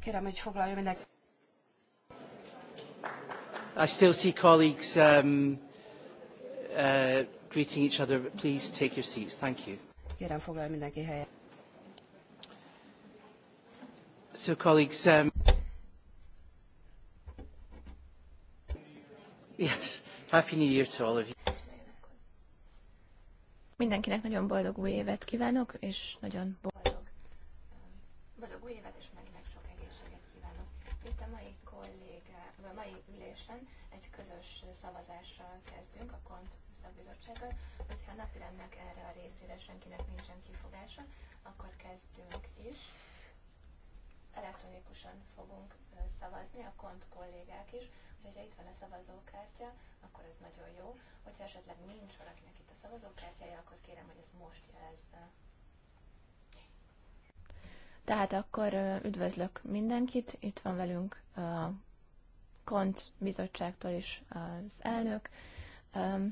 Kérem, hogy foglaljon mindenki. I still see colleagues um, uh, greeting each other. Please take your seats. Thank you. Kérem, foglaljon mindenki helyet. So, colleagues, um, yes, happy new year to all of you. Mindenkinek nagyon boldog új évet kívánok, és nagyon boldog közös szavazással kezdünk a KONT szakbizottsággal, hogyha a napirendnek erre a részére senkinek nincsen kifogása, akkor kezdünk is. Elektronikusan fogunk szavazni, a KONT kollégák is, úgyhogy ha itt van a szavazókártya, akkor ez nagyon jó. Hogyha esetleg nincs valakinek itt a szavazókártyája, akkor kérem, hogy ezt most jelezze. Tehát akkor üdvözlök mindenkit, itt van velünk a Kont bizottságtól is az elnök.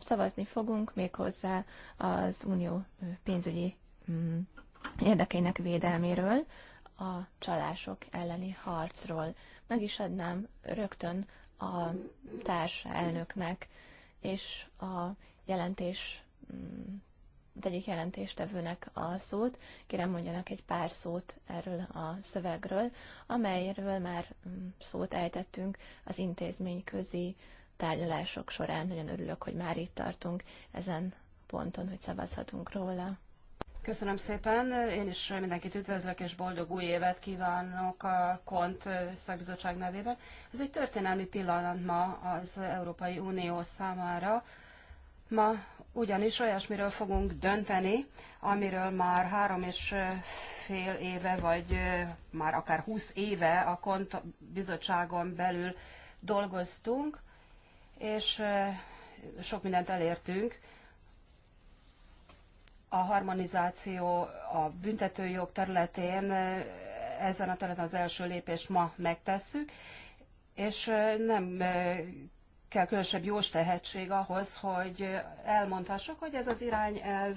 Szavazni fogunk méghozzá az unió pénzügyi mm, érdekeinek védelméről, a csalások elleni harcról. Meg is adnám rögtön a társ elnöknek és a jelentés mm, az egyik jelentéstevőnek a szót. Kérem mondjanak egy pár szót erről a szövegről, amelyről már mm, szót ejtettünk az intézmény közi tárgyalások során. Nagyon örülök, hogy már itt tartunk ezen ponton, hogy szavazhatunk róla. Köszönöm szépen, én is mindenkit üdvözlök, és boldog új évet kívánok a KONT szakbizottság nevében. Ez egy történelmi pillanat ma az Európai Unió számára. Ma ugyanis olyasmiről fogunk dönteni, amiről már három és fél éve, vagy már akár húsz éve a Kont bizottságon belül dolgoztunk, és sok mindent elértünk. A harmonizáció a büntetőjog területén, ezen a területen az első lépést ma megtesszük, és nem kell különösebb jós tehetség ahhoz, hogy elmondhassuk, hogy ez az irányelv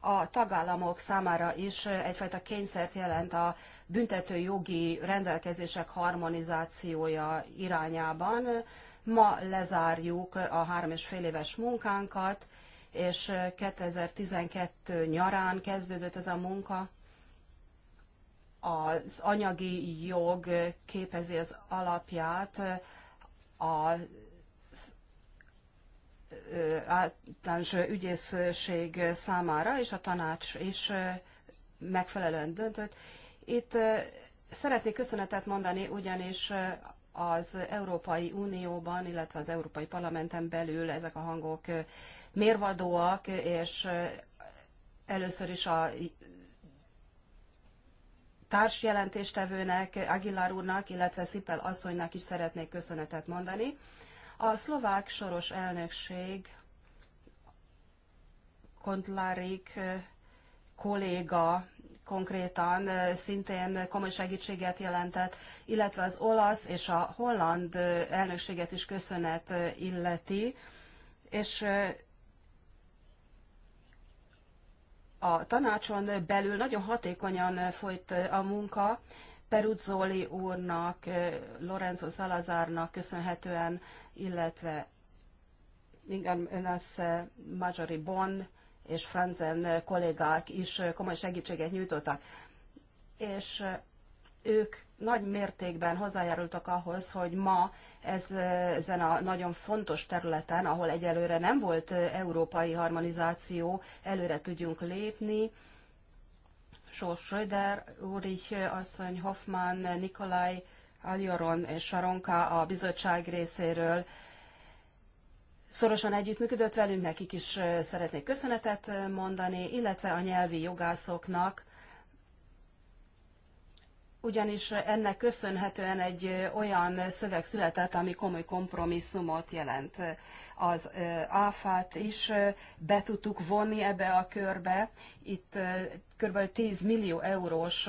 a tagállamok számára is egyfajta kényszert jelent a büntető jogi rendelkezések harmonizációja irányában. Ma lezárjuk a három és fél éves munkánkat, és 2012 nyarán kezdődött ez a munka. Az anyagi jog képezi az alapját a általános ügyészség számára, és a tanács is megfelelően döntött. Itt szeretnék köszönetet mondani, ugyanis az Európai Unióban, illetve az Európai Parlamenten belül ezek a hangok mérvadóak, és először is a társjelentéstevőnek, Aguilar úrnak, illetve Szipel asszonynak is szeretnék köszönetet mondani. A szlovák soros elnökség Kontlárik eh, kolléga konkrétan eh, szintén komoly segítséget jelentett, illetve az olasz és a holland eh, elnökséget is köszönet illeti, és a tanácson belül nagyon hatékonyan folyt a munka, Peruzzoli úrnak, Lorenzo Salazarnak köszönhetően illetve Ingen Önász Majori Bon és Franzen kollégák is komoly segítséget nyújtottak. És ők nagy mértékben hozzájárultak ahhoz, hogy ma ez, ezen a nagyon fontos területen, ahol egyelőre nem volt európai harmonizáció, előre tudjunk lépni. Sors Schröder, Úrich asszony, Hoffmann, Nikolaj Aljoron és Saronka a bizottság részéről szorosan együttműködött velünk, nekik is eh, szeretnék köszönetet eh, mondani, illetve a nyelvi jogászoknak, ugyanis ennek köszönhetően egy olyan szöveg született, ami komoly kompromisszumot jelent. Az áfát is be tudtuk vonni ebbe a körbe. Itt kb. 10 millió eurós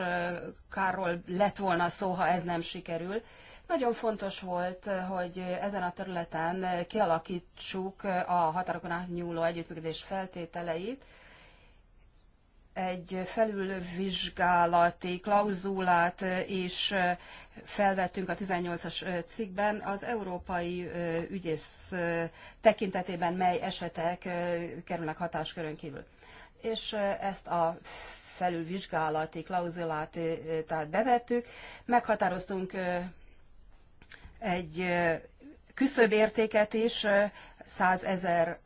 kárról lett volna szó, ha ez nem sikerül. Nagyon fontos volt, hogy ezen a területen kialakítsuk a határokon átnyúló együttműködés feltételeit, egy felülvizsgálati klauzulát is felvettünk a 18-as cikkben az európai ügyész tekintetében, mely esetek kerülnek hatáskörön kívül. És ezt a felülvizsgálati klauzulát tehát bevettük, meghatároztunk egy küszöbértéket is 100 ezer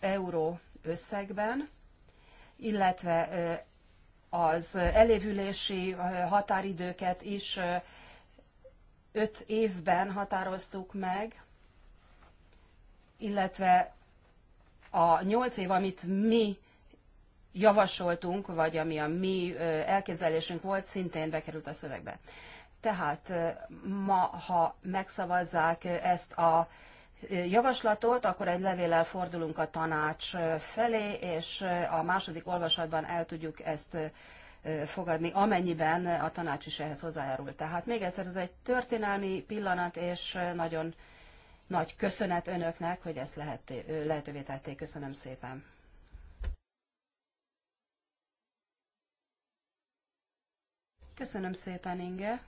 euró összegben, illetve az elévülési határidőket is öt évben határoztuk meg, illetve a nyolc év, amit mi javasoltunk, vagy ami a mi elképzelésünk volt, szintén bekerült a szövegbe. Tehát ma, ha megszavazzák ezt a javaslatot, akkor egy levéllel fordulunk a tanács felé, és a második olvasatban el tudjuk ezt fogadni, amennyiben a tanács is ehhez hozzájárul. Tehát még egyszer, ez egy történelmi pillanat, és nagyon nagy köszönet önöknek, hogy ezt lehet, lehetővé tették. Köszönöm szépen. Köszönöm szépen, Inge.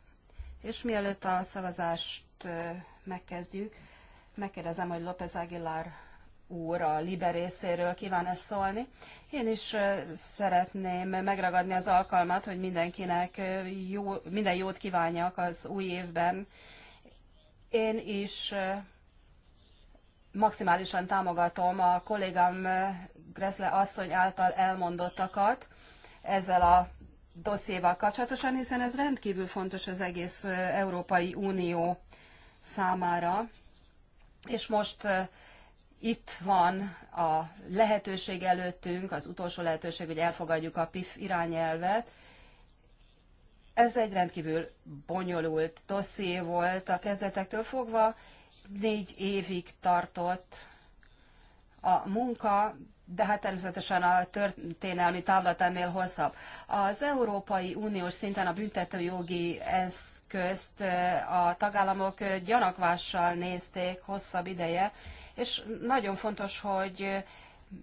És mielőtt a szavazást megkezdjük, Megkérdezem, hogy López Aguilar úr a Liber részéről kíván-e szólni. Én is szeretném megragadni az alkalmat, hogy mindenkinek jó, minden jót kívánjak az új évben. Én is maximálisan támogatom a kollégám Gressle asszony által elmondottakat ezzel a dossziéval kapcsolatosan, hiszen ez rendkívül fontos az egész Európai Unió számára és most itt van a lehetőség előttünk, az utolsó lehetőség, hogy elfogadjuk a PIF irányelvet. Ez egy rendkívül bonyolult dosszié volt a kezdetektől fogva, négy évig tartott a munka, de hát természetesen a történelmi távlat ennél hosszabb. Az Európai Uniós szinten a büntetőjogi eszközt a tagállamok gyanakvással nézték hosszabb ideje, és nagyon fontos, hogy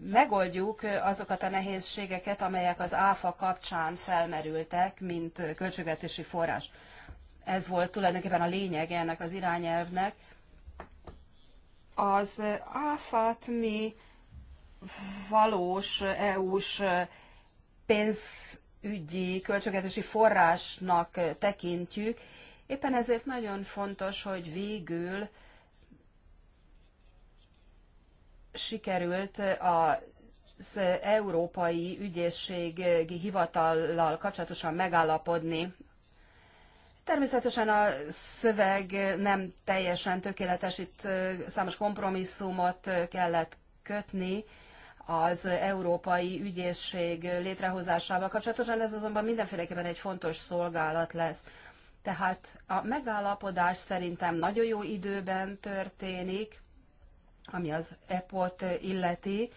megoldjuk azokat a nehézségeket, amelyek az áfa kapcsán felmerültek, mint költségvetési forrás. Ez volt tulajdonképpen a lényeg ennek az irányelvnek. Az áfát mi valós EU-s pénzügyi költségvetési forrásnak tekintjük. Éppen ezért nagyon fontos, hogy végül sikerült az Európai Ügyészségi Hivatallal kapcsolatosan megállapodni. Természetesen a szöveg nem teljesen tökéletes, itt számos kompromisszumot kellett kötni, az Európai Ügyészség létrehozásával kapcsolatosan, ez azonban mindenféleképpen egy fontos szolgálat lesz. Tehát a megállapodás szerintem nagyon jó időben történik, ami az EPOT illeti.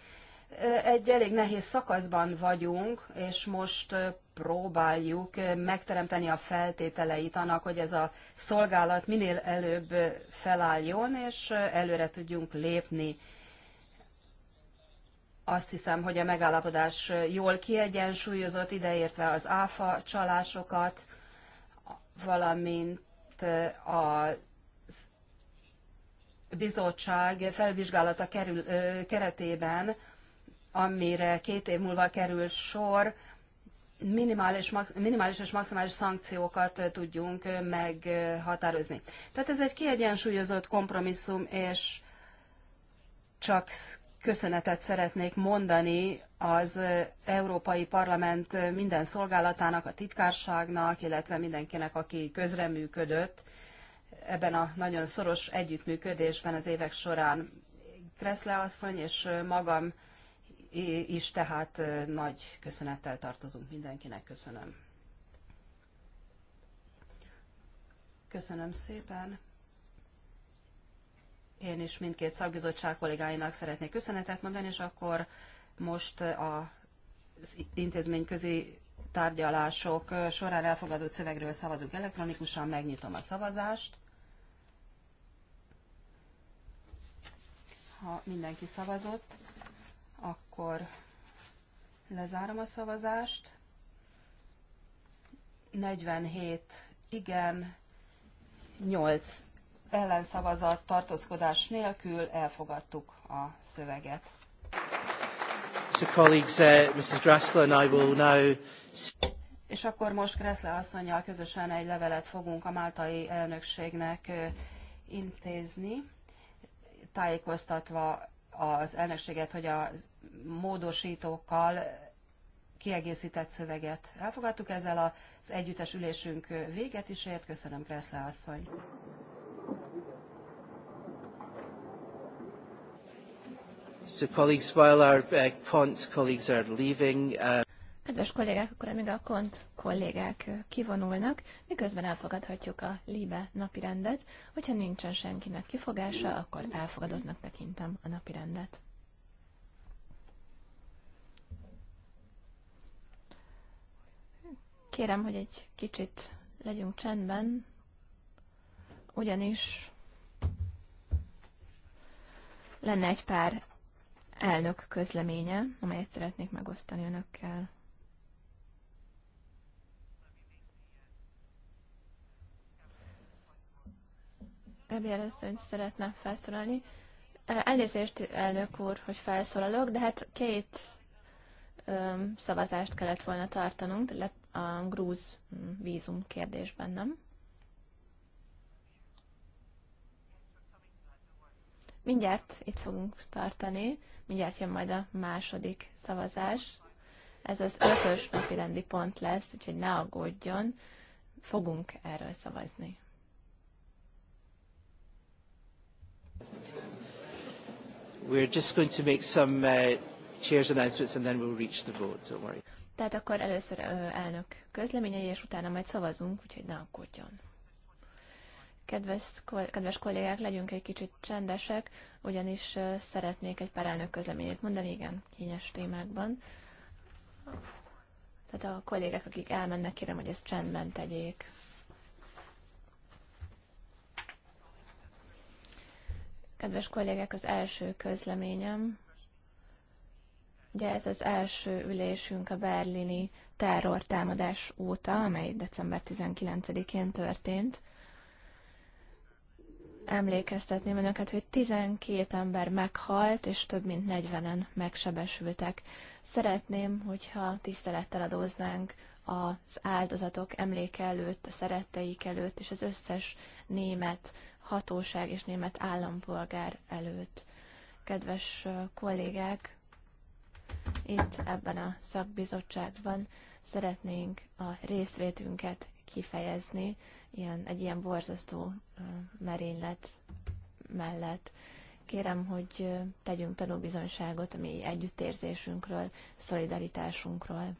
Egy elég nehéz szakaszban vagyunk, és most próbáljuk megteremteni a feltételeit annak, hogy ez a szolgálat minél előbb felálljon, és előre tudjunk lépni azt hiszem, hogy a megállapodás jól kiegyensúlyozott, ideértve az áfa csalásokat, valamint eh, a bizottság felvizsgálata kerül, ö, eh, keretében, amire két év múlva kerül sor, minimális, max, minimális és maximális szankciókat eh, tudjunk meghatározni. Tehát ez egy kiegyensúlyozott kompromisszum, és csak köszönetet szeretnék mondani az Európai Parlament minden szolgálatának, a titkárságnak, illetve mindenkinek, aki közreműködött ebben a nagyon szoros együttműködésben az évek során. Kreszle asszony és magam is, tehát nagy köszönettel tartozunk mindenkinek. Köszönöm. Köszönöm szépen. Én is mindkét szakbizottság kollégáinak szeretnék köszönetet mondani, és akkor most az intézményközi tárgyalások során elfogadott szövegről szavazunk elektronikusan, megnyitom a szavazást. Ha mindenki szavazott, akkor lezárom a szavazást. 47 igen, 8 ellenszavazat tartózkodás nélkül elfogadtuk a szöveget. So colleagues, uh, Mrs. Grassler and I will now... És akkor most Gressle asszonyjal közösen egy levelet fogunk a máltai elnökségnek intézni, tájékoztatva az elnökséget, hogy a módosítókkal kiegészített szöveget elfogadtuk. Ezzel az együttes ülésünk véget is ért. Köszönöm, Kreszle asszony! So colleagues, while our uh, Kant colleagues are leaving, uh... Kedves kollégák, akkor amíg a kont kollégák uh, kivonulnak, miközben elfogadhatjuk a LIBE napirendet. Hogyha nincsen senkinek kifogása, akkor elfogadottnak tekintem a napirendet. Kérem, hogy egy kicsit legyünk csendben, ugyanis lenne egy pár elnök közleménye, amelyet szeretnék megosztani önökkel. Gabriel asszony szeretne felszólalni. Elnézést, elnök úr, hogy felszólalok, de hát két szavazást kellett volna tartanunk, a grúz mm, vízum kérdésben, nem? Mindjárt itt fogunk tartani, mindjárt jön majd a második szavazás. Ez az ötös napi rendi pont lesz, úgyhogy ne aggódjon, fogunk erről szavazni. We're just going to make some uh, chairs announcements and then we'll reach the vote, don't worry. Tehát akkor először elnök közleményei, és utána majd szavazunk, úgyhogy ne aggódjon. Kedves, kedves kollégák, legyünk egy kicsit csendesek, ugyanis szeretnék egy pár elnök közleményét mondani, igen, kényes témákban. Tehát a kollégák, akik elmennek, kérem, hogy ezt csendben tegyék. Kedves kollégák, az első közleményem. Ugye ez az első ülésünk a berlini terrortámadás óta, amely december 19-én történt emlékeztetném önöket, hogy 12 ember meghalt, és több mint 40-en megsebesültek. Szeretném, hogyha tisztelettel adóznánk az áldozatok emléke előtt, a szeretteik előtt, és az összes német hatóság és német állampolgár előtt. Kedves kollégák, itt ebben a szakbizottságban szeretnénk a részvétünket kifejezni, ilyen, egy ilyen borzasztó merénylet mellett. Kérem, hogy tegyünk tanúbizonyságot a mi együttérzésünkről, szolidaritásunkról.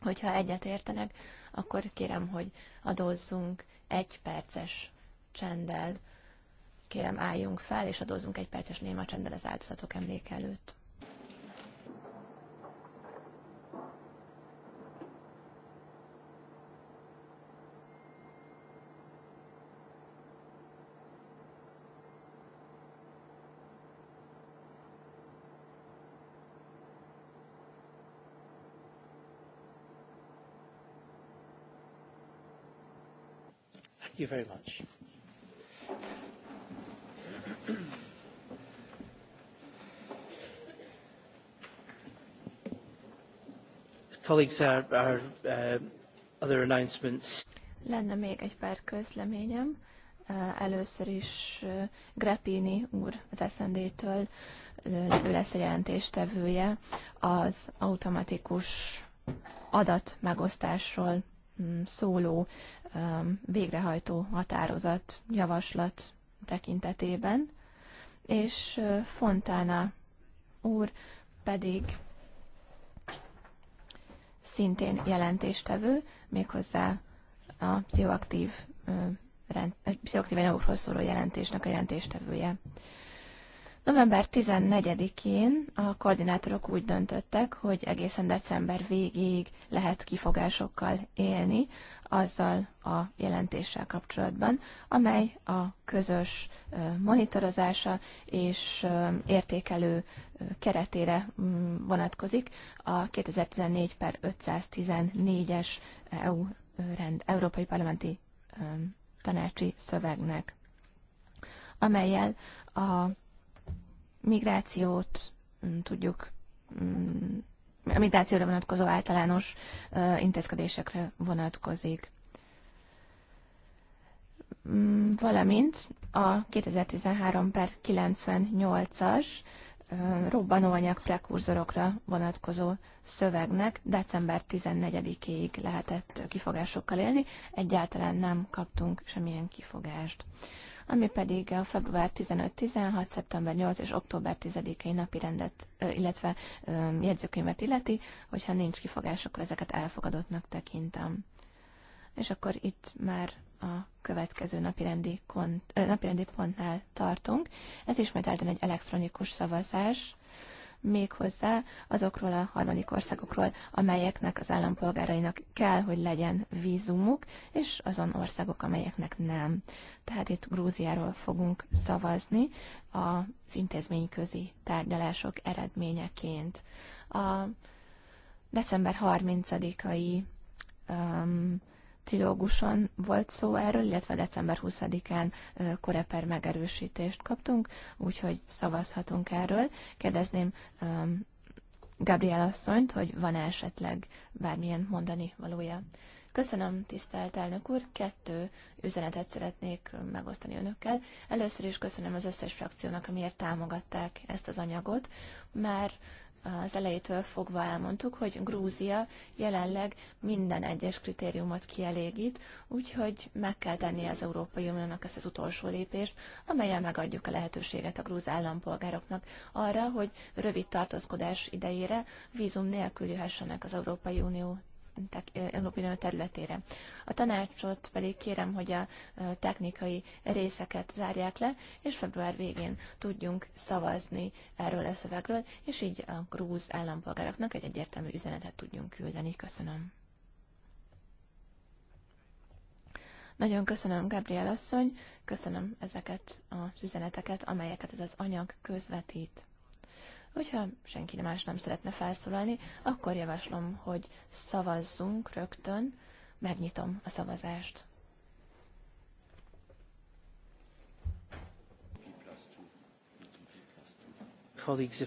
Hogyha egyet értenek, akkor kérem, hogy adózzunk egy perces csenddel, kérem álljunk fel, és adózzunk egy perces néma csenddel az áldozatok emléke előtt. you very much. Colleagues, our, our uh, other announcements. Lenne még egy pár közleményem. Uh, először is uh, Grappini úr az SZND-től ő uh, lesz a jelentéstevője az automatikus adatmegosztásról Mm, szóló um, végrehajtó határozat, javaslat tekintetében, és Fontána úr pedig szintén jelentéstevő, méghozzá a pszichoaktív, pszichoaktív anyagokról szóló jelentésnek a jelentéstevője. November 14-én a koordinátorok úgy döntöttek, hogy egészen december végéig lehet kifogásokkal élni azzal a jelentéssel kapcsolatban, amely a közös monitorozása és értékelő keretére mm, vonatkozik a 2014 per 514-es EU rend, Európai Parlamenti tanácsi szövegnek, amelyel a migrációt mm, tudjuk, mm, a migrációra vonatkozó általános intézkedésekre vonatkozik. Mm, valamint a 2013 per 98-as robbanóanyag prekurzorokra vonatkozó szövegnek december 14-ig lehetett kifogásokkal élni, egyáltalán nem kaptunk semmilyen kifogást ami pedig a február 15-16, szeptember 8 és október 10-i napi rendet, illetve jegyzőkönyvet illeti, hogyha nincs kifogás, akkor ezeket elfogadottnak tekintem. És akkor itt már a következő napirendi, kont, napirendi pontnál tartunk. Ez ismételten egy elektronikus szavazás méghozzá azokról a harmadik országokról, amelyeknek az állampolgárainak kell, hogy legyen vízumuk, és azon országok, amelyeknek nem. Tehát itt Grúziáról fogunk szavazni az intézményközi tárgyalások eredményeként. A december 30-ai um, trilóguson volt szó erről, illetve december 20-án koreper megerősítést kaptunk, úgyhogy szavazhatunk erről. Kérdezném Gabriel asszonyt, hogy van -e esetleg bármilyen mondani valója. Köszönöm, tisztelt elnök úr! Kettő üzenetet szeretnék megosztani önökkel. Először is köszönöm az összes frakciónak, amiért támogatták ezt az anyagot, mert az elejétől fogva elmondtuk, hogy Grúzia jelenleg minden egyes kritériumot kielégít, úgyhogy meg kell tenni az Európai Uniónak ezt az utolsó lépést, amelyen megadjuk a lehetőséget a grúz állampolgároknak arra, hogy rövid tartózkodás idejére vízum nélkül jöhessenek az Európai Unió Európai területére. A tanácsot pedig kérem, hogy a technikai részeket zárják le, és február végén tudjunk szavazni erről a szövegről, és így a grúz állampolgároknak egy egyértelmű üzenetet tudjunk küldeni. Köszönöm. Nagyon köszönöm, Gabriel asszony, köszönöm ezeket az üzeneteket, amelyeket ez az anyag közvetít. Hogyha senki más nem szeretne felszólalni, akkor javaslom, hogy szavazzunk rögtön. Megnyitom a szavazást. Um,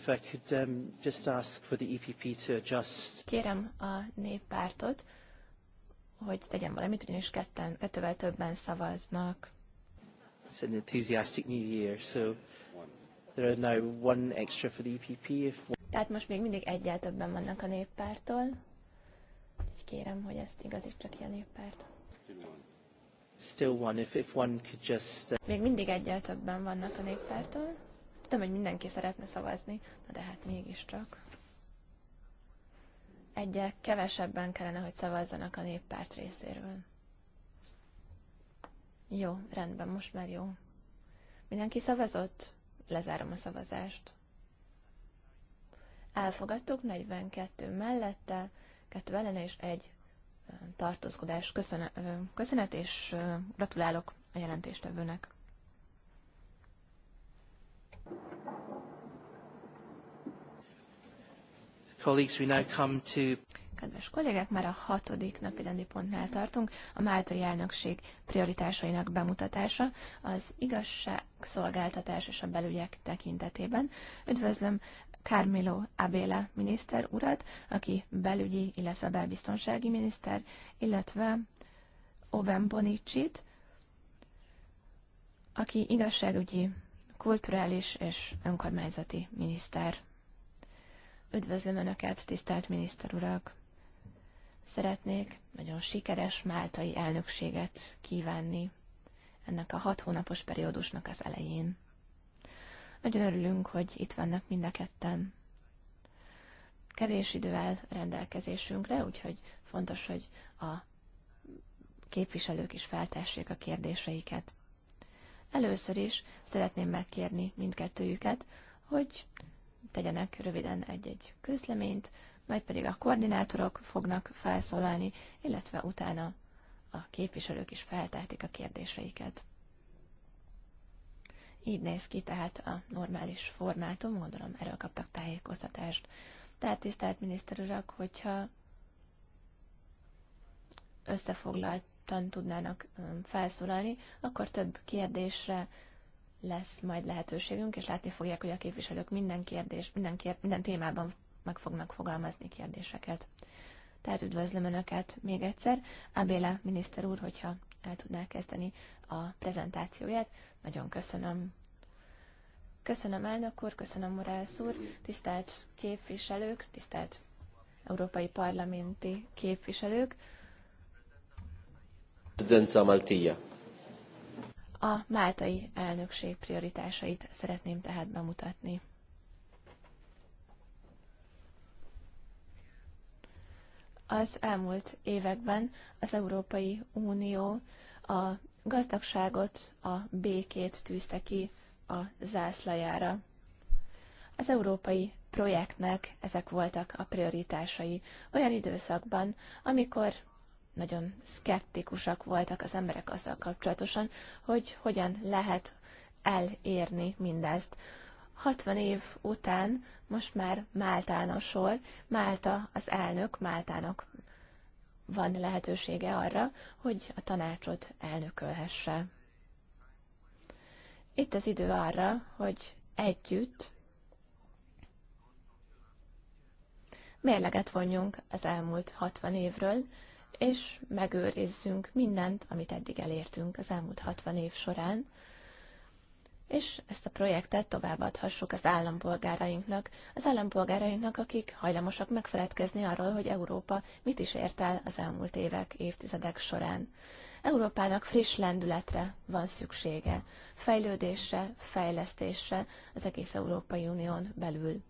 e Kérem a néppártot, hogy tegyen valamit, ugyanis ketten, kettővel többen szavaznak. It's an enthusiastic new year, so tehát most még mindig egyel többen vannak a néppártól. kérem, hogy ezt igazítsák ki a néppárt. Still one, if, if one could just... Uh... Még mindig egyel többen vannak a néppártól. Tudom, hogy mindenki szeretne szavazni, na de hát mégiscsak. Egyel kevesebben kellene, hogy szavazzanak a néppárt részéről. Jó, rendben, most már jó. Mindenki szavazott? Lezárom a szavazást. Elfogadtuk 42 mellette, 2 ellene és 1 tartózkodás. Köszönet, köszönet és gratulálok a jelentéstevőnek. Colleagues, we now come to kedves kollégák, már a hatodik napi rendi pontnál tartunk, a Máltai elnökség prioritásainak bemutatása az igazságszolgáltatás és a belügyek tekintetében. Üdvözlöm Carmelo Abela miniszter urat, aki belügyi, illetve belbiztonsági miniszter, illetve Oven Bonicsit, aki igazságügyi, kulturális és önkormányzati miniszter. Üdvözlöm Önöket, tisztelt miniszter urak! Szeretnék nagyon sikeres máltai elnökséget kívánni ennek a hat hónapos periódusnak az elején. Nagyon örülünk, hogy itt vannak mind a ketten. Kevés idővel rendelkezésünkre, úgyhogy fontos, hogy a képviselők is feltessék a kérdéseiket. Először is szeretném megkérni mindkettőjüket, hogy tegyenek röviden egy-egy közleményt, majd pedig a koordinátorok fognak felszólalni, illetve utána a képviselők is feltehetik a kérdéseiket. Így néz ki tehát a normális formátum, gondolom erről kaptak tájékoztatást. Tehát tisztelt miniszter urak, hogyha összefoglaltan tudnának um, felszólalni, akkor több kérdésre lesz majd lehetőségünk, és látni fogják, hogy a képviselők minden kérdés, minden, kér, minden témában meg fognak fogalmazni kérdéseket. Tehát üdvözlöm Önöket még egyszer. Ábéla miniszter úr, hogyha el tudná kezdeni a prezentációját. Nagyon köszönöm. Köszönöm elnök úr, köszönöm Morales úr, tisztelt képviselők, tisztelt európai parlamenti képviselők. A máltai elnökség prioritásait szeretném tehát bemutatni. az elmúlt években az Európai Unió a gazdagságot, a békét tűzte ki a zászlajára. Az európai projektnek ezek voltak a prioritásai olyan időszakban, amikor nagyon szkeptikusak voltak az emberek azzal kapcsolatosan, hogy hogyan lehet elérni mindezt. 60 év után most már Máltán a sor, Málta az elnök, Máltának van lehetősége arra, hogy a tanácsot elnökölhesse. Itt az idő arra, hogy együtt mérleget vonjunk az elmúlt 60 évről, és megőrizzünk mindent, amit eddig elértünk az elmúlt 60 év során, és ezt a projektet továbbadhassuk az állampolgárainknak, az állampolgárainknak, akik hajlamosak megfeledkezni arról, hogy Európa mit is ért el az elmúlt évek, évtizedek során. Európának friss lendületre van szüksége, fejlődésre, fejlesztésre az egész Európai Unión belül.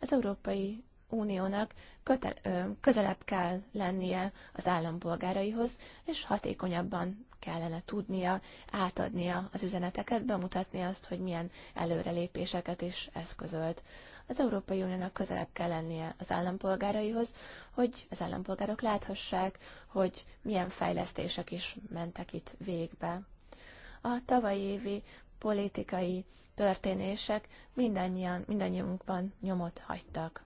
Az Európai Uniónak közelebb kell lennie az állampolgáraihoz, és hatékonyabban kellene tudnia átadnia az üzeneteket, bemutatni azt, hogy milyen előrelépéseket is eszközölt. Az Európai Uniónak közelebb kell lennie az állampolgáraihoz, hogy az állampolgárok láthassák, hogy milyen fejlesztések is mentek itt végbe. A tavalyi évi politikai történések mindannyian, mindannyiunkban nyomot hagytak.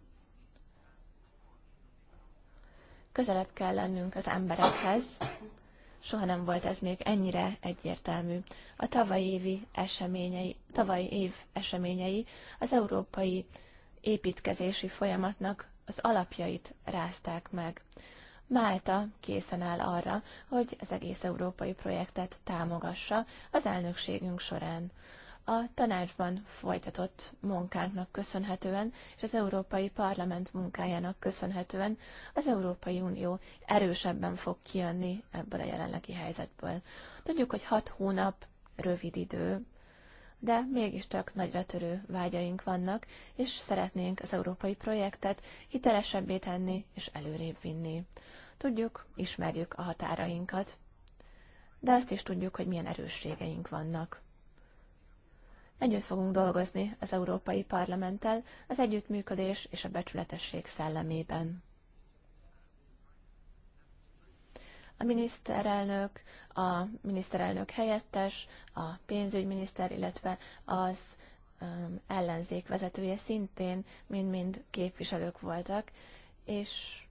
Közelebb kell lennünk az emberekhez. Soha nem volt ez még ennyire egyértelmű. A tavalyi évi eseményei, tavalyi év eseményei az európai építkezési folyamatnak az alapjait rázták meg. Málta készen áll arra, hogy az egész európai projektet támogassa az elnökségünk során a tanácsban folytatott munkánknak köszönhetően, és az Európai Parlament munkájának köszönhetően az Európai Unió erősebben fog kijönni ebből a jelenlegi helyzetből. Tudjuk, hogy hat hónap rövid idő, de mégiscsak nagyra törő vágyaink vannak, és szeretnénk az európai projektet hitelesebbé tenni és előrébb vinni. Tudjuk, ismerjük a határainkat, de azt is tudjuk, hogy milyen erősségeink vannak. Együtt fogunk dolgozni az Európai Parlamenttel az együttműködés és a becsületesség szellemében. a miniszterelnök, a miniszterelnök helyettes, a pénzügyminiszter, illetve az ellenzék vezetője szintén mind-mind képviselők voltak, és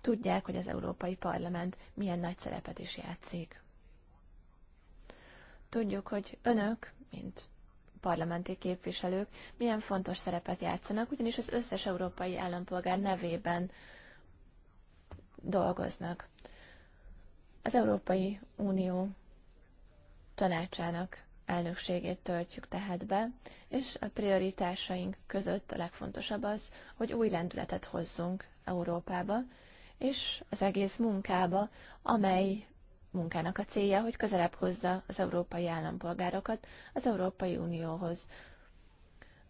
tudják, hogy az Európai Parlament milyen nagy szerepet is játszik. Tudjuk, hogy önök, mint parlamenti képviselők milyen fontos szerepet játszanak, ugyanis az összes európai állampolgár nevében dolgoznak. Az Európai Unió tanácsának elnökségét töltjük tehát be, és a prioritásaink között a legfontosabb az, hogy új lendületet hozzunk Európába, és az egész munkába, amely munkának a célja, hogy közelebb hozza az európai állampolgárokat az Európai Unióhoz.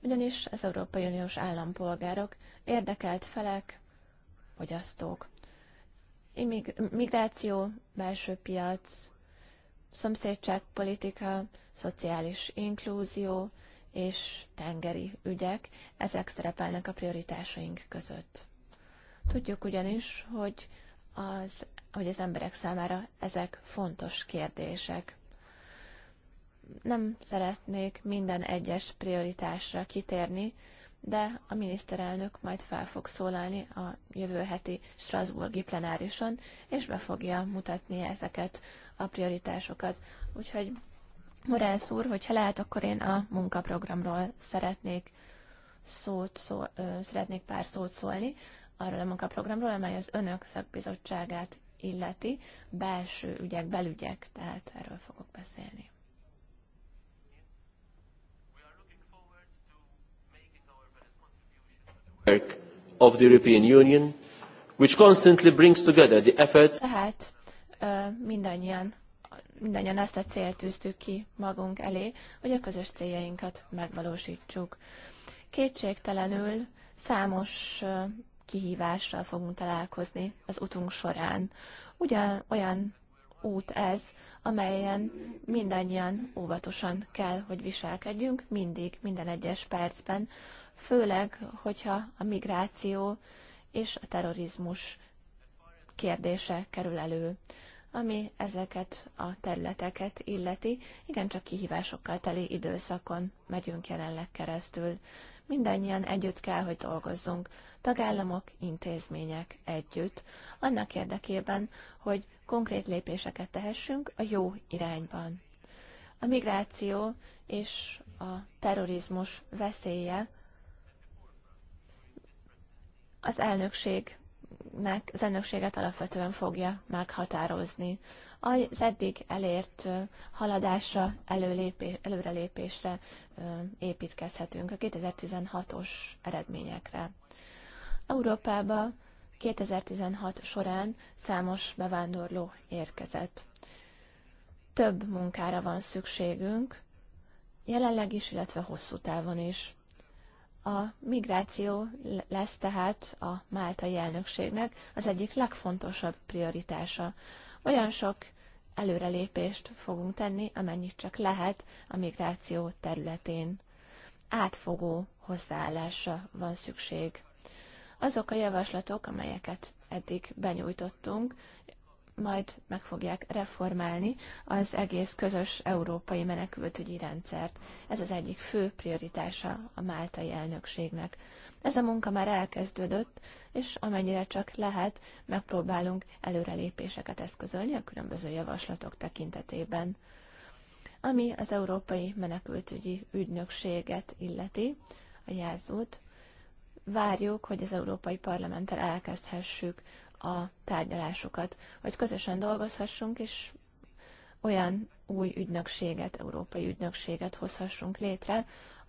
Ugyanis az Európai Uniós állampolgárok érdekelt felek, fogyasztók. Migráció, belső piac, szomszédságpolitika, szociális inklúzió és tengeri ügyek, ezek szerepelnek a prioritásaink között. Tudjuk ugyanis, hogy az hogy az emberek számára ezek fontos kérdések. Nem szeretnék minden egyes prioritásra kitérni, de a miniszterelnök majd fel fog szólalni a jövő heti Strasburgi plenárison, és be fogja mutatni ezeket a prioritásokat. Úgyhogy Morelsz úr, hogyha lehet, akkor én a munkaprogramról szeretnék, szót, szó, ö, szeretnék pár szót szólni, arról a munkaprogramról, amely az önök szakbizottságát illeti, belső ügyek, belügyek, tehát erről fogok beszélni. of the European Union, which constantly brings together the efforts. Tehát mindannyian, mindannyian ezt a célt tűztük ki magunk elé, hogy a közös céljainkat megvalósítsuk. Kétségtelenül számos kihívással fogunk találkozni az utunk során. Ugyan olyan út ez, amelyen mindannyian óvatosan kell, hogy viselkedjünk mindig, minden egyes percben, főleg, hogyha a migráció és a terrorizmus kérdése kerül elő, ami ezeket a területeket illeti, igencsak kihívásokkal teli időszakon megyünk jelenleg keresztül mindannyian együtt kell, hogy dolgozzunk. Tagállamok, intézmények együtt. Annak érdekében, hogy konkrét lépéseket tehessünk a jó irányban. A migráció és a terrorizmus veszélye az elnökségnek, az elnökséget alapvetően fogja meghatározni az eddig elért haladásra, előrelépésre építkezhetünk a 2016-os eredményekre. Európába 2016 során számos bevándorló érkezett. Több munkára van szükségünk, jelenleg is, illetve hosszú távon is. A migráció lesz tehát a máltai elnökségnek az egyik legfontosabb prioritása olyan sok előrelépést fogunk tenni, amennyit csak lehet a migráció területén. Átfogó hozzáállásra van szükség. Azok a javaslatok, amelyeket eddig benyújtottunk, majd meg fogják reformálni az egész közös európai menekültügyi rendszert. Ez az egyik fő prioritása a máltai elnökségnek. Ez a munka már elkezdődött, és amennyire csak lehet, megpróbálunk előrelépéseket eszközölni a különböző javaslatok tekintetében. Ami az Európai Menekültügyi Ügynökséget illeti, a jelzót, várjuk, hogy az Európai Parlamenttel elkezdhessük a tárgyalásokat, hogy közösen dolgozhassunk, és olyan új ügynökséget, európai ügynökséget hozhassunk létre,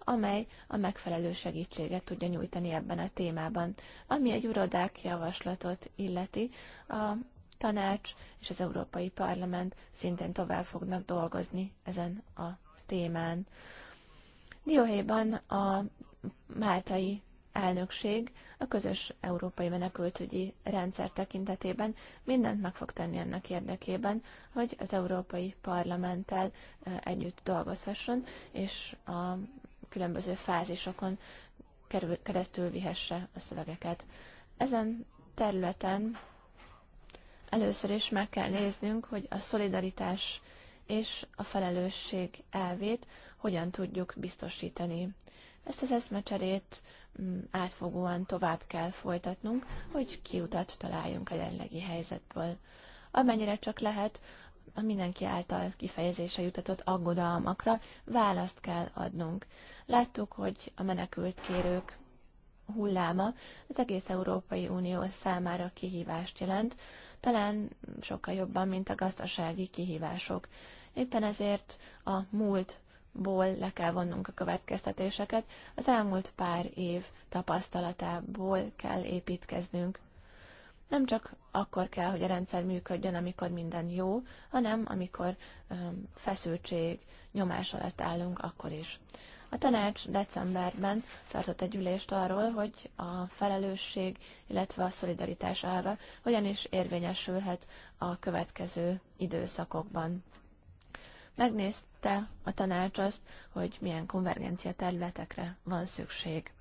amely a megfelelő segítséget tudja nyújtani ebben a témában. Ami egy urodák javaslatot illeti, a tanács és az Európai Parlament szintén tovább fognak dolgozni ezen a témán. Dióhéjban a máltai elnökség a közös európai menekültügyi rendszer tekintetében mindent meg fog tenni ennek érdekében, hogy az Európai Parlamenttel eh, együtt dolgozhasson, és a különböző fázisokon keresztül vihesse a szövegeket. Ezen területen először is meg kell néznünk, hogy a szolidaritás és a felelősség elvét hogyan tudjuk biztosítani. Ezt az eszmecserét mm, átfogóan tovább kell folytatnunk, hogy kiutat találjunk a jelenlegi helyzetből. Amennyire csak lehet, a mindenki által kifejezésre jutatott aggodalmakra választ kell adnunk. Láttuk, hogy a menekült kérők hulláma az egész Európai Unió számára kihívást jelent, talán sokkal jobban, mint a gazdasági kihívások. Éppen ezért a múlt ból le kell vonnunk a következtetéseket, az elmúlt pár év tapasztalatából kell építkeznünk nem csak akkor kell, hogy a rendszer működjön, amikor minden jó, hanem amikor feszültség, nyomás alatt állunk, akkor is. A tanács decemberben tartott egy ülést arról, hogy a felelősség, illetve a szolidaritás elve hogyan is érvényesülhet a következő időszakokban. Megnézte a tanács azt, hogy milyen konvergencia területekre van szükség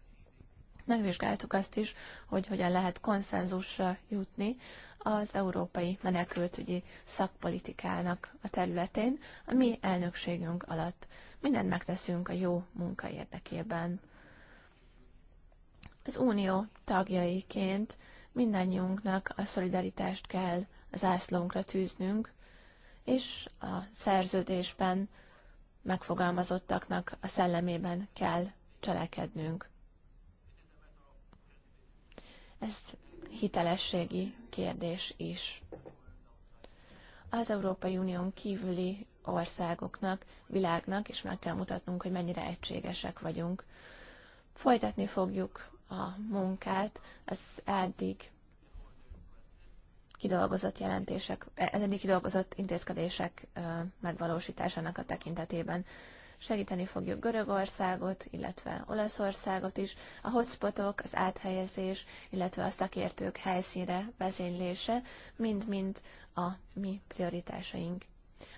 megvizsgáltuk azt is, hogy hogyan lehet konszenzusra jutni az európai menekültügyi szakpolitikának a területén, a mi elnökségünk alatt. Mindent megteszünk a jó munka érdekében. Az unió tagjaiként mindannyiunknak a szolidaritást kell az ászlónkra tűznünk, és a szerződésben megfogalmazottaknak a szellemében kell cselekednünk. Ez hitelességi kérdés is. Az Európai Unión kívüli országoknak, világnak is meg kell mutatnunk, hogy mennyire egységesek vagyunk. Folytatni fogjuk a munkát, az eddig kidolgozott jelentések, eddig kidolgozott intézkedések megvalósításának a tekintetében segíteni fogjuk Görögországot, illetve Olaszországot is, a hotspotok, az áthelyezés, illetve a szakértők helyszínre vezénylése, mind-mind a mi prioritásaink.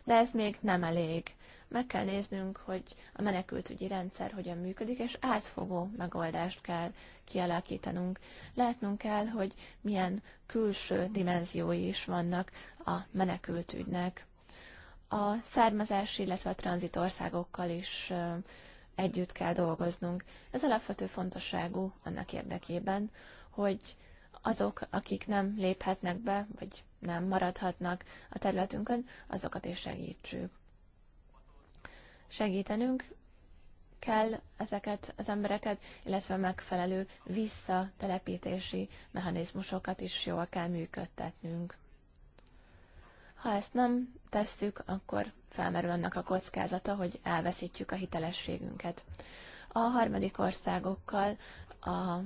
De ez még nem elég. Meg kell néznünk, hogy a menekültügyi rendszer hogyan működik, és átfogó megoldást kell kialakítanunk. Látnunk kell, hogy milyen külső dimenziói is vannak a menekültügynek a származás, illetve a tranzit országokkal is együtt kell dolgoznunk. Ez alapvető fontosságú annak érdekében, hogy azok, akik nem léphetnek be, vagy nem maradhatnak a területünkön, azokat is segítsük. Segítenünk kell ezeket az embereket, illetve megfelelő visszatelepítési mechanizmusokat is jól kell működtetnünk. Ha ezt nem tesszük, akkor felmerül annak a kockázata, hogy elveszítjük a hitelességünket. A harmadik országokkal a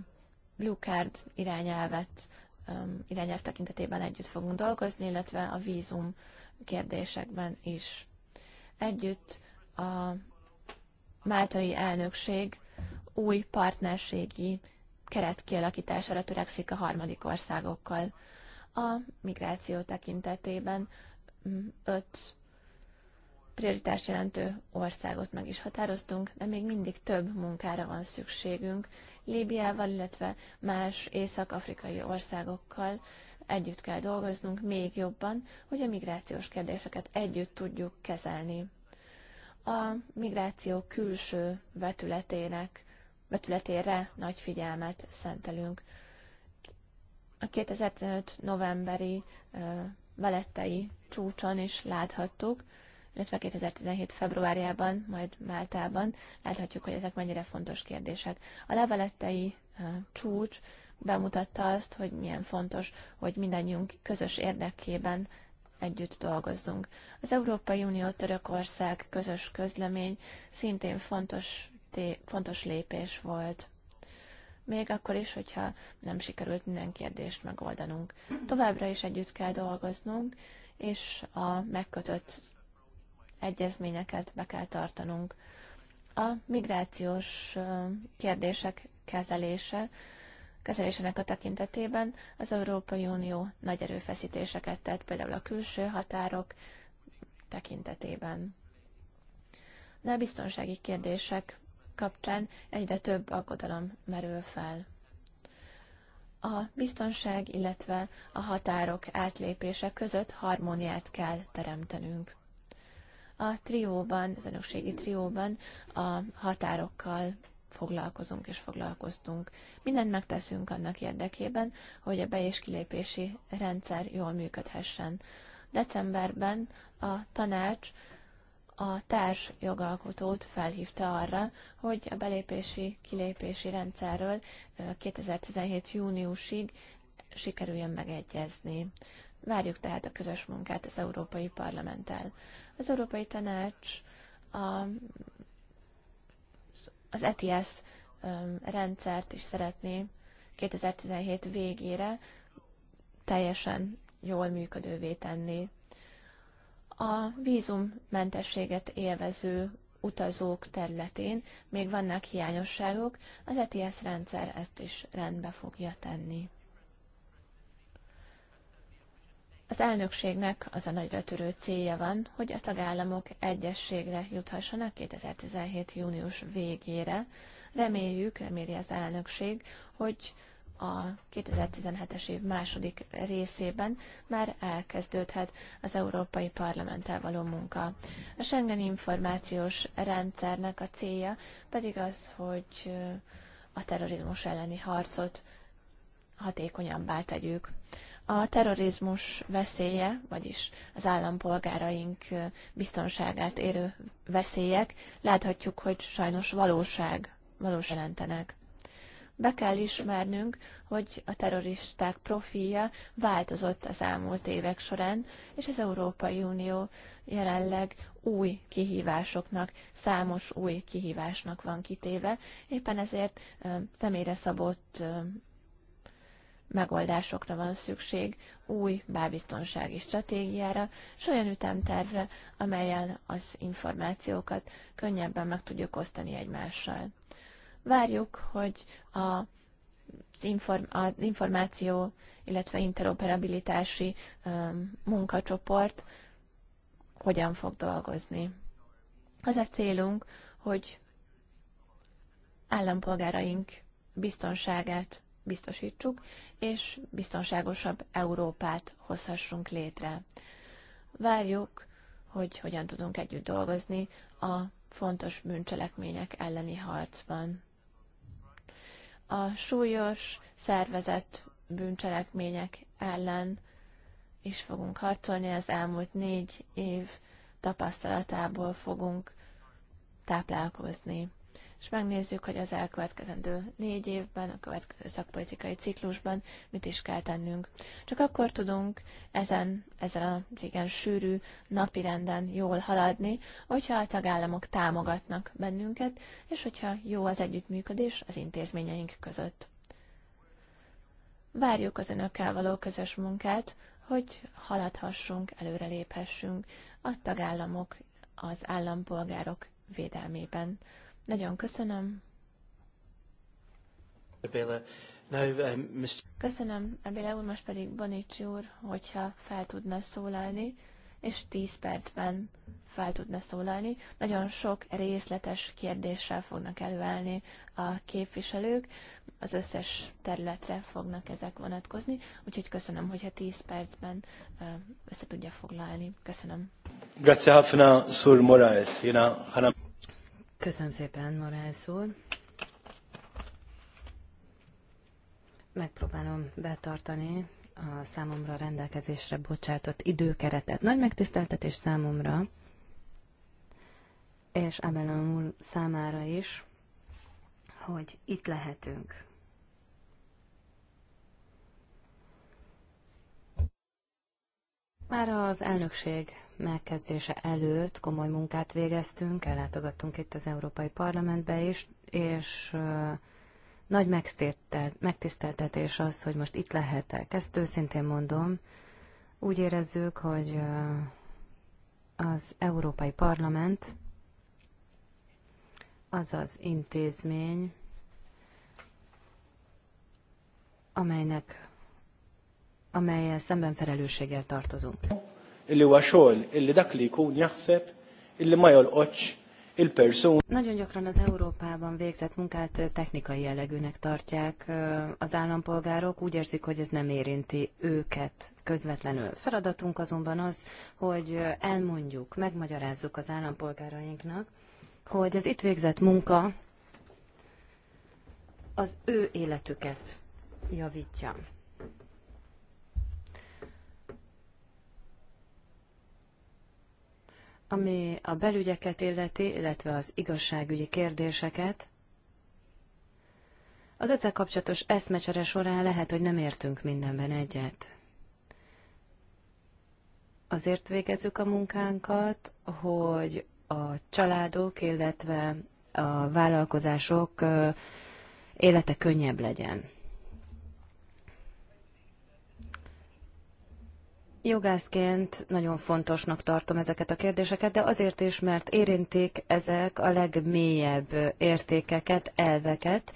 Blue Card irányelvet, irányelv tekintetében együtt fogunk dolgozni, illetve a vízum kérdésekben is. Együtt a máltai elnökség új partnerségi keret kialakítására törekszik a harmadik országokkal a migráció tekintetében mm, öt prioritás jelentő országot meg is határoztunk, de még mindig több munkára van szükségünk. Líbiával, illetve más észak-afrikai országokkal együtt kell dolgoznunk még jobban, hogy a migrációs kérdéseket együtt tudjuk kezelni. A migráció külső vetületének vetületére nagy figyelmet szentelünk. A 2015 novemberi velettei csúcson is láthattuk, illetve 2017 februárjában, majd Máltában láthatjuk, hogy ezek mennyire fontos kérdések. A levelettei csúcs bemutatta azt, hogy milyen fontos, hogy mindannyiunk közös érdekében együtt dolgozzunk. Az Európai Unió Törökország közös közlemény szintén fontos, fontos lépés volt még akkor is, hogyha nem sikerült minden kérdést megoldanunk. Továbbra is együtt kell dolgoznunk, és a megkötött egyezményeket be kell tartanunk. A migrációs kérdések kezelése, kezelésének a tekintetében az Európai Unió nagy erőfeszítéseket tett, például a külső határok tekintetében. De a biztonsági kérdések kapcsán egyre több aggodalom merül fel. A biztonság, illetve a határok átlépése között harmóniát kell teremtenünk. A trióban, az önökségi trióban a határokkal foglalkozunk és foglalkoztunk. Mindent megteszünk annak érdekében, hogy a be- és kilépési rendszer jól működhessen. Decemberben a tanács a társ jogalkotót felhívta arra, hogy a belépési-kilépési rendszerről 2017. júniusig sikerüljön megegyezni. Várjuk tehát a közös munkát az Európai Parlamenttel. Az Európai Tanács a, az ETS rendszert is szeretné 2017 végére teljesen jól működővé tenni a vízummentességet élvező utazók területén még vannak hiányosságok, az ETS rendszer ezt is rendbe fogja tenni. Az elnökségnek az a nagyra törő célja van, hogy a tagállamok egyességre juthassanak 2017. június végére. Reméljük, reméli az elnökség, hogy a 2017-es év második részében már elkezdődhet az Európai Parlamenttel való munka. A Schengen információs rendszernek a célja pedig az, hogy a terrorizmus elleni harcot hatékonyabbá tegyük. A terrorizmus veszélye, vagyis az állampolgáraink biztonságát érő veszélyek, láthatjuk, hogy sajnos valóság, valós jelentenek. Be kell ismernünk, hogy a terroristák profilja változott az elmúlt évek során, és az Európai Unió jelenleg új kihívásoknak, számos új kihívásnak van kitéve, éppen ezért személyre szabott megoldásokra van szükség, új bábiztonsági stratégiára, és olyan ütemtervre, amelyel az információkat könnyebben meg tudjuk osztani egymással. Várjuk, hogy a, az inform, információ, illetve interoperabilitási um, munkacsoport hogyan fog dolgozni. Az a célunk, hogy állampolgáraink biztonságát biztosítsuk, és biztonságosabb Európát hozhassunk létre. Várjuk, hogy hogyan tudunk együtt dolgozni a fontos bűncselekmények elleni harcban a súlyos szervezett bűncselekmények ellen is fogunk harcolni, az elmúlt négy év tapasztalatából fogunk táplálkozni és megnézzük, hogy az elkövetkezendő négy évben, a következő szakpolitikai ciklusban mit is kell tennünk. Csak akkor tudunk ezen, ezen az igen sűrű napirenden jól haladni, hogyha a tagállamok támogatnak bennünket, és hogyha jó az együttműködés az intézményeink között. Várjuk az önökkel való közös munkát, hogy haladhassunk, előreléphessünk a tagállamok, az állampolgárok védelmében. Nagyon köszönöm. Um, köszönöm, Abéla úr, most pedig Bonicsi úr, hogyha fel tudna szólalni, és 10 percben fel tudna szólalni. Nagyon sok részletes kérdéssel fognak előállni a képviselők, az összes területre fognak ezek vonatkozni, úgyhogy köszönöm, hogyha 10 percben össze tudja foglalni. Köszönöm. Grazie, Hafna, Sur Moraes. Köszönöm szépen, Morász úr. Megpróbálom betartani a számomra rendelkezésre bocsátott időkeretet. Nagy megtiszteltetés számomra, és Abelon úr számára is, hogy itt lehetünk. Már az elnökség megkezdése előtt komoly munkát végeztünk, ellátogattunk itt az Európai Parlamentbe is, és nagy megtiszteltetés az, hogy most itt lehetek. Ezt őszintén mondom. Úgy érezzük, hogy az Európai Parlament az az intézmény, amelynek amelyel szemben felelősséggel tartozunk illi huwa illi dak li jkun jaħseb illi ma jolqotx il-person. Nagyon gyakran az Európában végzett munkát technikai jellegűnek tartják az állampolgárok, úgy érzik, hogy ez nem érinti őket közvetlenül. Feladatunk azonban az, hogy elmondjuk, megmagyarázzuk az állampolgárainknak, hogy az itt végzett munka az ő életüket javítja. Ami a belügyeket illeti, illetve az igazságügyi kérdéseket, az ezzel kapcsolatos eszmecsere során lehet, hogy nem értünk mindenben egyet. Azért végezzük a munkánkat, hogy a családok, illetve a vállalkozások élete könnyebb legyen. Jogászként nagyon fontosnak tartom ezeket a kérdéseket, de azért is, mert érintik ezek a legmélyebb értékeket, elveket,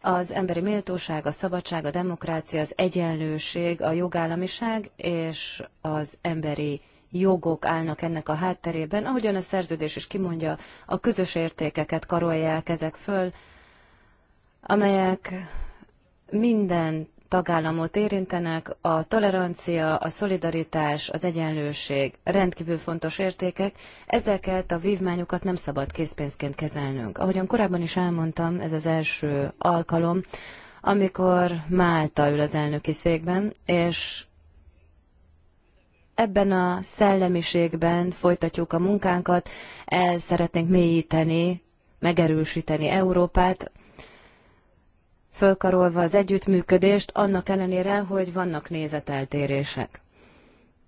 az emberi méltóság, a szabadság, a demokrácia, az egyenlőség, a jogállamiság és az emberi jogok állnak ennek a hátterében. Ahogyan a szerződés is kimondja, a közös értékeket karolják ezek föl, amelyek minden tagállamot érintenek, a tolerancia, a szolidaritás, az egyenlőség rendkívül fontos értékek, ezeket a vívmányokat nem szabad készpénzként kezelnünk. Ahogyan korábban is elmondtam, ez az első alkalom, amikor Málta ül az elnöki székben, és ebben a szellemiségben folytatjuk a munkánkat, el szeretnénk mélyíteni, megerősíteni Európát, fölkarolva az együttműködést, annak ellenére, hogy vannak nézeteltérések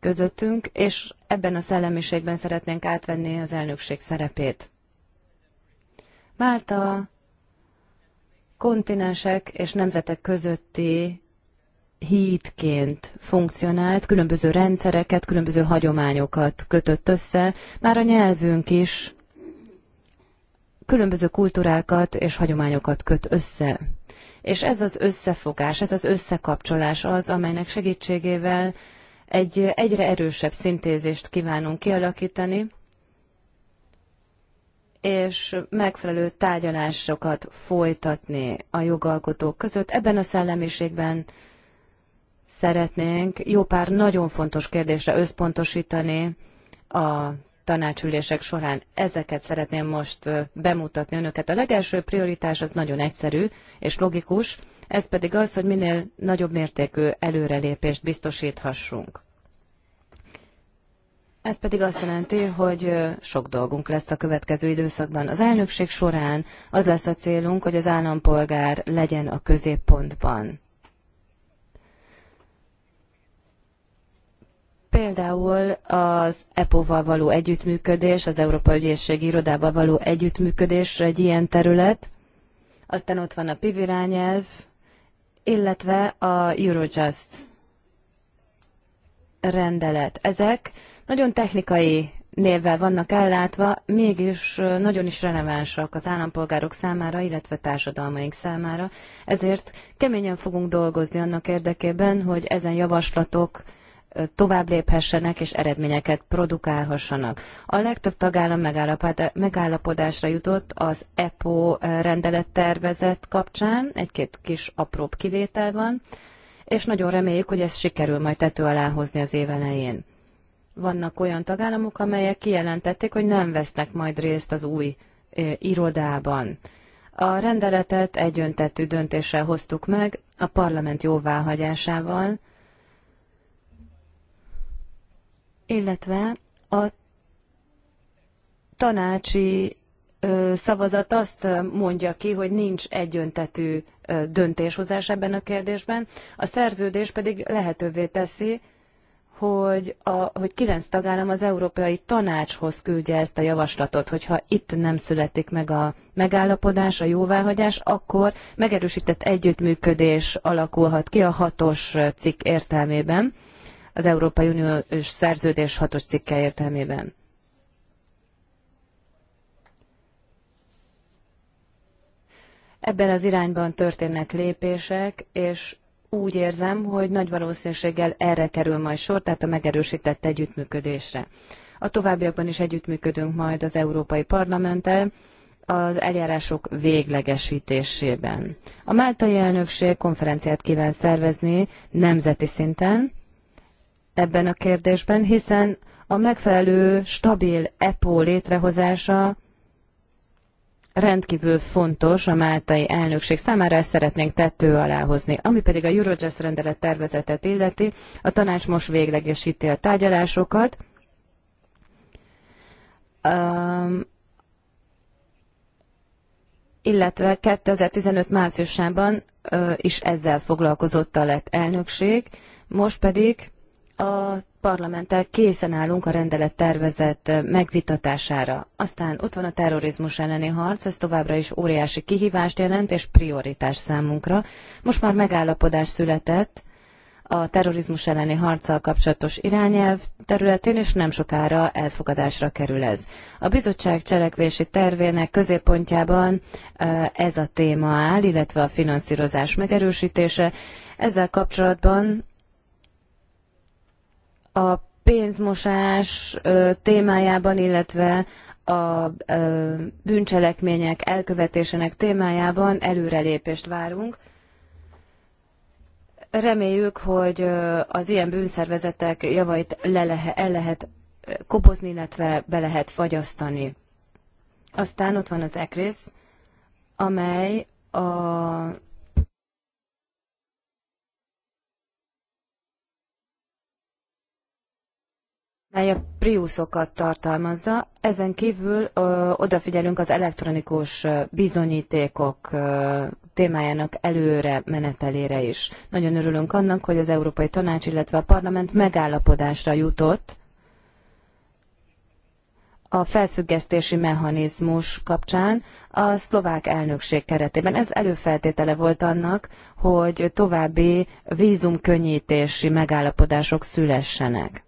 közöttünk, és ebben a szellemiségben szeretnénk átvenni az elnökség szerepét. Málta kontinensek és nemzetek közötti hídként funkcionált, különböző rendszereket, különböző hagyományokat kötött össze, már a nyelvünk is különböző kultúrákat és hagyományokat köt össze. És ez az összefogás, ez az összekapcsolás az, amelynek segítségével egy egyre erősebb szintézést kívánunk kialakítani, és megfelelő tárgyalásokat folytatni a jogalkotók között. Ebben a szellemiségben szeretnénk jó pár nagyon fontos kérdésre összpontosítani a tanácsülések során. Ezeket szeretném most bemutatni önöket. A legelső prioritás az nagyon egyszerű és logikus, ez pedig az, hogy minél nagyobb mértékű előrelépést biztosíthassunk. Ez pedig azt jelenti, hogy sok dolgunk lesz a következő időszakban. Az elnökség során az lesz a célunk, hogy az állampolgár legyen a középpontban. Például az EPO-val való együttműködés, az Európai Ügyészségi Irodával való együttműködés egy ilyen terület. Aztán ott van a PIV irányelv, illetve a Eurojust rendelet. Ezek nagyon technikai névvel vannak ellátva, mégis nagyon is relevánsak az állampolgárok számára, illetve társadalmaink számára. Ezért keményen fogunk dolgozni annak érdekében, hogy ezen javaslatok tovább léphessenek és eredményeket produkálhassanak. A legtöbb tagállam megállapodásra jutott az EPO rendelettervezet kapcsán, egy-két kis apróbb kivétel van, és nagyon reméljük, hogy ez sikerül majd tető alá hozni az év elején. Vannak olyan tagállamok, amelyek kijelentették, hogy nem vesznek majd részt az új irodában. A rendeletet egyöntetű döntéssel hoztuk meg, a parlament jóváhagyásával, illetve a tanácsi szavazat azt mondja ki, hogy nincs egyöntetű döntéshozás ebben a kérdésben, a szerződés pedig lehetővé teszi, hogy, a, hogy kilenc tagállam az Európai Tanácshoz küldje ezt a javaslatot, hogyha itt nem születik meg a megállapodás, a jóváhagyás, akkor megerősített együttműködés alakulhat ki a hatos cikk értelmében az Európai Uniós Szerződés hatos cikke értelmében. Ebben az irányban történnek lépések, és úgy érzem, hogy nagy valószínűséggel erre kerül majd sor, tehát a megerősített együttműködésre. A továbbiakban is együttműködünk majd az Európai Parlamenttel az eljárások véglegesítésében. A Máltai elnökség konferenciát kíván szervezni nemzeti szinten, ebben a kérdésben, hiszen a megfelelő stabil EPO létrehozása rendkívül fontos a máltai elnökség számára, ezt szeretnénk tető alá hozni. Ami pedig a Eurojust rendelet tervezetet illeti, a tanács most véglegesíti a tárgyalásokat. Um, illetve 2015 márciusában uh, is ezzel foglalkozott a lett elnökség, most pedig a parlamenttel készen állunk a rendelet tervezett megvitatására. Aztán ott van a terrorizmus elleni harc, ez továbbra is óriási kihívást jelent és prioritás számunkra. Most már megállapodás született a terrorizmus elleni harccal kapcsolatos irányelv területén, és nem sokára elfogadásra kerül ez. A bizottság cselekvési tervének középpontjában ez a téma áll, illetve a finanszírozás megerősítése. Ezzel kapcsolatban a pénzmosás témájában, illetve a bűncselekmények elkövetésének témájában előrelépést várunk. Reméljük, hogy az ilyen bűnszervezetek javait le lehet, el lehet kobozni, illetve be lehet fagyasztani. Aztán ott van az ECRIS, amely a mely a priuszokat tartalmazza. Ezen kívül ö, odafigyelünk az elektronikus bizonyítékok ö, témájának előre menetelére is. Nagyon örülünk annak, hogy az Európai Tanács, illetve a Parlament megállapodásra jutott a felfüggesztési mechanizmus kapcsán a szlovák elnökség keretében. Ez előfeltétele volt annak, hogy további vízumkönnyítési megállapodások szülessenek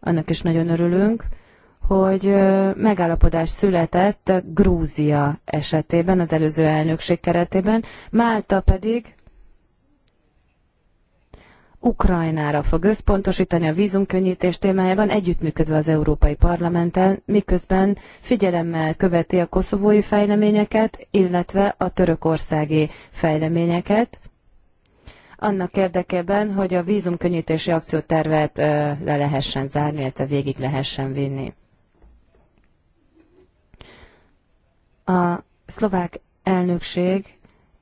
annak is nagyon örülünk, hogy megállapodás született Grúzia esetében, az előző elnökség keretében, Málta pedig Ukrajnára fog összpontosítani a vízumkönnyítés témájában, együttműködve az Európai Parlamenttel, miközben figyelemmel követi a koszovói fejleményeket, illetve a törökországi fejleményeket, annak érdekében, hogy a vízumkönnyítési akciótervet le lehessen zárni, illetve végig lehessen vinni. A szlovák elnökség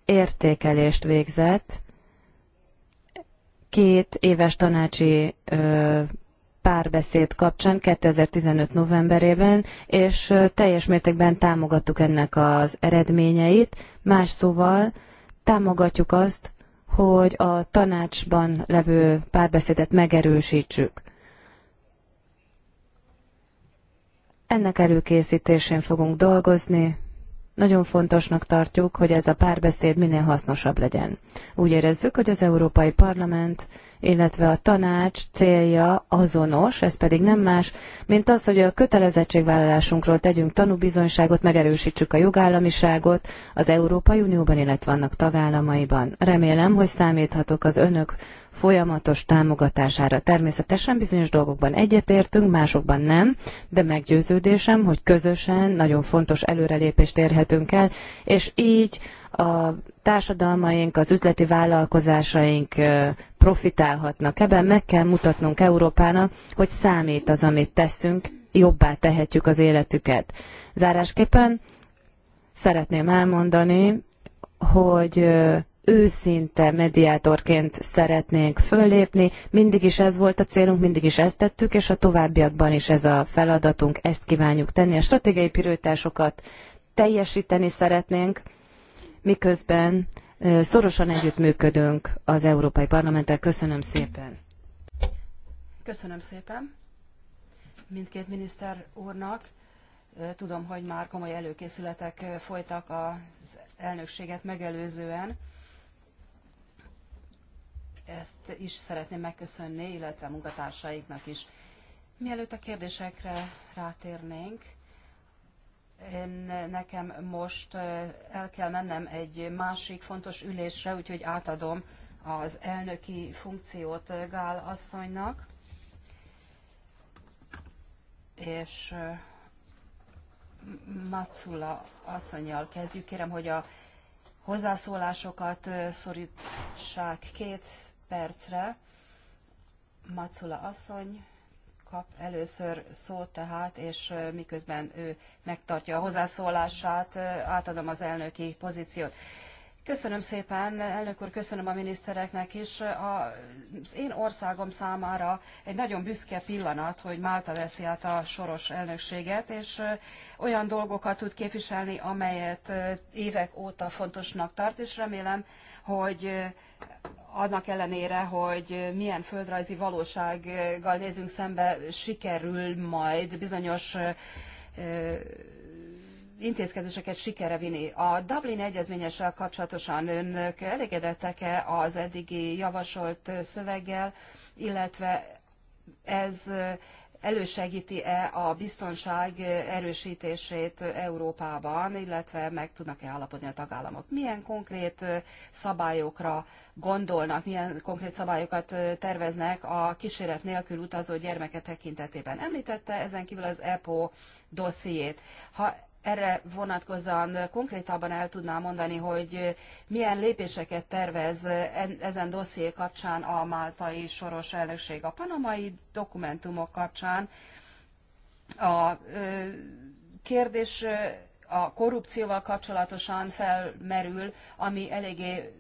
értékelést végzett, két éves tanácsi párbeszéd kapcsán 2015 novemberében, és teljes mértékben támogattuk ennek az eredményeit. Más szóval támogatjuk azt, hogy a tanácsban levő párbeszédet megerősítsük. Ennek előkészítésén fogunk dolgozni. Nagyon fontosnak tartjuk, hogy ez a párbeszéd minél hasznosabb legyen. Úgy érezzük, hogy az Európai Parlament illetve a tanács célja azonos, ez pedig nem más, mint az, hogy a kötelezettségvállalásunkról tegyünk tanúbizonyságot, megerősítsük a jogállamiságot az Európai Unióban, illetve annak tagállamaiban. Remélem, hogy számíthatok az önök folyamatos támogatására. Természetesen bizonyos dolgokban egyetértünk, másokban nem, de meggyőződésem, hogy közösen nagyon fontos előrelépést érhetünk el, és így a társadalmaink, az üzleti vállalkozásaink profitálhatnak. Ebben meg kell mutatnunk Európának, hogy számít az, amit teszünk, jobbá tehetjük az életüket. Zárásképpen szeretném elmondani, hogy őszinte mediátorként szeretnénk föllépni. Mindig is ez volt a célunk, mindig is ezt tettük, és a továbbiakban is ez a feladatunk, ezt kívánjuk tenni. A stratégiai pirőtásokat teljesíteni szeretnénk, miközben szorosan együttműködünk az Európai Parlamenttel. Köszönöm szépen! Köszönöm szépen mindkét miniszter úrnak. Tudom, hogy már komoly előkészületek folytak az elnökséget megelőzően. Ezt is szeretném megköszönni, illetve a munkatársaiknak is. Mielőtt a kérdésekre rátérnénk, én nekem most el kell mennem egy másik fontos ülésre, úgyhogy átadom az elnöki funkciót Gál asszonynak. És Matsula asszonyjal kezdjük. Kérem, hogy a hozzászólásokat szorítsák két percre. Matsula asszony, kap először szót tehát, és miközben ő megtartja a hozzászólását, átadom az elnöki pozíciót. Köszönöm szépen, elnök úr, köszönöm a minisztereknek is. Az én országom számára egy nagyon büszke pillanat, hogy Málta veszi át a soros elnökséget, és olyan dolgokat tud képviselni, amelyet évek óta fontosnak tart, és remélem, hogy annak ellenére, hogy milyen földrajzi valósággal nézünk szembe, sikerül majd bizonyos intézkedéseket sikere vinni. A Dublin egyezményessel kapcsolatosan önök elégedettek-e az eddigi javasolt szöveggel, illetve ez elősegíti-e a biztonság erősítését Európában, illetve meg tudnak-e állapodni a tagállamok. Milyen konkrét szabályokra gondolnak, milyen konkrét szabályokat terveznek a kíséret nélkül utazó gyermekek tekintetében. Említette ezen kívül az EPO dossziét. Ha erre vonatkozóan konkrétabban el tudná mondani, hogy milyen lépéseket tervez ezen dosszié kapcsán a máltai soros elnökség a panamai dokumentumok kapcsán. A kérdés a korrupcióval kapcsolatosan felmerül, ami eléggé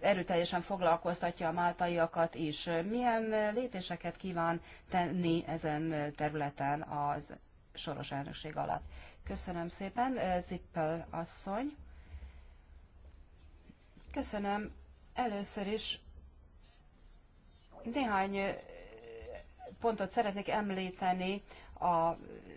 erőteljesen foglalkoztatja a máltaiakat is. Milyen lépéseket kíván tenni ezen területen az soros elnökség alatt? Köszönöm szépen, eh, Zippel asszony. Köszönöm. Először is néhány eh, pontot szeretnék említeni a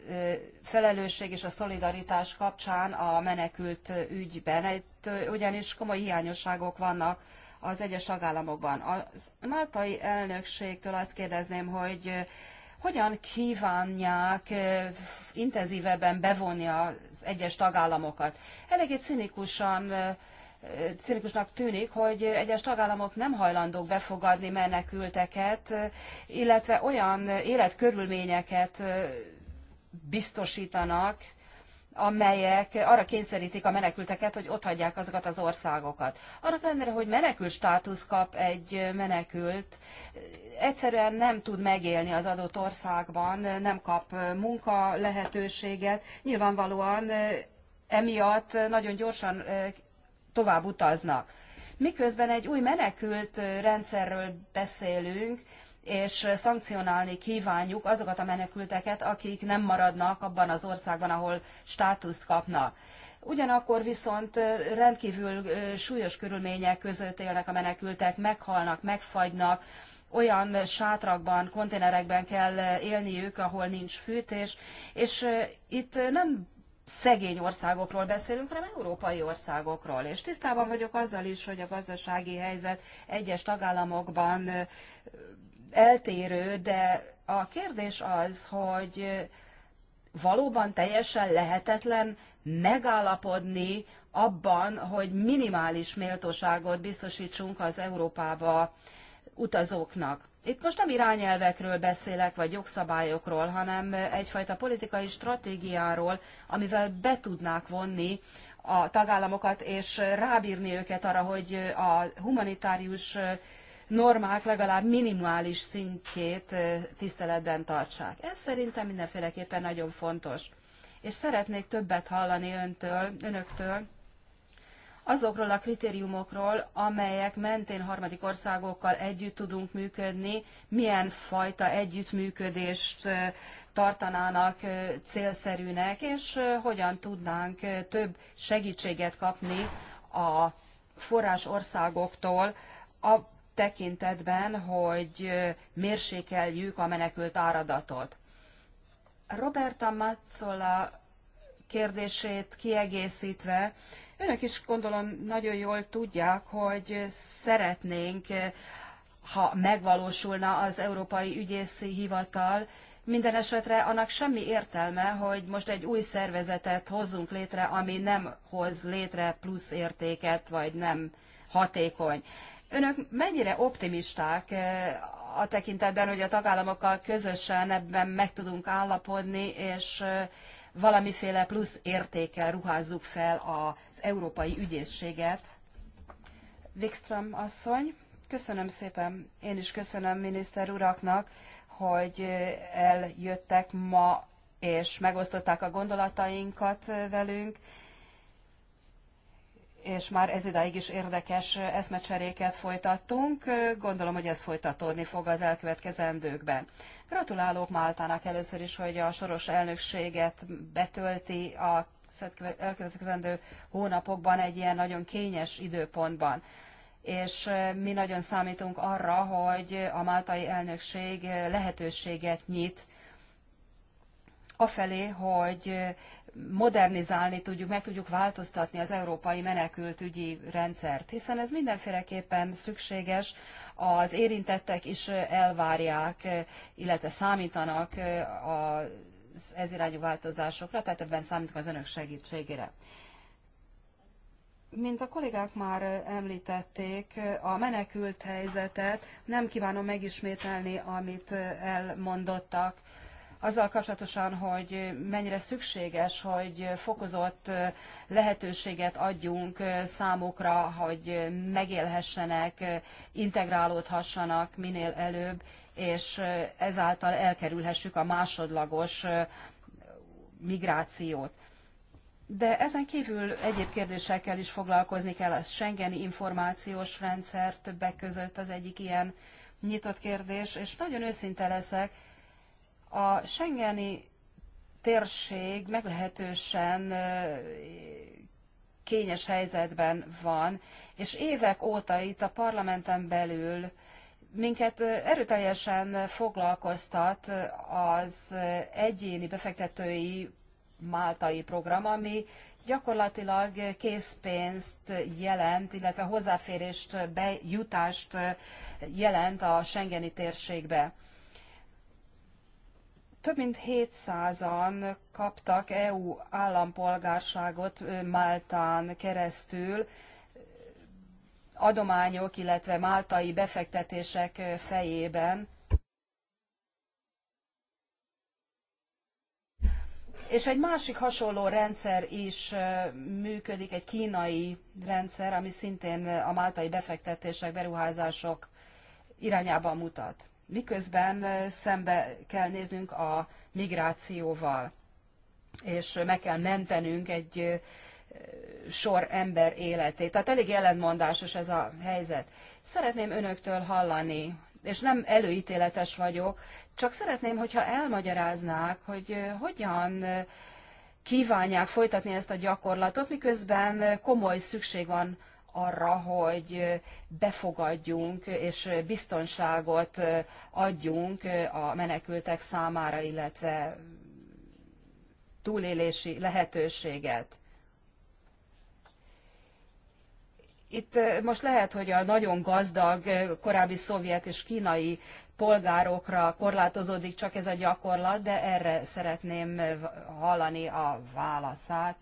eh, felelősség és a szolidaritás kapcsán a menekült ügyben. Itt ugyanis komoly hiányosságok vannak az egyes tagállamokban. A máltai elnökségtől azt kérdezném, hogy hogyan kívánják eh, intenzívebben bevonni az egyes tagállamokat. Eléggé cinikusan eh, eh, cinikusnak tűnik, hogy egyes tagállamok nem hajlandók befogadni menekülteket, illetve olyan életkörülményeket biztosítanak, amelyek arra kényszerítik a menekülteket, hogy otthagyják azokat az országokat. Annak ellenére, hogy menekült státusz kap egy menekült, egyszerűen nem tud megélni az adott országban, nem kap munka lehetőséget. Nyilvánvalóan emiatt nagyon gyorsan tovább utaznak. Miközben egy új menekült rendszerről beszélünk, és szankcionálni kívánjuk azokat a menekülteket, akik nem maradnak abban az országban, ahol státuszt kapnak. Ugyanakkor viszont rendkívül súlyos körülmények között élnek a menekültek, meghalnak, megfagynak, olyan sátrakban, konténerekben kell élniük, ahol nincs fűtés, és itt nem szegény országokról beszélünk, hanem európai országokról. És tisztában vagyok azzal is, hogy a gazdasági helyzet egyes tagállamokban eltérő, de a kérdés az, hogy valóban teljesen lehetetlen megállapodni abban, hogy minimális méltóságot biztosítsunk az Európába utazóknak. Itt most nem irányelvekről beszélek, vagy jogszabályokról, hanem egyfajta politikai stratégiáról, amivel be tudnák vonni a tagállamokat, és rábírni őket arra, hogy a humanitárius normák legalább minimális szintjét tiszteletben tartsák. Ez szerintem mindenféleképpen nagyon fontos. És szeretnék többet hallani öntől, önöktől azokról a kritériumokról, amelyek mentén harmadik országokkal együtt tudunk működni, milyen fajta együttműködést tartanának célszerűnek, és hogyan tudnánk több segítséget kapni a forrás országoktól a tekintetben, hogy mérsékeljük a menekült áradatot. Roberta Mazzola kérdését kiegészítve, Önök is gondolom nagyon jól tudják, hogy szeretnénk, ha megvalósulna az Európai Ügyészi Hivatal, minden esetre annak semmi értelme, hogy most egy új szervezetet hozzunk létre, ami nem hoz létre plusz értéket, vagy nem hatékony. Önök mennyire optimisták eh, a tekintetben, hogy a tagállamokkal közösen ebben meg tudunk állapodni, és eh, valamiféle plusz értékkel ruházzuk fel az Európai Ügyészséget. Wikström asszony, köszönöm szépen. Én is köszönöm miniszter uraknak, hogy eljöttek ma és megosztották a gondolatainkat velünk és már ez idáig is érdekes eszmecseréket folytattunk. Gondolom, hogy ez folytatódni fog az elkövetkezendőkben. Gratulálok Máltának először is, hogy a soros elnökséget betölti a elkövetkezendő hónapokban egy ilyen nagyon kényes időpontban. És mi nagyon számítunk arra, hogy a máltai elnökség lehetőséget nyit afelé, hogy modernizálni tudjuk, meg tudjuk változtatni az európai menekültügyi rendszert, hiszen ez mindenféleképpen szükséges, az érintettek is elvárják, illetve számítanak az ez irányú változásokra, tehát ebben számítunk az önök segítségére. Mint a kollégák már említették, a menekült helyzetet nem kívánom megismételni, amit elmondottak azzal kapcsolatosan, hogy mennyire szükséges, hogy fokozott lehetőséget adjunk számukra, hogy megélhessenek, integrálódhassanak minél előbb, és ezáltal elkerülhessük a másodlagos migrációt. De ezen kívül egyéb kérdésekkel is foglalkozni kell. A Schengeni információs rendszer többek között az egyik ilyen nyitott kérdés, és nagyon őszinte leszek, a Schengeni térség meglehetősen kényes helyzetben van, és évek óta itt a parlamenten belül minket erőteljesen foglalkoztat az egyéni befektetői máltai program, ami gyakorlatilag készpénzt jelent, illetve hozzáférést, bejutást jelent a Schengeni térségbe. Több mint 700-an kaptak EU állampolgárságot Máltán keresztül, adományok, illetve máltai befektetések fejében. És egy másik hasonló rendszer is működik, egy kínai rendszer, ami szintén a máltai befektetések, beruházások irányába mutat miközben szembe kell néznünk a migrációval, és meg kell mentenünk egy sor ember életét. Tehát elég ellentmondásos ez a helyzet. Szeretném önöktől hallani, és nem előítéletes vagyok, csak szeretném, hogyha elmagyaráznák, hogy hogyan kívánják folytatni ezt a gyakorlatot, miközben komoly szükség van arra, hogy befogadjunk és biztonságot adjunk a menekültek számára, illetve túlélési lehetőséget. Itt most lehet, hogy a nagyon gazdag korábbi szovjet és kínai polgárokra korlátozódik csak ez a gyakorlat, de erre szeretném hallani a válaszát.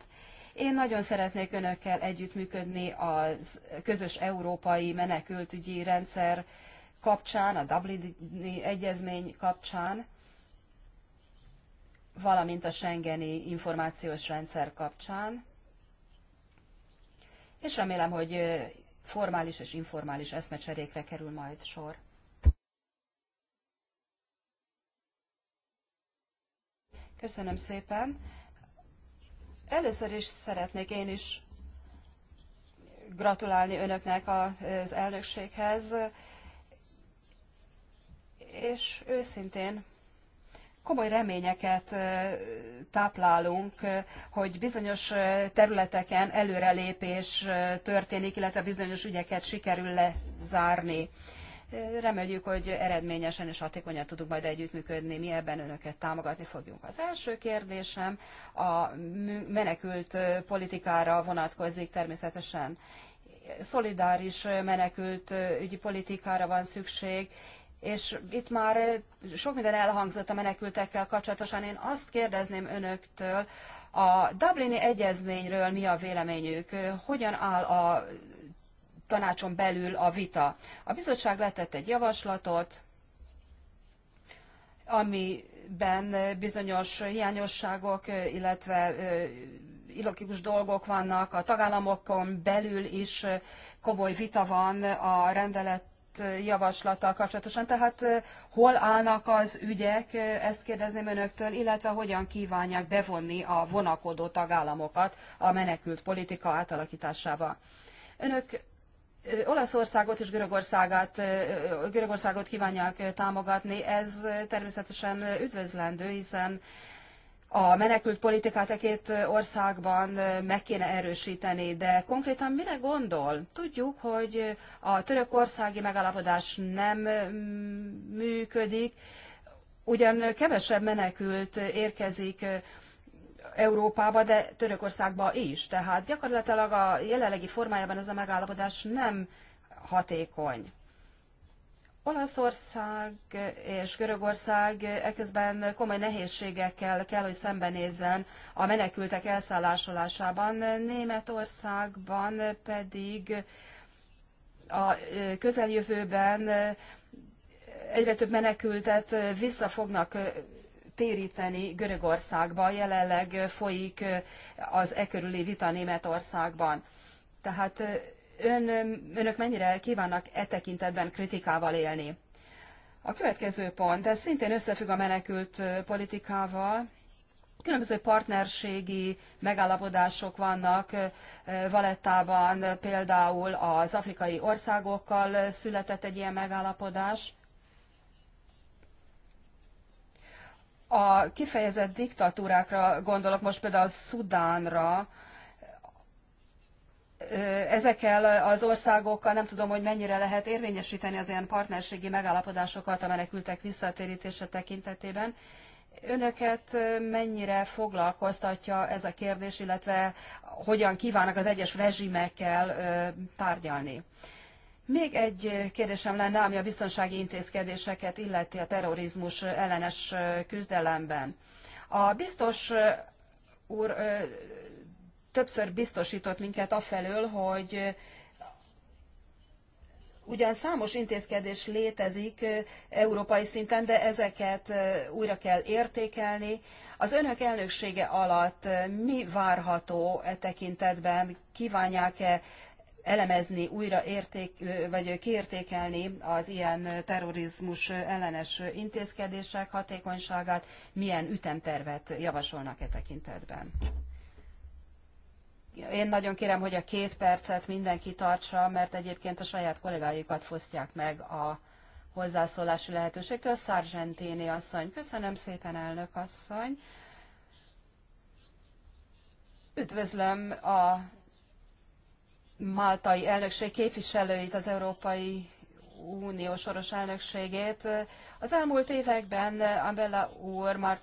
Én nagyon szeretnék önökkel együttműködni az közös európai menekültügyi rendszer kapcsán, a Dublini egyezmény kapcsán, valamint a Schengeni információs rendszer kapcsán. És remélem, hogy formális és informális eszmecserékre kerül majd sor. Köszönöm szépen. Először is szeretnék én is gratulálni önöknek az elnökséghez, és őszintén komoly reményeket táplálunk, hogy bizonyos területeken előrelépés történik, illetve bizonyos ügyeket sikerül lezárni. Reméljük, hogy eredményesen és hatékonyan tudunk majd együttműködni, mi ebben önöket támogatni fogjuk. Az első kérdésem a menekült politikára vonatkozik természetesen. Szolidáris menekült ügyi politikára van szükség, és itt már sok minden elhangzott a menekültekkel kapcsolatosan. Én azt kérdezném önöktől, a Dublini egyezményről mi a véleményük? Hogyan áll a tanácson belül a vita. A bizottság letett egy javaslatot, amiben bizonyos hiányosságok, illetve illogikus dolgok vannak. A tagállamokon belül is komoly vita van a rendelet javaslattal kapcsolatosan. Tehát hol állnak az ügyek, ezt kérdezném önöktől, illetve hogyan kívánják bevonni a vonakodó tagállamokat a menekült politika átalakításába. Önök Olaszországot és Görögországot, Görögországot kívánják támogatni. Ez természetesen üdvözlendő, hiszen a menekült politikát a e két országban meg kéne erősíteni, de konkrétan mire gondol? Tudjuk, hogy a törökországi megállapodás nem működik, ugyan kevesebb menekült érkezik Európába, de Törökországba is. Tehát gyakorlatilag a jelenlegi formájában ez a megállapodás nem hatékony. Olaszország és Görögország eközben komoly nehézségekkel kell, hogy szembenézzen a menekültek elszállásolásában, Németországban pedig a közeljövőben egyre több menekültet vissza fognak téríteni Görögországba, jelenleg folyik az e körüli vita Németországban. Tehát ön, önök mennyire kívánnak e tekintetben kritikával élni? A következő pont, ez szintén összefügg a menekült politikával. Különböző partnerségi megállapodások vannak Valettában, például az afrikai országokkal született egy ilyen megállapodás. A kifejezett diktatúrákra gondolok most például Szudánra, ezekkel az országokkal nem tudom, hogy mennyire lehet érvényesíteni az ilyen partnerségi megállapodásokat a menekültek visszatérítése tekintetében. Önöket mennyire foglalkoztatja ez a kérdés, illetve hogyan kívánnak az egyes rezsimekkel tárgyalni? Még egy kérdésem lenne, ami a biztonsági intézkedéseket illeti a terrorizmus ellenes küzdelemben. A biztos úr többször biztosított minket afelől, hogy ugyan számos intézkedés létezik európai szinten, de ezeket újra kell értékelni. Az önök elnöksége alatt mi várható e tekintetben? Kívánják-e elemezni, újra érték, vagy kiértékelni az ilyen terrorizmus ellenes intézkedések hatékonyságát, milyen ütemtervet javasolnak e tekintetben. Én nagyon kérem, hogy a két percet mindenki tartsa, mert egyébként a saját kollégáikat fosztják meg a hozzászólási lehetőségtől. Sargentini asszony, köszönöm szépen, elnök asszony. Üdvözlöm a máltai elnökség képviselőit, az Európai Unió soros elnökségét. Az elmúlt években Ambella úr már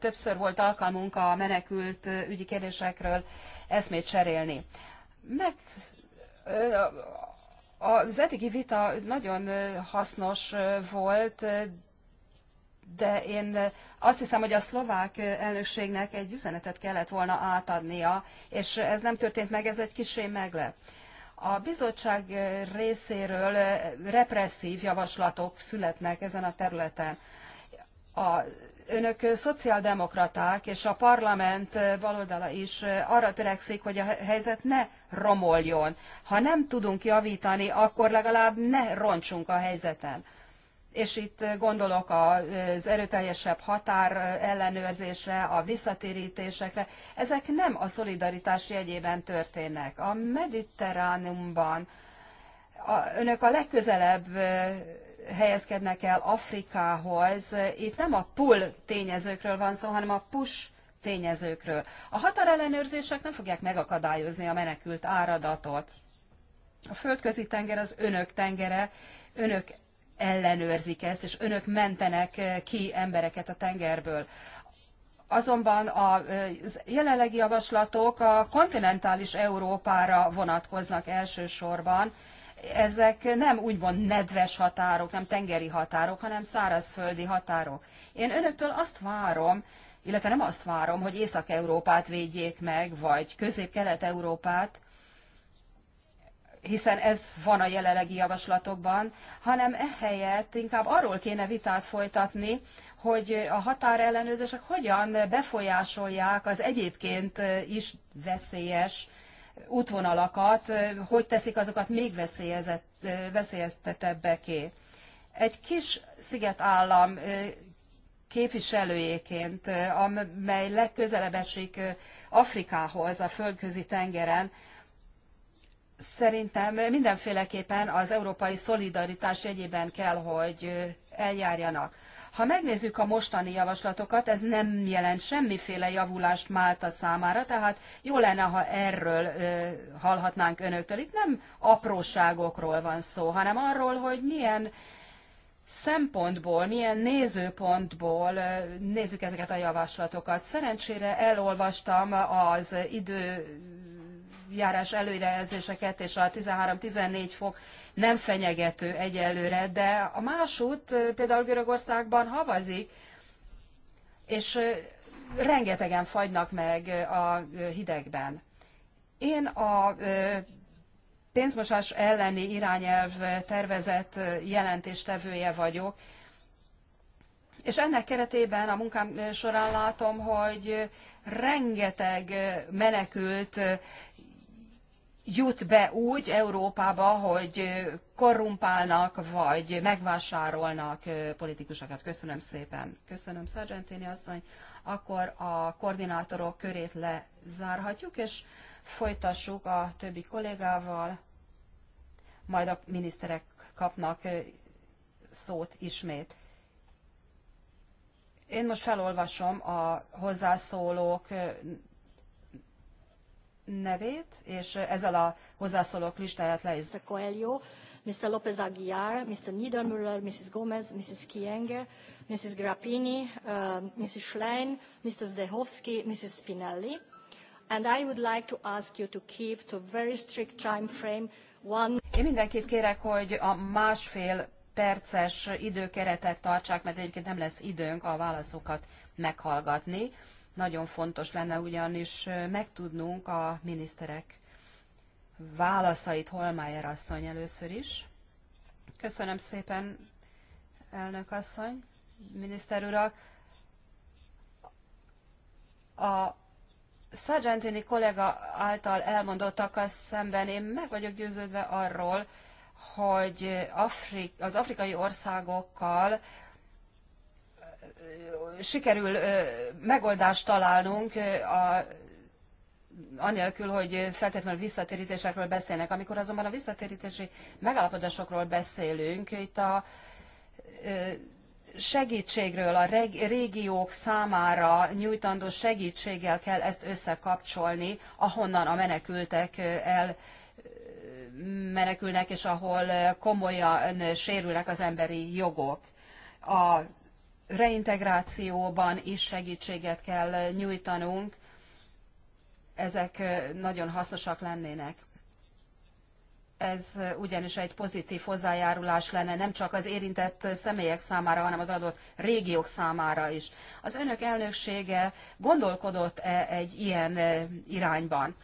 többször volt alkalmunk a menekült ügyi kérdésekről eszmét cserélni. Meg az eddigi vita nagyon hasznos volt, de én eh, azt hiszem, hogy a szlovák eh, elnökségnek egy üzenetet kellett volna átadnia, és ez nem történt meg, ez egy kicsi meglep. A bizottság eh, részéről represszív javaslatok születnek ezen a területen. A, önök szociáldemokraták és a parlament baloldala is arra törekszik, hogy a helyzet ne romoljon. Ha nem tudunk javítani, akkor legalább ne roncsunk a helyzeten és itt gondolok az erőteljesebb határ ellenőrzésre, a visszatérítésekre, ezek nem a szolidaritás jegyében történnek. A Mediterránumban a, önök a legközelebb helyezkednek el Afrikához. Itt nem a pull tényezőkről van szó, hanem a push tényezőkről. A határellenőrzések nem fogják megakadályozni a menekült áradatot. A földközi tenger az önök tengere, önök ellenőrzik ezt, és önök mentenek eh, ki embereket a tengerből. Azonban a eh, jelenlegi javaslatok a kontinentális Európára vonatkoznak elsősorban. Ezek nem úgymond nedves határok, nem tengeri határok, hanem szárazföldi határok. Én önöktől azt várom, illetve nem azt várom, hogy Észak-Európát védjék meg, vagy Közép-Kelet-Európát, hiszen ez van a jelenlegi javaslatokban, hanem ehelyett inkább arról kéne vitát folytatni, hogy a határellenőrzések hogyan befolyásolják az egyébként is veszélyes útvonalakat, hogy teszik azokat még veszélyeztetebbeké. Egy kis szigetállam képviselőjéként, amely legközelebb esik Afrikához, a földközi tengeren, szerintem mindenféleképpen az európai szolidaritás jegyében kell, hogy eljárjanak. Ha megnézzük a mostani javaslatokat, ez nem jelent semmiféle javulást Málta számára, tehát jó lenne, ha erről ö, hallhatnánk önöktől. Itt nem apróságokról van szó, hanem arról, hogy milyen szempontból, milyen nézőpontból nézzük ezeket a javaslatokat. Szerencsére elolvastam az idő időjárás előrejelzéseket, és a 13-14 fok nem fenyegető egyelőre, de a másút például Görögországban havazik, és rengetegen fagynak meg a hidegben. Én a pénzmosás elleni irányelv tervezett jelentéstevője vagyok, és ennek keretében a munkám során látom, hogy rengeteg menekült jut be úgy Európába, hogy korrumpálnak, vagy megvásárolnak politikusokat. Köszönöm szépen. Köszönöm, Sargentini asszony. Akkor a koordinátorok körét lezárhatjuk, és folytassuk a többi kollégával. Majd a miniszterek kapnak szót ismét. Én most felolvasom a hozzászólók nevét, és ezzel a hozzászólók listáját le is. Mr. Coelho, Mr. López Aguiar, Mr. Niedermüller, Mrs. Gomez, Mrs. Kienge, Mrs. Grappini, uh, Mrs. Schlein, Mr. Zdehovski, Mrs. Spinelli. And I would like to ask you to keep to very strict time frame one... Én mindenkit kérek, hogy a másfél perces időkeretet tartsák, mert egyébként nem lesz időnk a válaszokat meghallgatni. Nagyon fontos lenne ugyanis megtudnunk a miniszterek válaszait Holmájer asszony először is. Köszönöm szépen, elnök asszony, miniszter urak. A Sargentini kollega által elmondottakkal szemben én meg vagyok győződve arról, hogy Afrik, az afrikai országokkal sikerül megoldást találnunk a anélkül, hogy feltétlenül visszatérítésekről beszélnek. Amikor azonban a visszatérítési megállapodásokról beszélünk, itt a segítségről, a régiók számára nyújtandó segítséggel kell ezt összekapcsolni, ahonnan a menekültek el menekülnek, és ahol komolyan sérülnek az emberi jogok. A reintegrációban is segítséget kell nyújtanunk, ezek nagyon hasznosak lennének. Ez ugyanis egy pozitív hozzájárulás lenne nem csak az érintett személyek számára, hanem az adott régiók számára is. Az önök elnöksége gondolkodott-e egy ilyen irányban?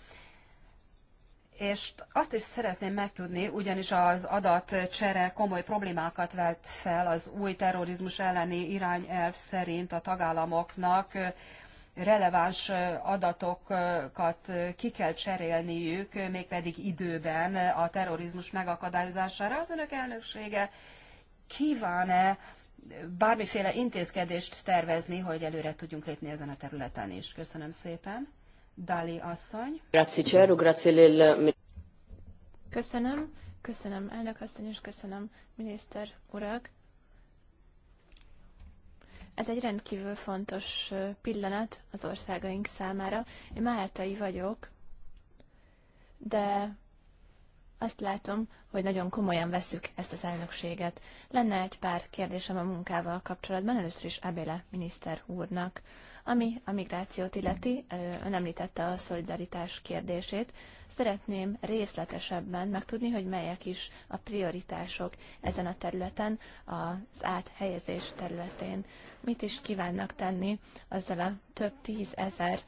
és azt is szeretném megtudni, ugyanis az adatcsere komoly problémákat vett fel az új terrorizmus elleni irányelv szerint a tagállamoknak releváns adatokat ki kell cserélniük, mégpedig időben a terrorizmus megakadályozására. Az önök elnöksége kíván-e bármiféle intézkedést tervezni, hogy előre tudjunk lépni ezen a területen is? Köszönöm szépen. Dali asszony. Köszönöm, köszönöm elnök asszony, és köszönöm miniszter urak. Ez egy rendkívül fontos pillanat az országaink számára. Én mártai vagyok, de azt látom, hogy nagyon komolyan veszük ezt az elnökséget. Lenne egy pár kérdésem a munkával kapcsolatban, először is Abéla miniszter úrnak. Ami a migrációt illeti, ön említette a szolidaritás kérdését, szeretném részletesebben megtudni, hogy melyek is a prioritások ezen a területen, az áthelyezés területén. Mit is kívánnak tenni azzal a több tízezer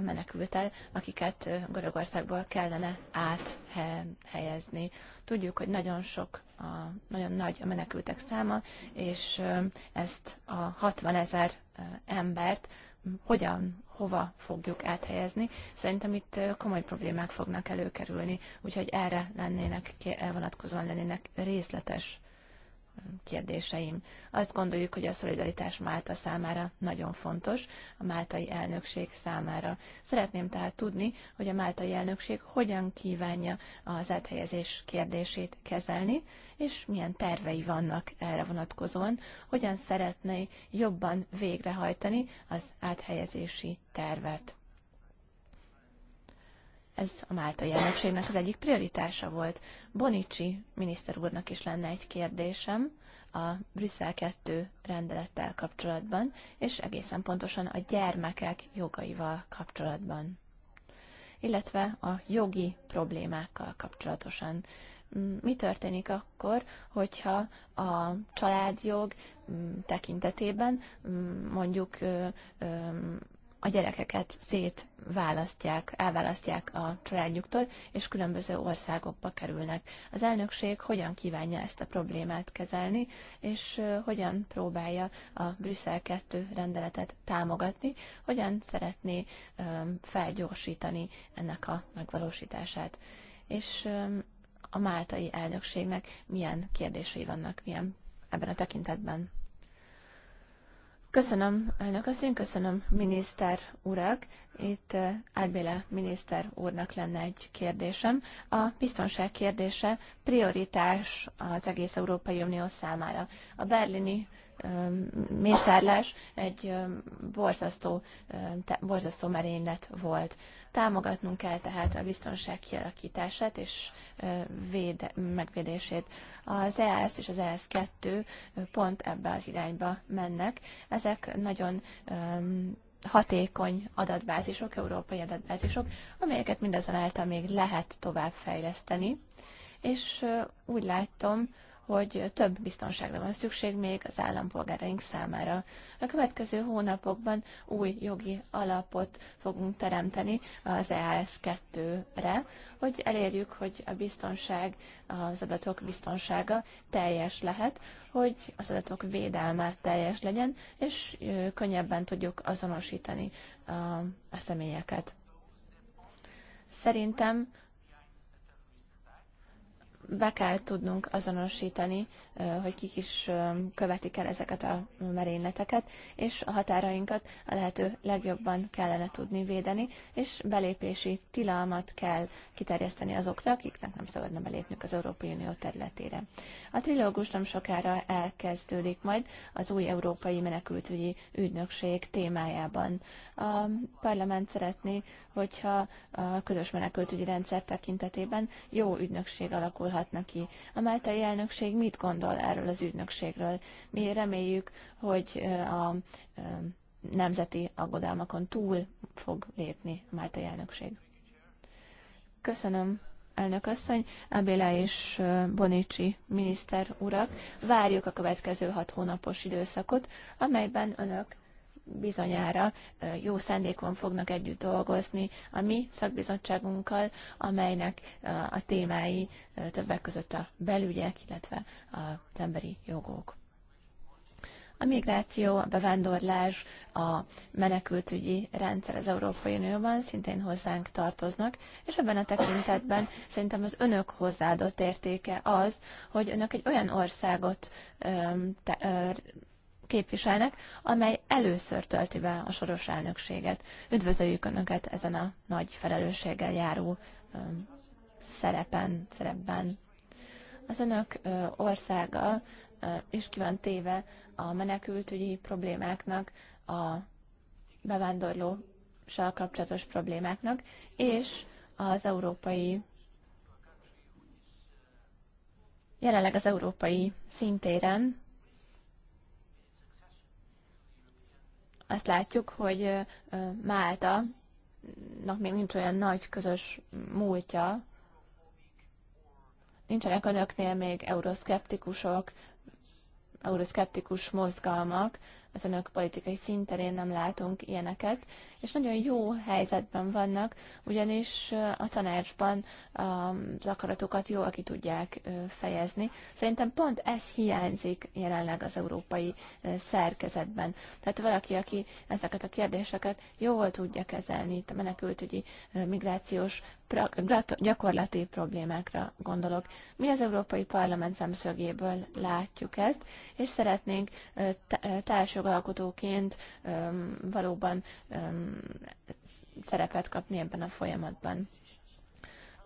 menekültel, akiket Görögországból kellene áthelyezni. Tudjuk, hogy nagyon sok, a, nagyon nagy a menekültek száma, és ezt a 60 ezer embert hogyan, hova fogjuk áthelyezni. Szerintem itt komoly problémák fognak előkerülni, úgyhogy erre lennének, elvonatkozóan lennének részletes kérdéseim. Azt gondoljuk, hogy a szolidaritás Málta számára nagyon fontos, a máltai elnökség számára. Szeretném tehát tudni, hogy a máltai elnökség hogyan kívánja az áthelyezés kérdését kezelni, és milyen tervei vannak erre vonatkozóan, hogyan szeretné jobban végrehajtani az áthelyezési tervet. Ez a máltai elnökségnek az egyik prioritása volt. Bonicsi miniszter úrnak is lenne egy kérdésem a Brüsszel 2 rendelettel kapcsolatban, és egészen pontosan a gyermekek jogaival kapcsolatban, illetve a jogi problémákkal kapcsolatosan mm, mi történik akkor, hogyha a családjog mm, tekintetében mm, mondjuk a gyerekeket szétválasztják, elválasztják a családjuktól, és különböző országokba kerülnek. Az elnökség hogyan kívánja ezt a problémát kezelni, és hogyan próbálja a Brüsszel 2 rendeletet támogatni, hogyan szeretné felgyorsítani ennek a megvalósítását. És a máltai elnökségnek milyen kérdései vannak, milyen ebben a tekintetben. Köszönöm, elnök asszony, köszönöm, miniszter urak. Itt eh, Árbéle miniszter úrnak lenne egy kérdésem. A biztonság kérdése prioritás az egész Európai Unió számára. A berlini mészárlás egy borzasztó, borzasztó merénylet volt. Támogatnunk kell tehát a biztonság kialakítását és véde, megvédését. Az EAS és az EAS-2 pont ebbe az irányba mennek. Ezek nagyon hatékony adatbázisok, európai adatbázisok, amelyeket mindazonáltal még lehet továbbfejleszteni. És úgy látom, hogy több biztonságra van szükség még az állampolgáraink számára. A következő hónapokban új jogi alapot fogunk teremteni az EAS 2-re, hogy elérjük, hogy a biztonság, az adatok biztonsága teljes lehet, hogy az adatok védelme teljes legyen, és könnyebben tudjuk azonosítani a, a személyeket. Szerintem be kell tudnunk azonosítani, hogy kik is követik el ezeket a merényleteket, és a határainkat a lehető legjobban kellene tudni védeni, és belépési tilalmat kell kiterjeszteni azokra, akiknek nem szabadna belépnünk az Európai Unió területére. A trilógus nem sokára elkezdődik majd az új Európai Menekültügyi Ügynökség témájában. A parlament szeretné hogyha a közös menekültügyi rendszer tekintetében jó ügynökség alakulhatna ki. A máltai elnökség mit gondol erről az ügynökségről? Mi reméljük, hogy a nemzeti aggodalmakon túl fog lépni a máltai elnökség. Köszönöm, elnök asszony, Abéla és Bonicsi miniszter urak. Várjuk a következő hat hónapos időszakot, amelyben önök bizonyára jó szándékon fognak együtt dolgozni a mi szakbizottságunkkal, amelynek a témái többek között a belügyek, illetve az emberi jogok. A migráció, a bevándorlás, a menekültügyi rendszer az Európai Unióban szintén hozzánk tartoznak, és ebben a tekintetben szerintem az önök hozzáadott értéke az, hogy önök egy olyan országot öm, te, képviselnek, amely először tölti be a soros elnökséget. Üdvözöljük Önöket ezen a nagy felelősséggel járó szerepen, szerepben. Az Önök ö, országa ö, is ki van téve a menekültügyi problémáknak, a bevándorló kapcsolatos problémáknak, és az európai jelenleg az európai szintéren azt látjuk, hogy Málta még nincs olyan nagy közös múltja, nincsenek önöknél még euroszkeptikusok, euroszkeptikus mozgalmak, az önök politikai szinterén nem látunk ilyeneket, és nagyon jó helyzetben vannak, ugyanis a tanácsban az akaratokat jól ki tudják fejezni. Szerintem pont ez hiányzik jelenleg az európai szerkezetben. Tehát valaki, aki ezeket a kérdéseket jól tudja kezelni, itt a menekültügyi migrációs gyakorlati problémákra gondolok. Mi az Európai Parlament szemszögéből látjuk ezt, és szeretnénk társjogalkotóként valóban szerepet kapni ebben a folyamatban.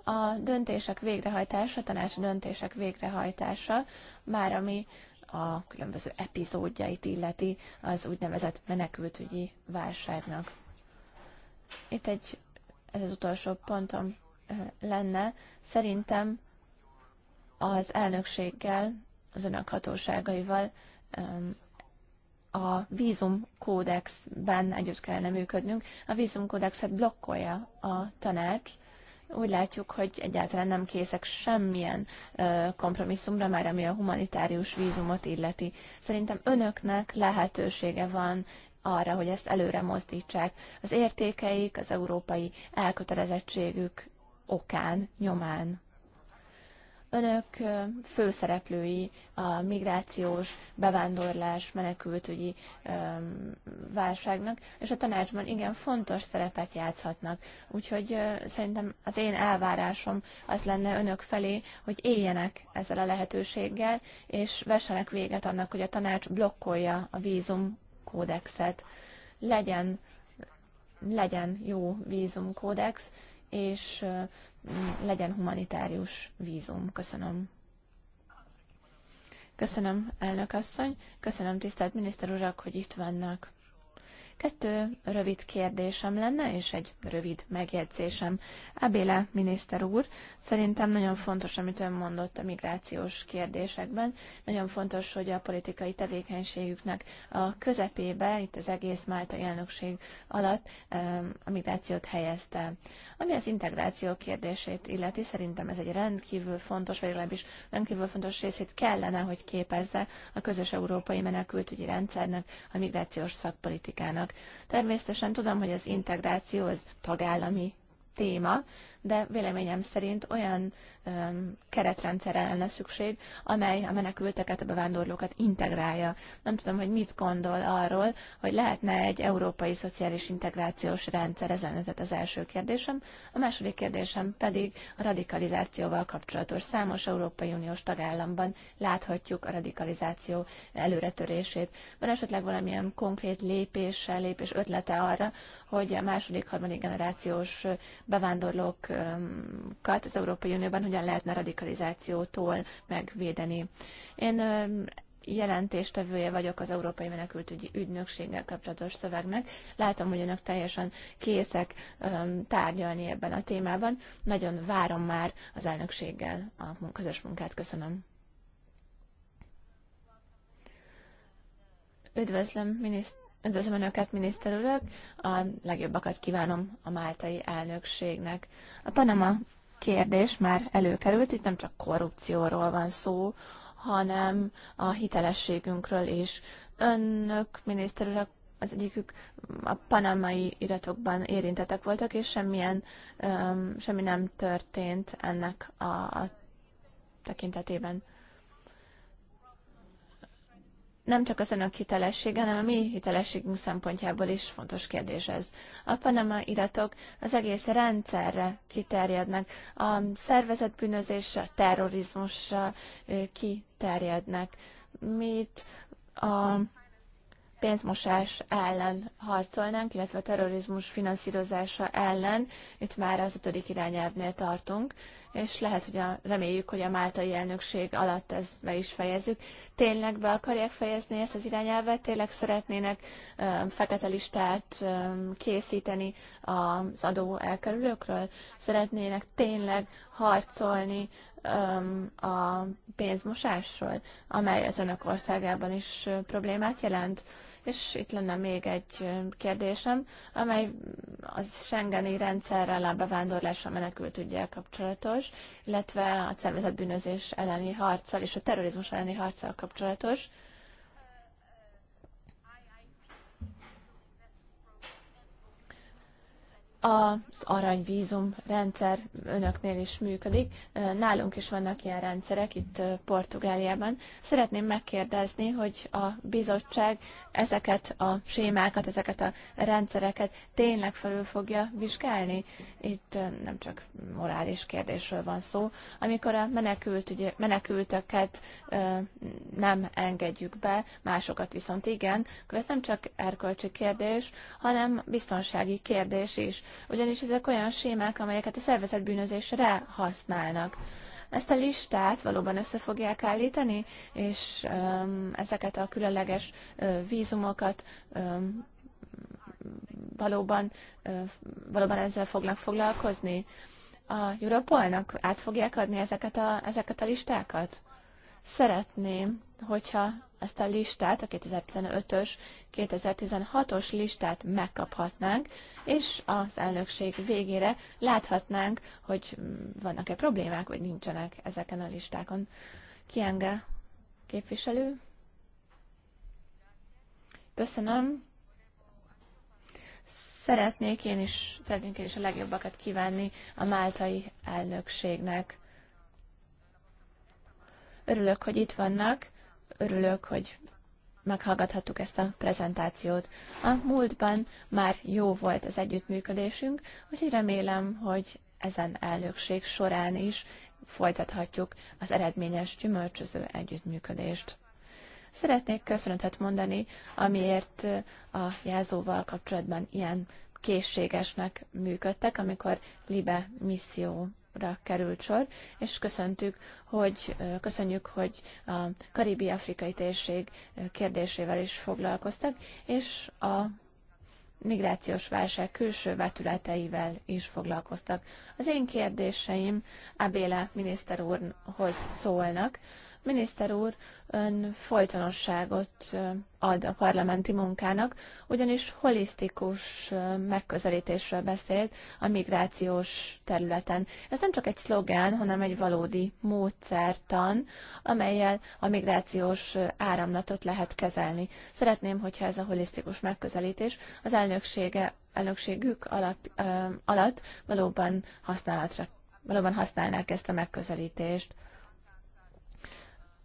A döntések végrehajtása, tanácsi döntések végrehajtása, már ami a különböző epizódjait illeti az úgynevezett menekültügyi válságnak. Itt egy, ez az utolsó pontom lenne, szerintem az elnökséggel, az önök hatóságaival a vízumkódexben együtt kellene működnünk. A vízumkódexet blokkolja a tanács, úgy látjuk, hogy egyáltalán nem készek semmilyen ö, kompromisszumra, már ami a humanitárius vízumot illeti. Szerintem önöknek lehetősége van arra, hogy ezt előre mozdítsák. Az értékeik, az európai elkötelezettségük okán, nyomán. Önök főszereplői a migrációs, bevándorlás, menekültügyi válságnak, és a tanácsban igen fontos szerepet játszhatnak. Úgyhogy szerintem az én elvárásom az lenne önök felé, hogy éljenek ezzel a lehetőséggel, és vessenek véget annak, hogy a tanács blokkolja a vízum kódexet. Legyen legyen jó vízumkódex, és legyen humanitárius vízum. Köszönöm. Köszönöm, elnök asszony. Köszönöm, tisztelt miniszter urak, hogy itt vannak. Kettő rövid kérdésem lenne, és egy rövid megjegyzésem. Abéla miniszter úr, szerintem nagyon fontos, amit ön mondott a migrációs kérdésekben. Nagyon fontos, hogy a politikai tevékenységüknek a közepébe, itt az egész Málta elnökség alatt a migrációt helyezte. Ami az integráció kérdését illeti, szerintem ez egy rendkívül fontos, vagy legalábbis rendkívül fontos részét kellene, hogy képezze a közös európai menekültügyi rendszernek, a migrációs szakpolitikának. Természetesen tudom, hogy az integráció az tagállami téma, de véleményem szerint olyan um, keretrendszerre lenne szükség, amely a menekülteket, a bevándorlókat integrálja. Nem tudom, hogy mit gondol arról, hogy lehetne egy európai szociális integrációs rendszer, ez lenne az első kérdésem. A második kérdésem pedig a radikalizációval kapcsolatos. Számos Európai Uniós tagállamban láthatjuk a radikalizáció előretörését. Van esetleg valamilyen konkrét lépése, lépés ötlete arra, hogy a második, harmadik generációs bevándorlók országokat az Európai Unióban hogyan lehetne radikalizációtól megvédeni. Én jelentéstevője vagyok az Európai Menekültügyi Ügynökséggel kapcsolatos szövegnek. Látom, hogy önök teljesen készek um, tárgyalni ebben a témában. Nagyon várom már az elnökséggel a közös munkát. Köszönöm. Üdvözlöm, miniszt- Üdvözlöm Önöket, miniszter urak! A legjobbakat kívánom a máltai elnökségnek. A Panama kérdés már előkerült, itt nem csak korrupcióról van szó, hanem a hitelességünkről is. Önök, miniszter urak, az egyikük a panamai iratokban érintetek voltak, és semmilyen, um, semmi nem történt ennek a, a tekintetében nem csak az önök hitelessége, hanem a mi hitelességünk szempontjából is fontos kérdés ez. A Panama iratok az egész rendszerre kiterjednek, a szervezetbűnözéssel, terrorizmussal kiterjednek. Mit a pénzmosás ellen harcolnánk, illetve a terrorizmus finanszírozása ellen, itt már az ötödik irányelvnél tartunk, és lehet, hogy a, reméljük, hogy a máltai elnökség alatt ez be is fejezzük. Tényleg be akarják fejezni ezt az irányelvet, tényleg szeretnének ö, fekete listát készíteni az adó elkerülőkről, szeretnének tényleg harcolni a pénzmosásról, amely az önök országában is problémát jelent. És itt lenne még egy kérdésem, amely az Schengeni rendszerrel a bevándorlásra menekült ügyel kapcsolatos, illetve a szervezetbűnözés elleni harccal és a terrorizmus elleni harccal kapcsolatos. az aranyvízum rendszer önöknél is működik, nálunk is vannak ilyen rendszerek itt Portugáliában. Szeretném megkérdezni, hogy a bizottság ezeket a sémákat, ezeket a rendszereket tényleg felül fogja vizsgálni? Itt nem csak morális kérdésről van szó. Amikor a menekült, ugye, menekültöket nem engedjük be, másokat viszont igen, akkor ez nem csak erkölcsi kérdés, hanem biztonsági kérdés is ugyanis ezek olyan sémák, amelyeket a szervezetbűnözésre használnak. Ezt a listát valóban össze fogják állítani, és um, ezeket a különleges uh, vízumokat um, valóban, uh, valóban ezzel fognak foglalkozni. A Europolnak át fogják adni ezeket a, ezeket a listákat? Szeretném, hogyha ezt a listát, a 2015-ös, 2016-os listát megkaphatnánk, és az elnökség végére láthatnánk, hogy vannak-e problémák, vagy nincsenek ezeken a listákon. Kienge képviselő. Köszönöm. Szeretnék én is, szeretnék én is a legjobbakat kívánni a máltai elnökségnek. Örülök, hogy itt vannak, örülök, hogy meghallgathattuk ezt a prezentációt. A múltban már jó volt az együttműködésünk, úgyhogy remélem, hogy ezen elnökség során is folytathatjuk az eredményes gyümölcsöző együttműködést. Szeretnék köszönetet mondani, amiért a jelzóval kapcsolatban ilyen készségesnek működtek, amikor Libe misszió oda került sor, és köszöntük, hogy, köszönjük, hogy a karibi-afrikai térség kérdésével is foglalkoztak, és a migrációs válság külső vetületeivel is foglalkoztak. Az én kérdéseim Abéla miniszter úrhoz szólnak. Miniszter úr, ön folytonosságot ad a parlamenti munkának, ugyanis holisztikus megközelítésről beszélt a migrációs területen. Ez nem csak egy szlogán, hanem egy valódi módszertan, amelyel a migrációs áramlatot lehet kezelni. Szeretném, hogyha ez a holisztikus megközelítés az elnöksége, elnökségük alap, ö, alatt valóban használatra valóban használnák ezt a megközelítést.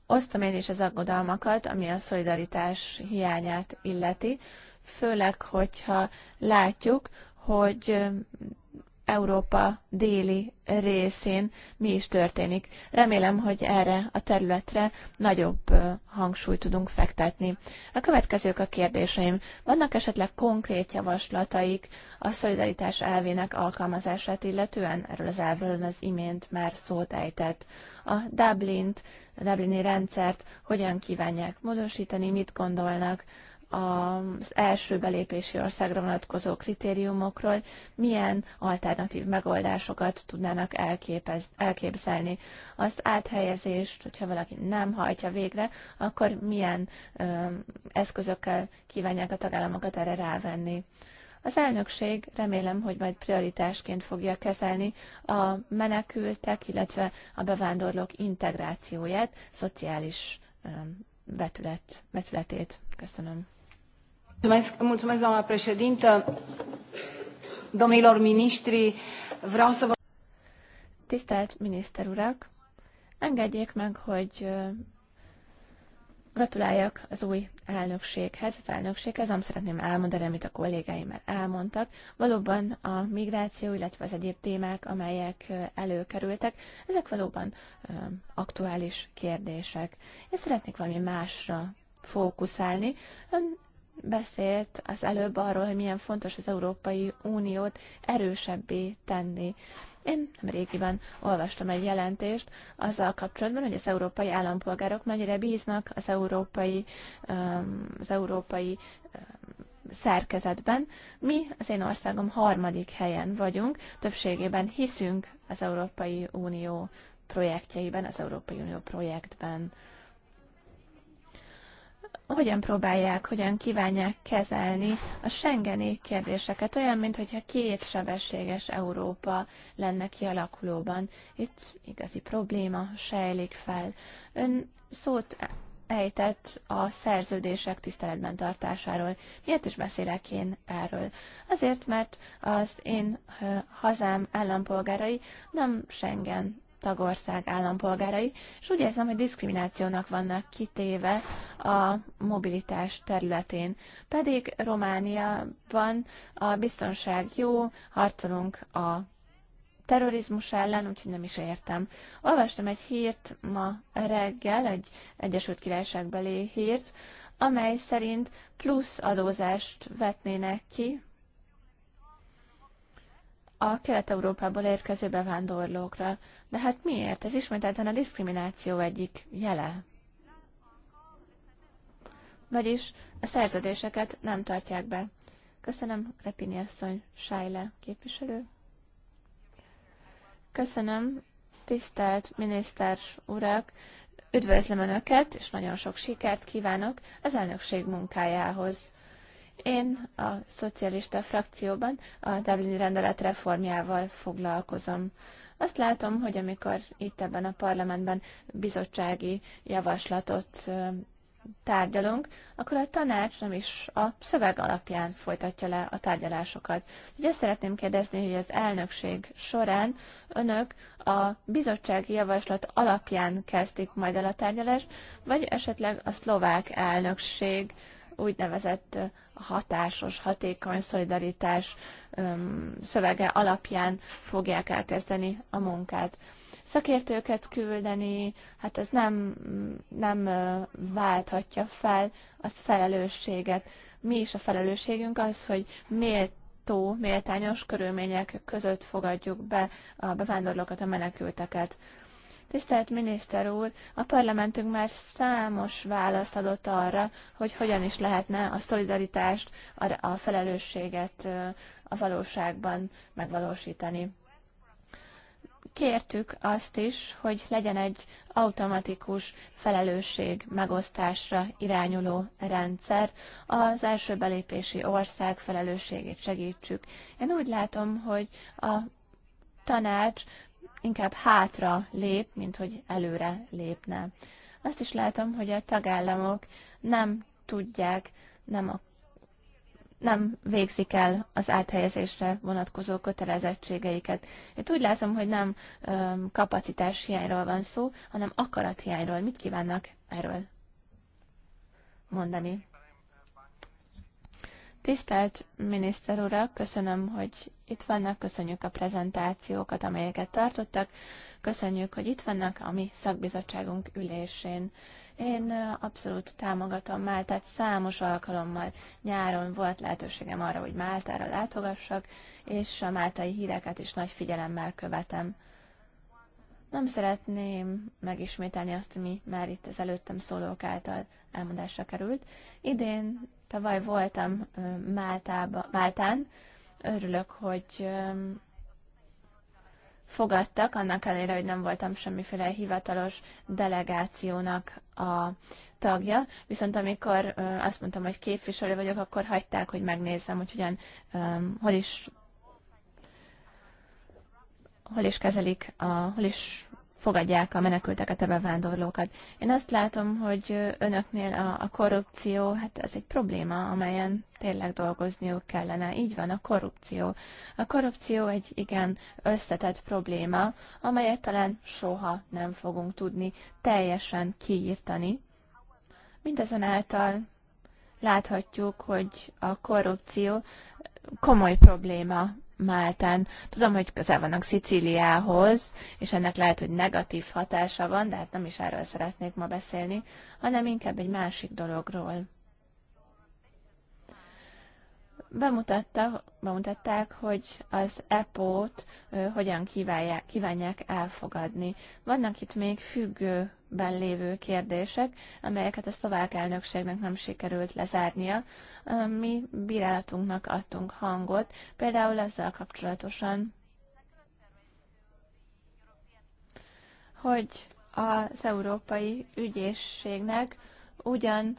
Osztom én is az aggodalmakat, ami a szolidaritás hiányát illeti, főleg, hogyha látjuk, hogy Európa déli részén mi is történik. Remélem, hogy erre a területre nagyobb hangsúlyt tudunk fektetni. A következők a kérdéseim. Vannak esetleg konkrét javaslataik a szolidaritás elvének alkalmazását illetően? Erről az elvről az imént már szót ejtett. A Dublin-t, a Dublini rendszert hogyan kívánják módosítani, mit gondolnak? az első belépési országra vonatkozó kritériumokról milyen alternatív megoldásokat tudnának elképez, elképzelni. Az áthelyezést, hogyha valaki nem hajtja végre, akkor milyen ö, eszközökkel kívánják a tagállamokat erre rávenni. Az elnökség remélem, hogy majd prioritásként fogja kezelni a menekültek, illetve a bevándorlók integrációját, szociális ö, betület, betületét. Köszönöm doamnă președintă domnilor miniștri vreau să vă. Tisztelt miniszter urak! Engedjék meg, hogy gratuláljak az új elnökséghez, az elnökséghez. Nem szeretném elmondani, amit a kollégáim elmondtak. Valóban a migráció, illetve az egyéb témák, amelyek előkerültek, ezek valóban aktuális kérdések. Én szeretnék valami másra fókuszálni. Ön beszélt az előbb arról, hogy milyen fontos az Európai Uniót erősebbé tenni. Én nem régiben olvastam egy jelentést azzal kapcsolatban, hogy az európai állampolgárok mennyire bíznak az európai, um, az európai um, szerkezetben. Mi az én országom harmadik helyen vagyunk, többségében hiszünk az Európai Unió projektjeiben, az Európai Unió projektben hogyan próbálják, hogyan kívánják kezelni a Schengeni kérdéseket, olyan, mintha két sebességes Európa lenne kialakulóban. Itt igazi probléma sejlik fel. Ön szót ejtett a szerződések tiszteletben tartásáról. Miért is beszélek én erről? Azért, mert az én hazám állampolgárai nem Schengen tagország állampolgárai, és úgy érzem, hogy diszkriminációnak vannak kitéve a mobilitás területén. Pedig Romániában a biztonság jó, harcolunk a terrorizmus ellen, úgyhogy nem is értem. Olvastam egy hírt ma reggel, egy Egyesült Királyság belé hírt, amely szerint plusz adózást vetnének ki a Kelet-Európából érkező bevándorlókra. De hát miért? Ez ismételten a diszkrimináció egyik jele. Vagyis a szerződéseket nem tartják be. Köszönöm, Repini asszony, Sájle képviselő. Köszönöm, tisztelt miniszter urak, üdvözlöm Önöket, és nagyon sok sikert kívánok az elnökség munkájához. Én a szocialista frakcióban a Dublini rendelet reformjával foglalkozom. Azt látom, hogy amikor itt ebben a parlamentben bizottsági javaslatot tárgyalunk, akkor a tanács nem is a szöveg alapján folytatja le a tárgyalásokat. Ugye azt szeretném kérdezni, hogy az elnökség során önök a bizottsági javaslat alapján kezdik majd el a tárgyalást, vagy esetleg a szlovák elnökség úgynevezett hatásos, hatékony szolidaritás szövege alapján fogják elkezdeni a munkát. Szakértőket küldeni, hát ez nem, nem válthatja fel a felelősséget. Mi is a felelősségünk az, hogy miért tó, méltányos körülmények között fogadjuk be a bevándorlókat, a menekülteket. Tisztelt miniszter úr, a parlamentünk már számos választ adott arra, hogy hogyan is lehetne a szolidaritást, a felelősséget a valóságban megvalósítani. Kértük azt is, hogy legyen egy automatikus felelősség megosztásra irányuló rendszer, az első belépési ország felelősségét segítsük. Én úgy látom, hogy a tanács inkább hátra lép, mint hogy előre lépne. Azt is látom, hogy a tagállamok nem tudják, nem, a, nem végzik el az áthelyezésre vonatkozó kötelezettségeiket. Én úgy látom, hogy nem öm, kapacitás hiányról van szó, hanem akarat hiányról. Mit kívánnak erről mondani? Tisztelt miniszter urak, köszönöm, hogy itt vannak, köszönjük a prezentációkat, amelyeket tartottak, köszönjük, hogy itt vannak a mi szakbizottságunk ülésén. Én abszolút támogatom Máltát, számos alkalommal nyáron volt lehetőségem arra, hogy Máltára látogassak, és a máltai híreket is nagy figyelemmel követem. Nem szeretném megismételni azt, ami már itt az előttem szólók által elmondásra került. Idén, tavaly voltam Máltába, Máltán, Örülök, hogy fogadtak, annak ellenére, hogy nem voltam semmiféle hivatalos delegációnak a tagja, viszont amikor azt mondtam, hogy képviselő vagyok, akkor hagyták, hogy megnézzem, hogy ugyan, hol is hol is kezelik, a, hol is fogadják a menekülteket, a bevándorlókat. Én azt látom, hogy önöknél a, a korrupció, hát ez egy probléma, amelyen tényleg dolgozniuk kellene. Így van, a korrupció. A korrupció egy igen összetett probléma, amelyet talán soha nem fogunk tudni teljesen kiírtani. Mindazonáltal láthatjuk, hogy a korrupció komoly probléma Máltán. Tudom, hogy közel vannak Szicíliához, és ennek lehet, hogy negatív hatása van, de hát nem is erről szeretnék ma beszélni, hanem inkább egy másik dologról. Bemutatta, bemutatták, hogy az EPO-t hogyan kívánják, kívánják elfogadni. Vannak itt még függő ben lévő kérdések, amelyeket a szlovák elnökségnek nem sikerült lezárnia. Mi bírálatunknak adtunk hangot, például ezzel kapcsolatosan, hogy az Európai Ügyészségnek ugyan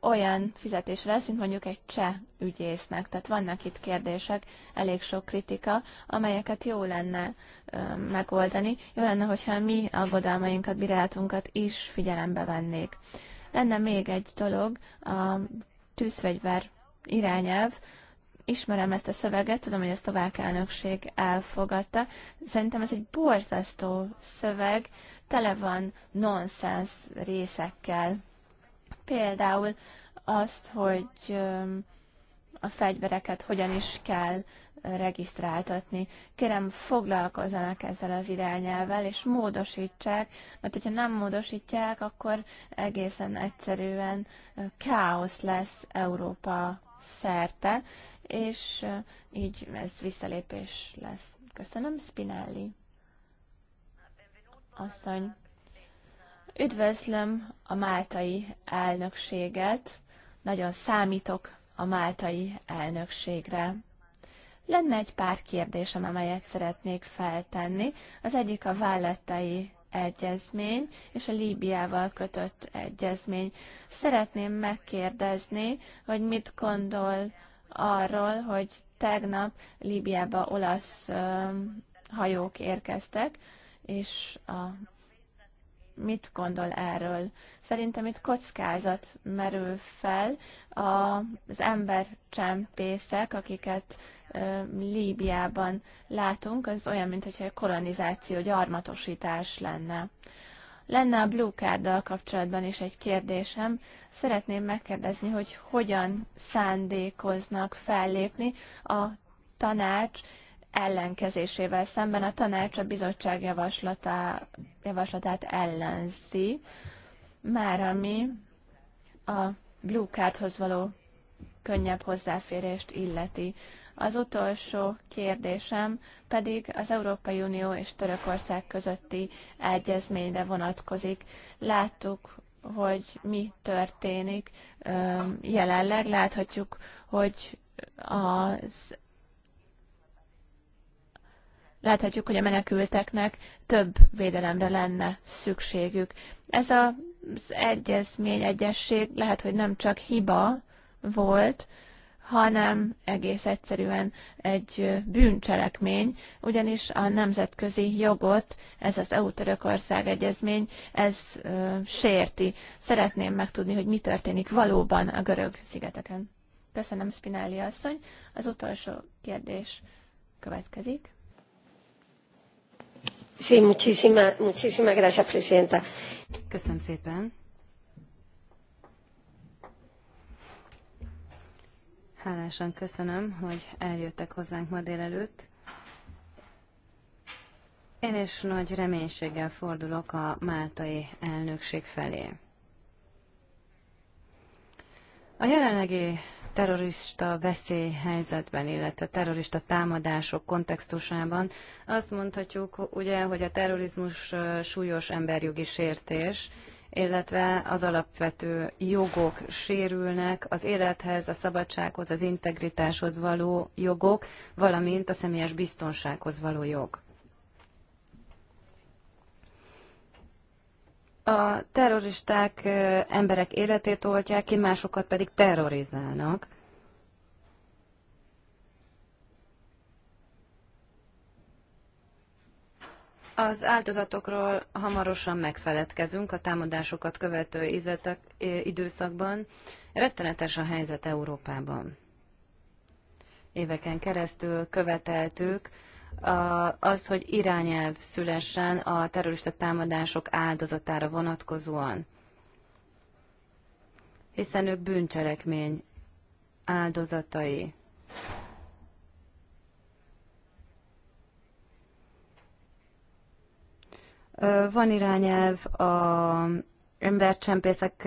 olyan fizetés lesz, mint mondjuk egy cseh ügyésznek. Tehát vannak itt kérdések, elég sok kritika, amelyeket jó lenne ö, megoldani. Jó lenne, hogyha mi aggodalmainkat, bírálatunkat is figyelembe vennék. Lenne még egy dolog, a tűzfegyver irányelv, ismerem ezt a szöveget, tudom, hogy ezt a elnökség elfogadta. Szerintem ez egy borzasztó szöveg, tele van nonsens részekkel például azt, hogy a fegyvereket hogyan is kell regisztráltatni. Kérem, foglalkozzanak ezzel az irányelvel, és módosítsák, mert hogyha nem módosítják, akkor egészen egyszerűen káosz lesz Európa szerte, és így ez visszalépés lesz. Köszönöm, Spinelli. Asszony. Üdvözlöm a máltai elnökséget, nagyon számítok a máltai elnökségre. Lenne egy pár kérdésem, amelyet szeretnék feltenni. Az egyik a vállettai egyezmény és a Líbiával kötött egyezmény. Szeretném megkérdezni, hogy mit gondol arról, hogy tegnap Líbiába olasz hajók érkeztek, és a mit gondol erről? Szerintem itt kockázat merül fel az embercsempészek, akiket Líbiában látunk, az olyan, mintha kolonizáció, gyarmatosítás lenne. Lenne a Blue card kapcsolatban is egy kérdésem. Szeretném megkérdezni, hogy hogyan szándékoznak fellépni a tanács ellenkezésével szemben a tanács a bizottság javaslatá, javaslatát ellenzi, már ami a Blue Cardhoz való könnyebb hozzáférést illeti. Az utolsó kérdésem pedig az Európai Unió és Törökország közötti egyezményre vonatkozik. Láttuk, hogy mi történik jelenleg. Láthatjuk, hogy az Láthatjuk, hogy a menekülteknek több védelemre lenne szükségük. Ez az egyezmény, egyesség lehet, hogy nem csak hiba volt, hanem egész egyszerűen egy bűncselekmény, ugyanis a nemzetközi jogot, ez az EU-Törökország egyezmény, ez ö, sérti. Szeretném megtudni, hogy mi történik valóban a görög szigeteken. Köszönöm, Spinelli asszony. Az utolsó kérdés következik. Köszönöm szépen. Hálásan köszönöm, hogy eljöttek hozzánk ma délelőtt. Én is nagy reménységgel fordulok a máltai elnökség felé. A jelenlegi terrorista veszélyhelyzetben, illetve terrorista támadások kontextusában. Azt mondhatjuk, ugye, hogy a terrorizmus súlyos emberjogi sértés, illetve az alapvető jogok sérülnek, az élethez, a szabadsághoz, az integritáshoz való jogok, valamint a személyes biztonsághoz való jog. A terroristák emberek életét oltják ki, másokat pedig terrorizálnak. Az áldozatokról hamarosan megfeledkezünk a támadásokat követő izetek, időszakban. Rettenetes a helyzet Európában. Éveken keresztül követeltük az, hogy irányelv szülessen a terrorista támadások áldozatára vonatkozóan. Hiszen ők bűncselekmény áldozatai. Van irányelv a embercsempészek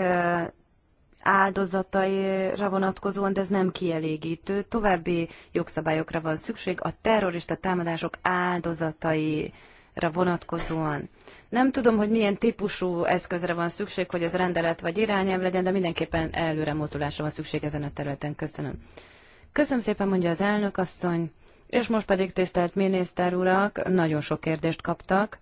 áldozataira vonatkozóan, de ez nem kielégítő. További jogszabályokra van szükség a terrorista támadások áldozatai ra vonatkozóan. Nem tudom, hogy milyen típusú eszközre van szükség, hogy ez rendelet vagy irányelv legyen, de mindenképpen előre mozdulásra van szükség ezen a területen. Köszönöm. Köszönöm szépen, mondja az elnök asszony. És most pedig tisztelt miniszter urak, nagyon sok kérdést kaptak.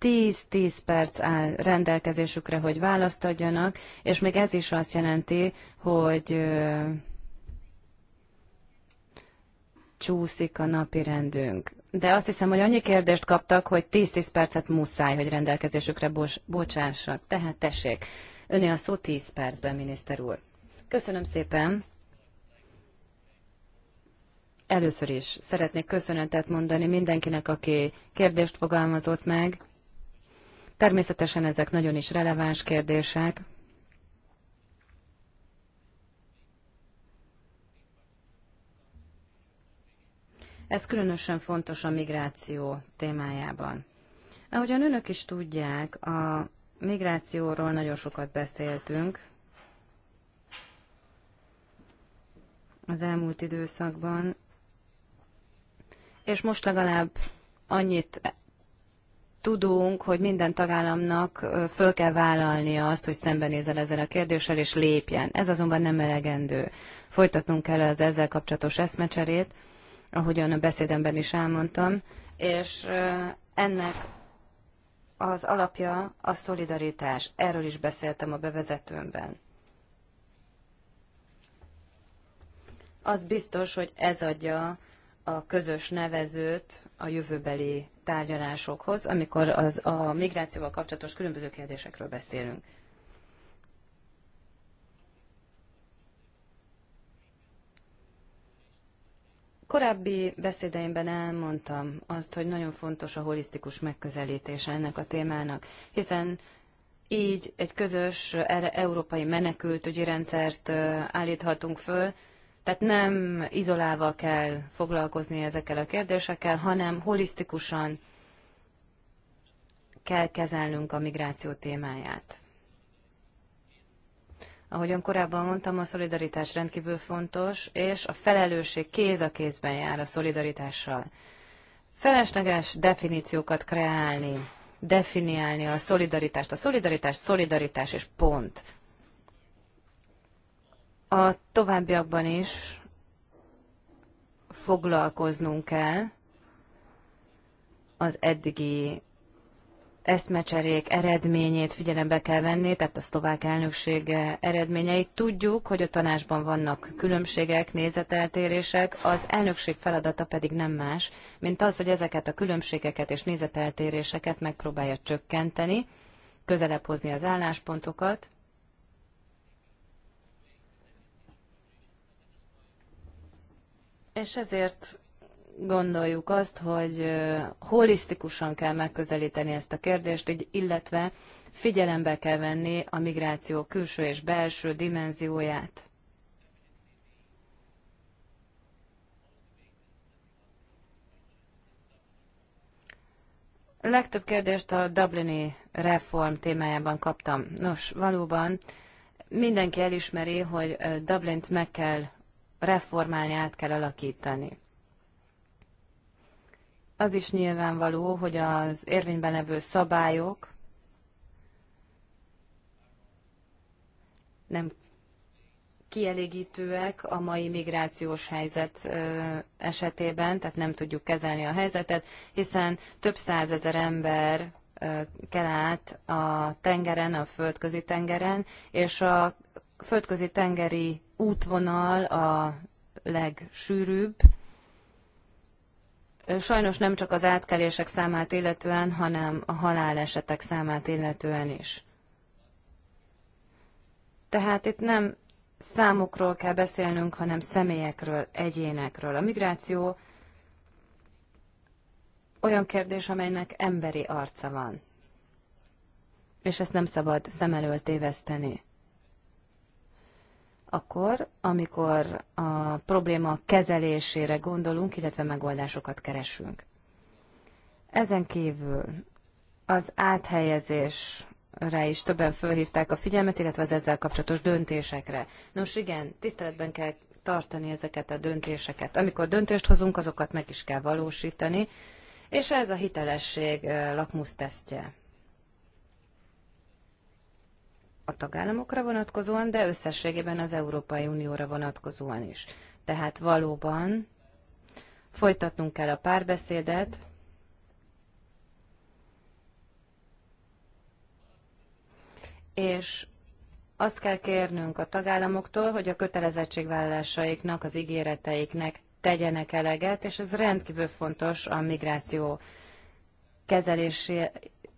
10-10 perc áll rendelkezésükre, hogy választ adjanak, és még ez is azt jelenti, hogy csúszik a napi rendünk. De azt hiszem, hogy annyi kérdést kaptak, hogy 10-10 percet muszáj, hogy rendelkezésükre bos- bocsássak. Tehát tessék, öné a szó 10 percben, miniszter úr. Köszönöm szépen. Először is szeretnék köszönetet mondani mindenkinek, aki kérdést fogalmazott meg. Természetesen ezek nagyon is releváns kérdések. Ez különösen fontos a migráció témájában. Ahogyan önök is tudják, a migrációról nagyon sokat beszéltünk az elmúlt időszakban, és most legalább annyit tudunk, hogy minden tagállamnak föl kell vállalnia azt, hogy szembenézzen ezzel a kérdéssel, és lépjen. Ez azonban nem elegendő. Folytatnunk kell az ezzel kapcsolatos eszmecserét, ahogyan a beszédemben is elmondtam, és ennek az alapja a szolidaritás. Erről is beszéltem a bevezetőmben. Az biztos, hogy ez adja a közös nevezőt a jövőbeli tárgyalásokhoz, amikor az a migrációval kapcsolatos különböző kérdésekről beszélünk. Korábbi beszédeimben elmondtam azt, hogy nagyon fontos a holisztikus megközelítés ennek a témának, hiszen így egy közös e- európai menekültügyi rendszert állíthatunk föl, tehát nem izolálva kell foglalkozni ezekkel a kérdésekkel, hanem holisztikusan kell kezelnünk a migráció témáját. Ahogyan korábban mondtam, a szolidaritás rendkívül fontos, és a felelősség kéz a kézben jár a szolidaritással. Felesleges definíciókat kreálni, definiálni a szolidaritást. A szolidaritás, szolidaritás és pont. A továbbiakban is foglalkoznunk kell az eddigi eszmecserék eredményét figyelembe kell venni, tehát a szlovák elnökség eredményeit. Tudjuk, hogy a tanásban vannak különbségek, nézeteltérések, az elnökség feladata pedig nem más, mint az, hogy ezeket a különbségeket és nézeteltéréseket megpróbálja csökkenteni, közelebb hozni az álláspontokat, és ezért gondoljuk azt, hogy holisztikusan kell megközelíteni ezt a kérdést, illetve figyelembe kell venni a migráció külső és belső dimenzióját. Legtöbb kérdést a Dublini reform témájában kaptam. Nos, valóban mindenki elismeri, hogy Dublint meg kell reformálni, át kell alakítani. Az is nyilvánvaló, hogy az érvényben levő szabályok nem kielégítőek a mai migrációs helyzet esetében, tehát nem tudjuk kezelni a helyzetet, hiszen több százezer ember kell át a tengeren, a földközi tengeren, és a földközi tengeri útvonal a legsűrűbb. Sajnos nem csak az átkelések számát illetően, hanem a halálesetek számát illetően is. Tehát itt nem számokról kell beszélnünk, hanem személyekről, egyénekről. A migráció olyan kérdés, amelynek emberi arca van. És ezt nem szabad szem elől téveszteni akkor, amikor a probléma kezelésére gondolunk, illetve megoldásokat keresünk. Ezen kívül az áthelyezés rá is többen fölhívták a figyelmet, illetve az ezzel kapcsolatos döntésekre. Nos igen, tiszteletben kell tartani ezeket a döntéseket. Amikor döntést hozunk, azokat meg is kell valósítani, és ez a hitelesség eh, lakmusztesztje a tagállamokra vonatkozóan, de összességében az Európai Unióra vonatkozóan is. Tehát valóban folytatnunk kell a párbeszédet, és azt kell kérnünk a tagállamoktól, hogy a kötelezettségvállalásaiknak, az ígéreteiknek tegyenek eleget, és ez rendkívül fontos a migráció kezelésé,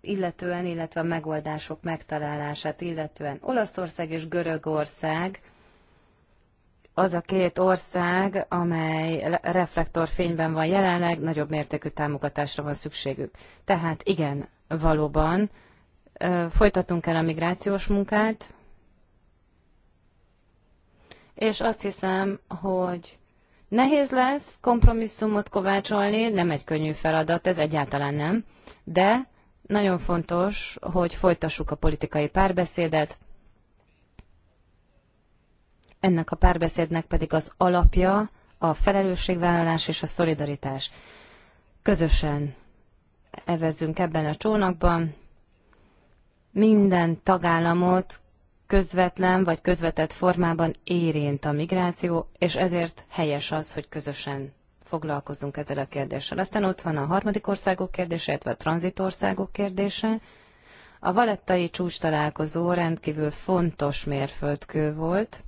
illetően, illetve a megoldások megtalálását illetően. Olaszország és Görögország az a két ország, amely reflektorfényben van jelenleg, nagyobb mértékű támogatásra van szükségük. Tehát igen, valóban folytatunk el a migrációs munkát, és azt hiszem, hogy nehéz lesz kompromisszumot kovácsolni, nem egy könnyű feladat, ez egyáltalán nem, de nagyon fontos, hogy folytassuk a politikai párbeszédet. Ennek a párbeszédnek pedig az alapja a felelősségvállalás és a szolidaritás. Közösen evezzünk ebben a csónakban. Minden tagállamot közvetlen vagy közvetett formában érint a migráció, és ezért helyes az, hogy közösen foglalkozunk ezzel a kérdéssel. Aztán ott van a harmadik országok kérdése, illetve a tranzitországok kérdése. A valettai csúcs találkozó rendkívül fontos mérföldkő volt,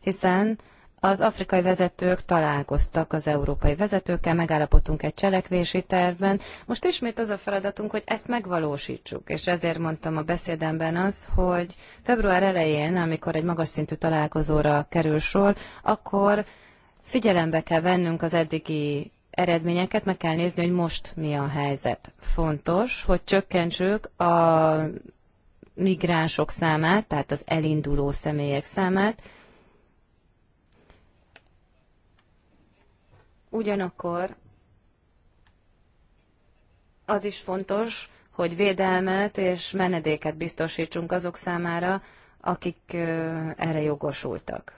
hiszen az afrikai vezetők találkoztak az európai vezetőkkel, megállapodtunk egy cselekvési tervben. Most ismét az a feladatunk, hogy ezt megvalósítsuk, és ezért mondtam a beszédemben az, hogy február elején, amikor egy magas szintű találkozóra kerül sor, akkor Figyelembe kell vennünk az eddigi eredményeket, meg kell nézni, hogy most mi a helyzet. Fontos, hogy csökkentsük a migránsok számát, tehát az elinduló személyek számát. Ugyanakkor az is fontos, hogy védelmet és menedéket biztosítsunk azok számára, akik erre jogosultak.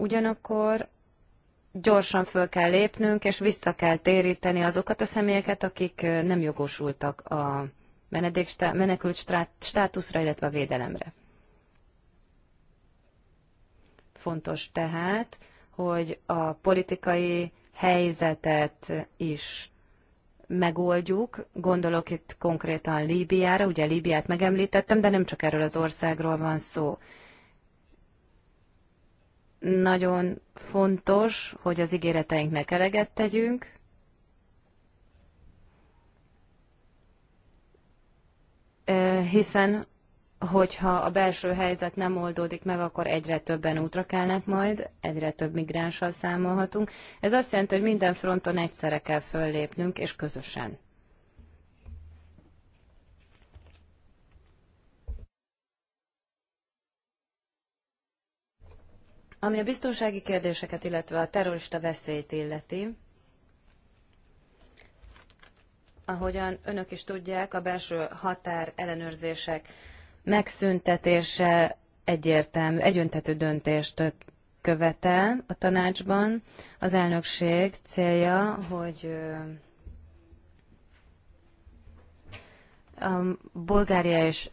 ugyanakkor gyorsan föl kell lépnünk, és vissza kell téríteni azokat a személyeket, akik nem jogosultak a menekült státuszra, illetve a védelemre. Fontos tehát, hogy a politikai helyzetet is megoldjuk. Gondolok itt konkrétan Líbiára, ugye Líbiát megemlítettem, de nem csak erről az országról van szó. Nagyon fontos, hogy az ígéreteinknek eleget tegyünk, hiszen hogyha a belső helyzet nem oldódik meg, akkor egyre többen útra kelnek majd, egyre több migránssal számolhatunk. Ez azt jelenti, hogy minden fronton egyszerre kell föllépnünk, és közösen. Ami a biztonsági kérdéseket, illetve a terrorista veszélyt illeti, ahogyan önök is tudják, a belső határ ellenőrzések megszüntetése egyértelmű, egyöntetű döntést követel a tanácsban. Az elnökség célja, hogy a Bulgária és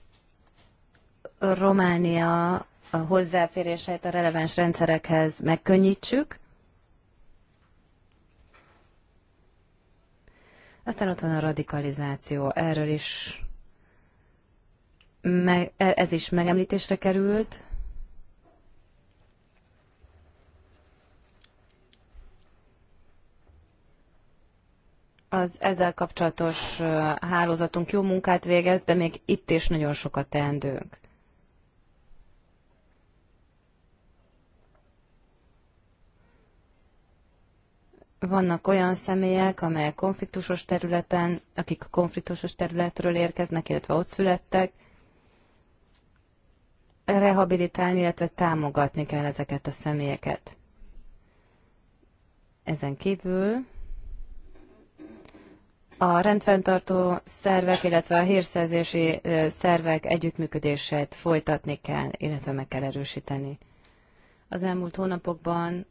Románia a hozzáférését a releváns rendszerekhez megkönnyítsük. Aztán ott van a radikalizáció, erről is meg, ez is megemlítésre került. Az ezzel kapcsolatos hálózatunk jó munkát végez, de még itt is nagyon sokat teendőnk. vannak olyan személyek, amelyek konfliktusos területen, akik a konfliktusos területről érkeznek, illetve ott születtek, rehabilitálni, illetve támogatni kell ezeket a személyeket. Ezen kívül a rendfenntartó szervek, illetve a hírszerzési szervek együttműködését folytatni kell, illetve meg kell erősíteni. Az elmúlt hónapokban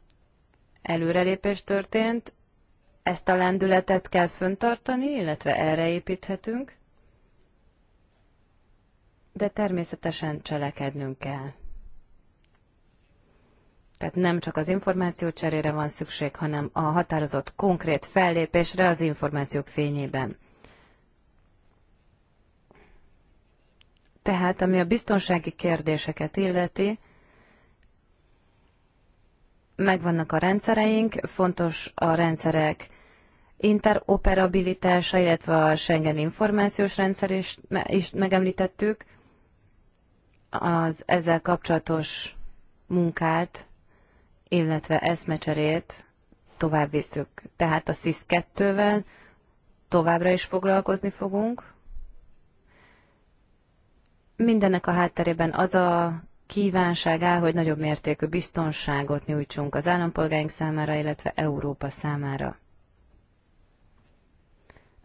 előrelépés történt, ezt a lendületet kell föntartani, illetve erre építhetünk, de természetesen cselekednünk kell. Tehát nem csak az információ cserére van szükség, hanem a határozott konkrét fellépésre az információk fényében. Tehát, ami a biztonsági kérdéseket illeti, megvannak a rendszereink, fontos a rendszerek interoperabilitása, illetve a Schengen információs rendszer is, is megemlítettük, az ezzel kapcsolatos munkát, illetve eszmecserét tovább visszük. Tehát a SIS-2-vel továbbra is foglalkozni fogunk. Mindennek a hátterében az a kívánság áll, hogy nagyobb mértékű biztonságot nyújtsunk az állampolgáink számára, illetve Európa számára.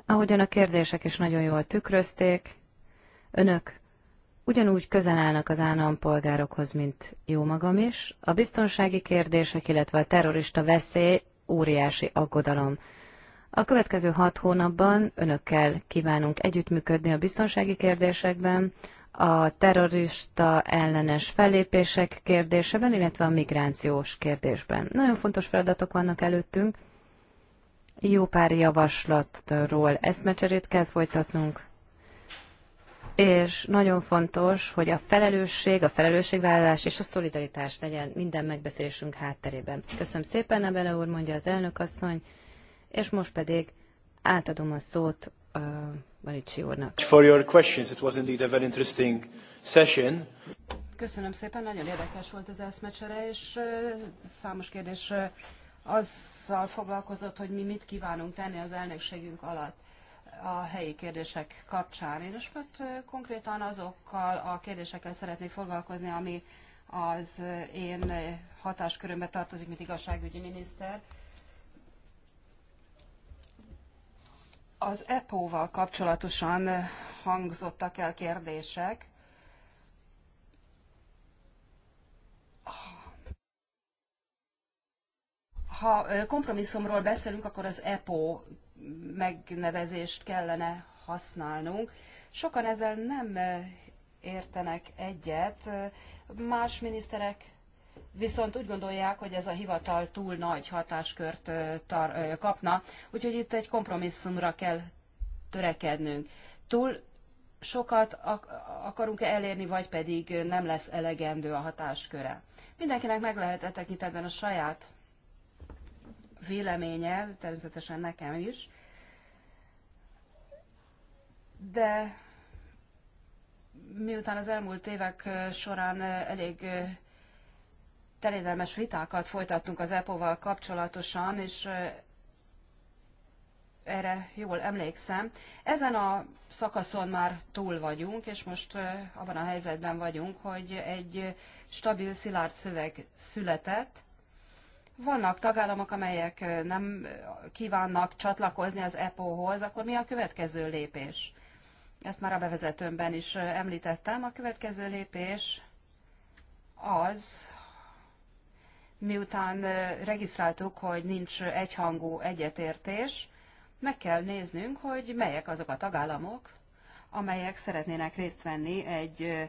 Ahogyan a kérdések is nagyon jól tükrözték, önök ugyanúgy közel állnak az állampolgárokhoz, mint jó magam is. A biztonsági kérdések, illetve a terrorista veszély óriási aggodalom. A következő hat hónapban önökkel kívánunk együttműködni a biztonsági kérdésekben, a terrorista ellenes fellépések kérdésében, illetve a migrációs kérdésben. Nagyon fontos feladatok vannak előttünk. Jó pár javaslatról eszmecserét kell folytatnunk, és nagyon fontos, hogy a felelősség, a felelősségvállalás és a szolidaritás legyen minden megbeszélésünk hátterében. Köszönöm szépen, Abele úr, mondja az elnök asszony, és most pedig átadom a szót For your questions, it was indeed a very interesting session. Köszönöm szépen, nagyon érdekes volt az eszmecsere, és számos kérdés azzal foglalkozott, hogy mi mit kívánunk tenni az elnökségünk alatt a helyi kérdések kapcsán. Én most konkrétan azokkal a kérdésekkel szeretnék foglalkozni, ami az én hatáskörömbe tartozik, mint igazságügyi miniszter. Az EPO-val kapcsolatosan hangzottak el kérdések. Ha kompromisszumról beszélünk, akkor az EPO megnevezést kellene használnunk. Sokan ezzel nem értenek egyet. Más miniszterek viszont úgy gondolják, hogy ez a hivatal túl nagy hatáskört kapna, úgyhogy itt egy kompromisszumra kell törekednünk. Túl sokat akarunk-e elérni, vagy pedig nem lesz elegendő a hatásköre. Mindenkinek meg lehet e tekintetben a saját véleménye, természetesen nekem is, de miután az elmúlt évek során elég terjedelmes vitákat folytattunk az EPO-val kapcsolatosan, és erre jól emlékszem. Ezen a szakaszon már túl vagyunk, és most abban a helyzetben vagyunk, hogy egy stabil, szilárd szöveg született. Vannak tagállamok, amelyek nem kívánnak csatlakozni az EPO-hoz, akkor mi a következő lépés? Ezt már a bevezetőmben is említettem. A következő lépés az, miután regisztráltuk, hogy nincs egyhangú egyetértés, meg kell néznünk, hogy melyek azok a tagállamok, amelyek szeretnének részt venni egy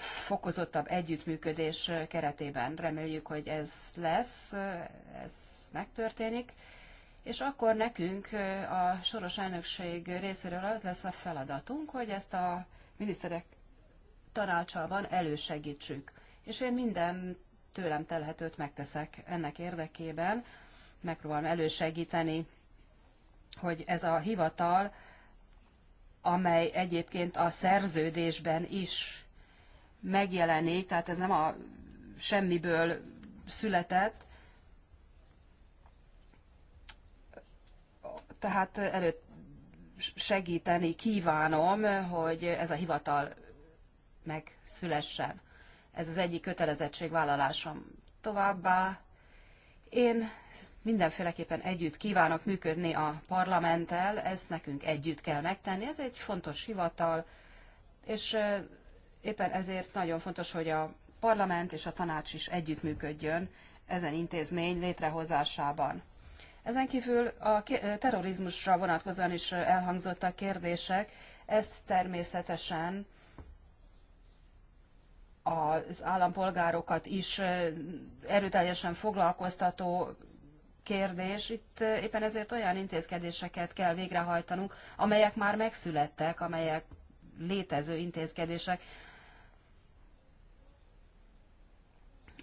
fokozottabb együttműködés keretében. Reméljük, hogy ez lesz, ez megtörténik. És akkor nekünk a soros elnökség részéről az lesz a feladatunk, hogy ezt a miniszterek tanácsában elősegítsük. És én minden tőlem telhetőt megteszek ennek érdekében. Megpróbálom elősegíteni, hogy ez a hivatal, amely egyébként a szerződésben is megjelenik, tehát ez nem a semmiből született, tehát előtt segíteni kívánom, hogy ez a hivatal megszülessen. Ez az egyik kötelezettségvállalásom. Továbbá én mindenféleképpen együtt kívánok működni a parlamenttel, ezt nekünk együtt kell megtenni, ez egy fontos hivatal, és éppen ezért nagyon fontos, hogy a parlament és a tanács is együttműködjön ezen intézmény létrehozásában. Ezen kívül a terrorizmusra vonatkozóan is elhangzottak kérdések, ezt természetesen az állampolgárokat is erőteljesen foglalkoztató kérdés. Itt éppen ezért olyan intézkedéseket kell végrehajtanunk, amelyek már megszülettek, amelyek létező intézkedések,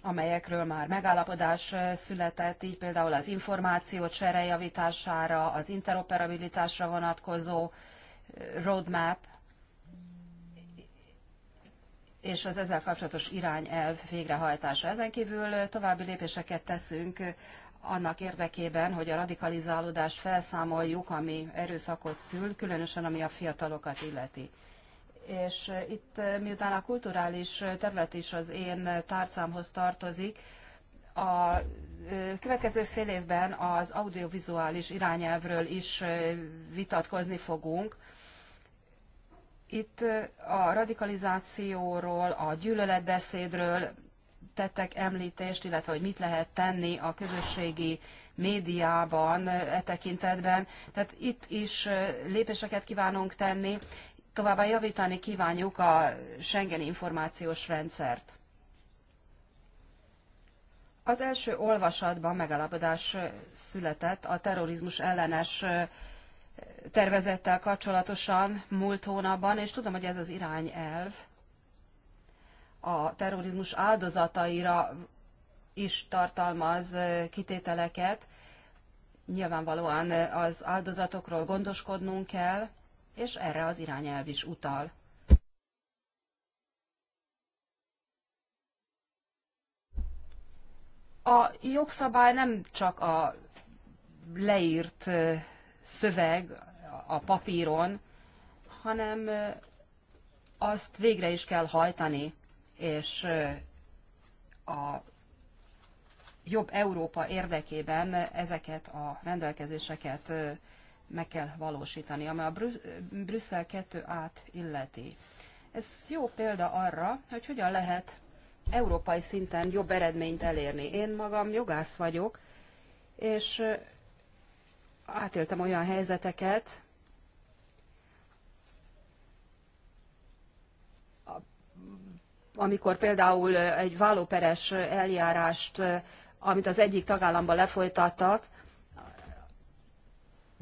amelyekről már megállapodás született, így például az információ cserejavítására, az interoperabilitásra vonatkozó roadmap, és az ezzel kapcsolatos irányelv végrehajtása. Ezen kívül további lépéseket teszünk annak érdekében, hogy a radikalizálódást felszámoljuk, ami erőszakot szül, különösen ami a fiatalokat illeti. És eh, itt eh, miután a kulturális eh, terület is az én tárcámhoz tartozik, a következő fél évben az audiovizuális irányelvről is vitatkozni fogunk, itt a radikalizációról, a gyűlöletbeszédről tettek említést, illetve hogy mit lehet tenni a közösségi médiában e tekintetben. Tehát itt is lépéseket kívánunk tenni, továbbá javítani kívánjuk a Schengen információs rendszert. Az első olvasatban megalapodás született a terrorizmus ellenes tervezettel kapcsolatosan múlt hónapban, és tudom, hogy ez az irányelv a terrorizmus áldozataira is tartalmaz kitételeket. Nyilvánvalóan az áldozatokról gondoskodnunk kell, és erre az irányelv is utal. A jogszabály nem csak a leírt szöveg a papíron, hanem azt végre is kell hajtani, és a jobb Európa érdekében ezeket a rendelkezéseket meg kell valósítani, ami a Brüsszel 2 át illeti. Ez jó példa arra, hogy hogyan lehet európai szinten jobb eredményt elérni. Én magam jogász vagyok, és átéltem olyan helyzeteket, amikor például egy vállóperes eljárást, amit az egyik tagállamban lefolytattak,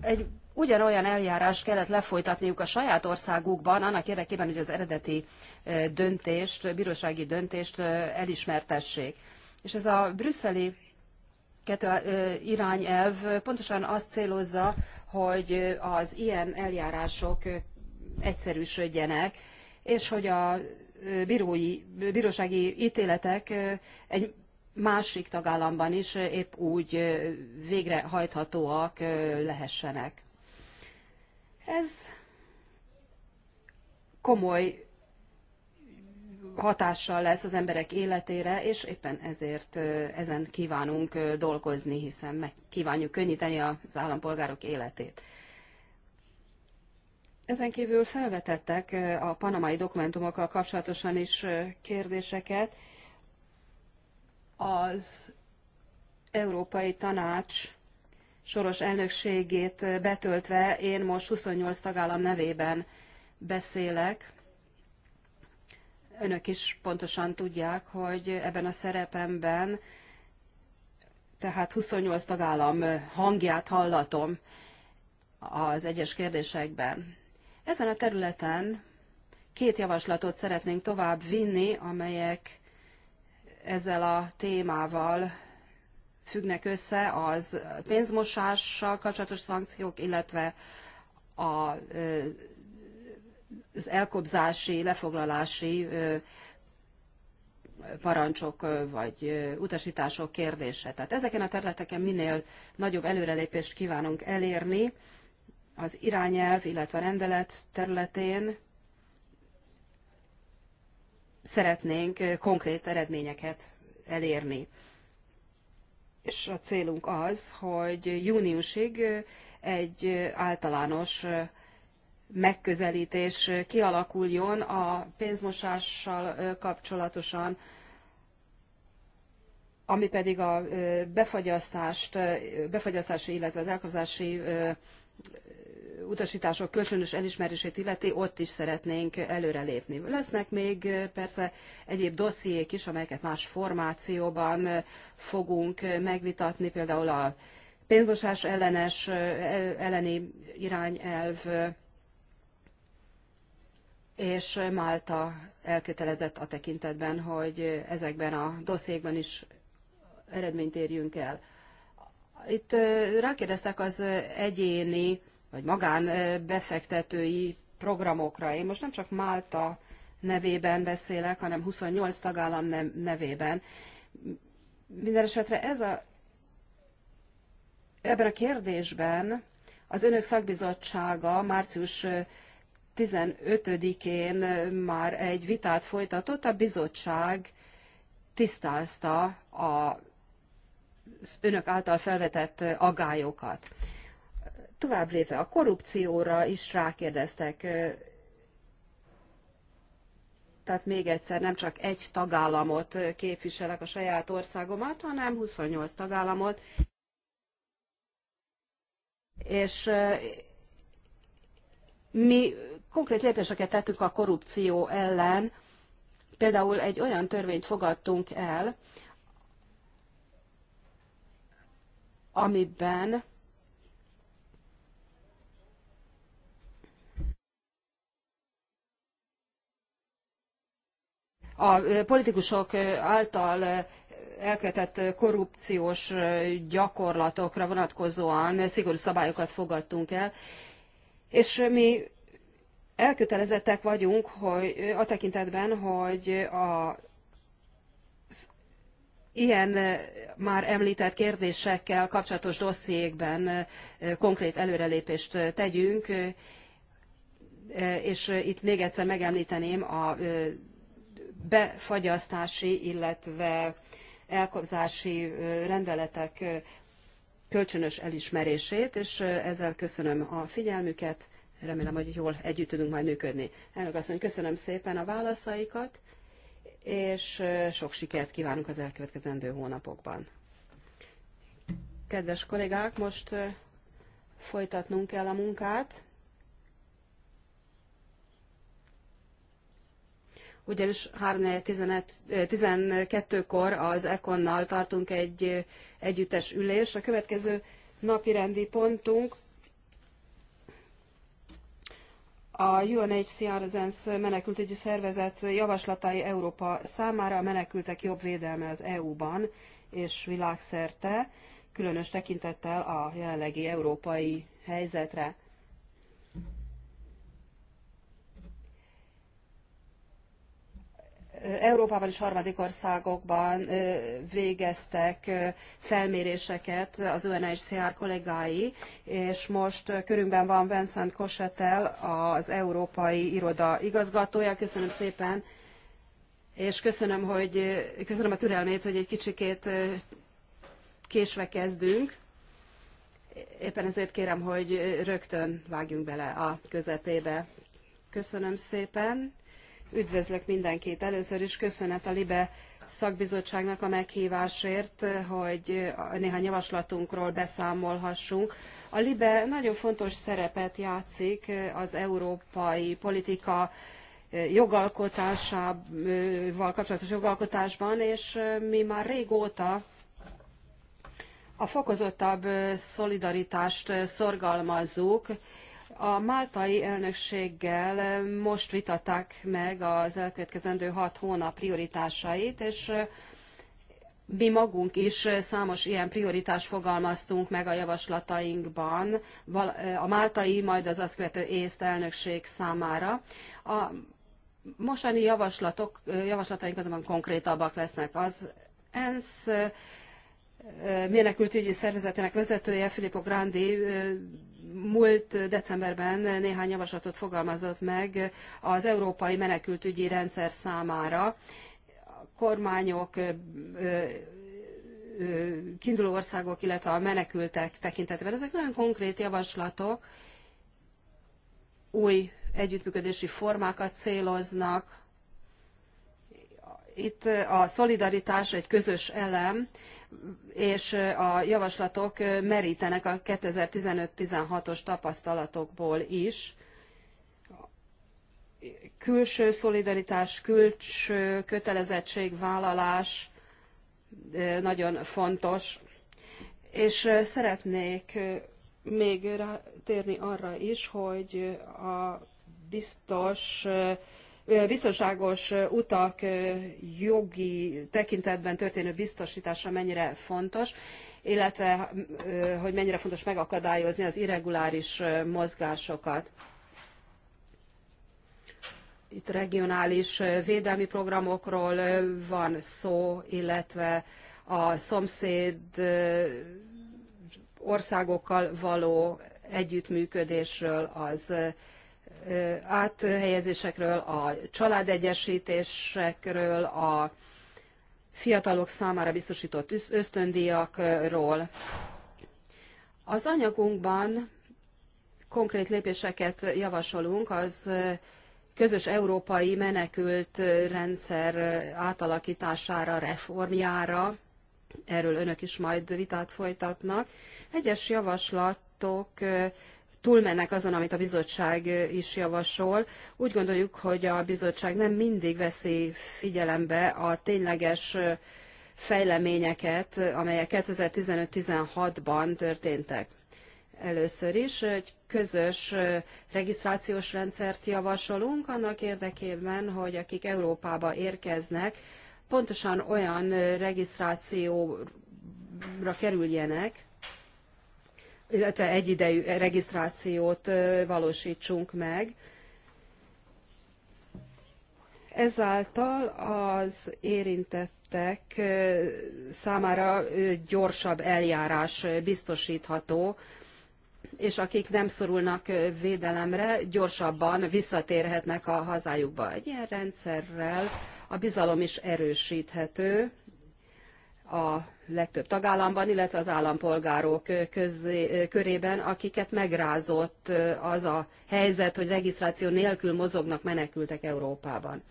egy ugyanolyan eljárást kellett lefolytatniuk a saját országukban, annak érdekében, hogy az eredeti döntést, bírósági döntést elismertessék. És ez a brüsszeli kettő irányelv pontosan azt célozza, hogy az ilyen eljárások egyszerűsödjenek, és hogy a bírói, bírósági ítéletek egy másik tagállamban is épp úgy végrehajthatóak lehessenek. Ez komoly hatással lesz az emberek életére, és éppen ezért ezen kívánunk dolgozni, hiszen meg kívánjuk könnyíteni az állampolgárok életét. Ezen kívül felvetettek a panamai dokumentumokkal kapcsolatosan is kérdéseket. Az Európai Tanács soros elnökségét betöltve én most 28 tagállam nevében beszélek, önök is pontosan tudják, hogy ebben a szerepemben tehát 28 tagállam hangját hallatom az egyes kérdésekben. Ezen a területen két javaslatot szeretnénk tovább vinni, amelyek ezzel a témával függnek össze, az pénzmosással kapcsolatos szankciók, illetve a az elkobzási, lefoglalási parancsok vagy utasítások kérdése. Tehát ezeken a területeken minél nagyobb előrelépést kívánunk elérni az irányelv, illetve a rendelet területén szeretnénk konkrét eredményeket elérni. És a célunk az, hogy júniusig egy általános megközelítés kialakuljon a pénzmosással kapcsolatosan, ami pedig a befagyasztást, befagyasztási, illetve az elkapzási utasítások kölcsönös elismerését illeti, ott is szeretnénk előrelépni. Lesznek még persze egyéb dossziék is, amelyeket más formációban fogunk megvitatni, például a pénzmosás ellenes, elleni irányelv és Málta elkötelezett a tekintetben, hogy ezekben a dosszékban is eredményt érjünk el. Itt rákérdeztek az egyéni vagy magán befektetői programokra. Én most nem csak Málta nevében beszélek, hanem 28 tagállam nevében. Minden esetre ez a, ebben a kérdésben az önök szakbizottsága március 15-én már egy vitát folytatott, a bizottság tisztázta a önök által felvetett agályokat. Tovább lépve a korrupcióra is rákérdeztek, tehát még egyszer nem csak egy tagállamot képviselek a saját országomat, hanem 28 tagállamot. És eh, mi konkrét lépéseket tettünk a korrupció ellen. Például egy olyan törvényt fogadtunk el, amiben a politikusok által elkövetett korrupciós gyakorlatokra vonatkozóan szigorú szabályokat fogadtunk el, és mi elkötelezettek vagyunk hogy, a tekintetben, hogy a ilyen e, már említett kérdésekkel kapcsolatos dossziékben e, konkrét előrelépést tegyünk, e, és itt még egyszer megemlíteném a befagyasztási, illetve elkobzási rendeletek kölcsönös elismerését, és ezzel köszönöm a figyelmüket remélem, hogy jól együtt tudunk majd működni. Elnök asszony, köszönöm szépen a válaszaikat, és sok sikert kívánunk az elkövetkezendő hónapokban. Kedves kollégák, most folytatnunk kell a munkát. ugyanis 3.12-kor az Ekonnal tartunk egy együttes ülés. A következő napi rendi pontunk a UNHCR, az ENSZ menekültügyi szervezet javaslatai Európa számára a menekültek jobb védelme az EU-ban és világszerte, különös tekintettel a jelenlegi európai helyzetre. Európában és harmadik országokban végeztek felméréseket az UNHCR kollégái, és most körünkben van Vincent Kosetel, az Európai Iroda igazgatója. Köszönöm szépen, és köszönöm, hogy, köszönöm a türelmét, hogy egy kicsikét késve kezdünk. Éppen ezért kérem, hogy rögtön vágjunk bele a közepébe. Köszönöm szépen. Üdvözlök mindenkit. Először is köszönet a LIBE szakbizottságnak a meghívásért, hogy néhány javaslatunkról beszámolhassunk. A LIBE nagyon fontos szerepet játszik az európai politika eh, jogalkotásával kapcsolatos jogalkotásban, és eh, mi már régóta a fokozottabb eh, szolidaritást szorgalmazzuk, a máltai elnökséggel most vitatták meg az elkövetkezendő hat hónap prioritásait, és mi magunk is számos ilyen prioritást fogalmaztunk meg a javaslatainkban a máltai, majd az azt követő észt elnökség számára. A mostani javaslatok, javaslataink azonban konkrétabbak lesznek. Az ENSZ menekültügyi szervezetének vezetője Filippo Grandi múlt decemberben néhány javaslatot fogalmazott meg az európai menekültügyi rendszer számára. A kormányok kiinduló országok, illetve a menekültek tekintetében. Ezek nagyon konkrét javaslatok, új együttműködési formákat céloznak. Itt a szolidaritás egy közös elem, és a javaslatok merítenek a 2015-16-os tapasztalatokból is. Külső szolidaritás, külső kötelezettségvállalás nagyon fontos. És szeretnék még térni arra is, hogy a biztos biztonságos utak jogi tekintetben történő biztosítása mennyire fontos, illetve hogy mennyire fontos megakadályozni az irreguláris mozgásokat. Itt regionális védelmi programokról van szó, illetve a szomszéd országokkal való együttműködésről az áthelyezésekről, a családegyesítésekről, a fiatalok számára biztosított ösztöndíjakról. Az anyagunkban konkrét lépéseket javasolunk az közös európai menekült rendszer átalakítására, reformjára, erről önök is majd vitát folytatnak. Egyes javaslatok túlmennek azon, amit a bizottság is javasol. Úgy gondoljuk, hogy a bizottság nem mindig veszi figyelembe a tényleges fejleményeket, amelyek 2015-16-ban történtek. Először is egy közös regisztrációs rendszert javasolunk annak érdekében, hogy akik Európába érkeznek, pontosan olyan regisztrációra kerüljenek, illetve egyidejű regisztrációt valósítsunk meg. Ezáltal az érintettek számára gyorsabb eljárás biztosítható, és akik nem szorulnak védelemre, gyorsabban visszatérhetnek a hazájukba. Egy ilyen rendszerrel a bizalom is erősíthető, a legtöbb tagállamban, illetve az állampolgárok közé, körében, akiket megrázott az a helyzet, hogy regisztráció nélkül mozognak menekültek Európában.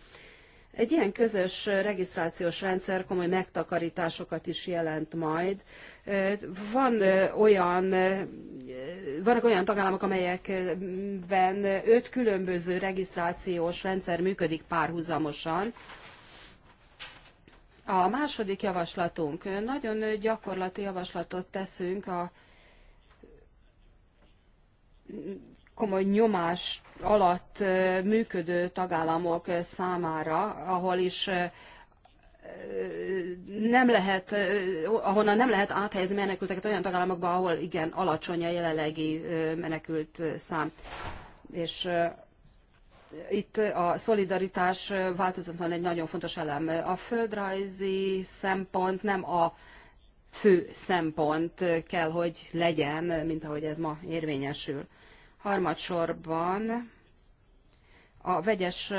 Egy ilyen közös regisztrációs rendszer komoly megtakarításokat is jelent majd. Van olyan, vannak olyan tagállamok, amelyekben öt különböző regisztrációs rendszer működik párhuzamosan, a második javaslatunk, nagyon gyakorlati javaslatot teszünk a komoly nyomás alatt működő tagállamok számára, ahol is nem lehet, ahonnan nem lehet áthelyezni menekülteket olyan tagállamokba, ahol igen, alacsony a jelenlegi menekült szám. És itt a szolidaritás változatlan egy nagyon fontos elem. A földrajzi szempont nem a fő szempont kell, hogy legyen, mint ahogy ez ma érvényesül. Harmadsorban a vegyes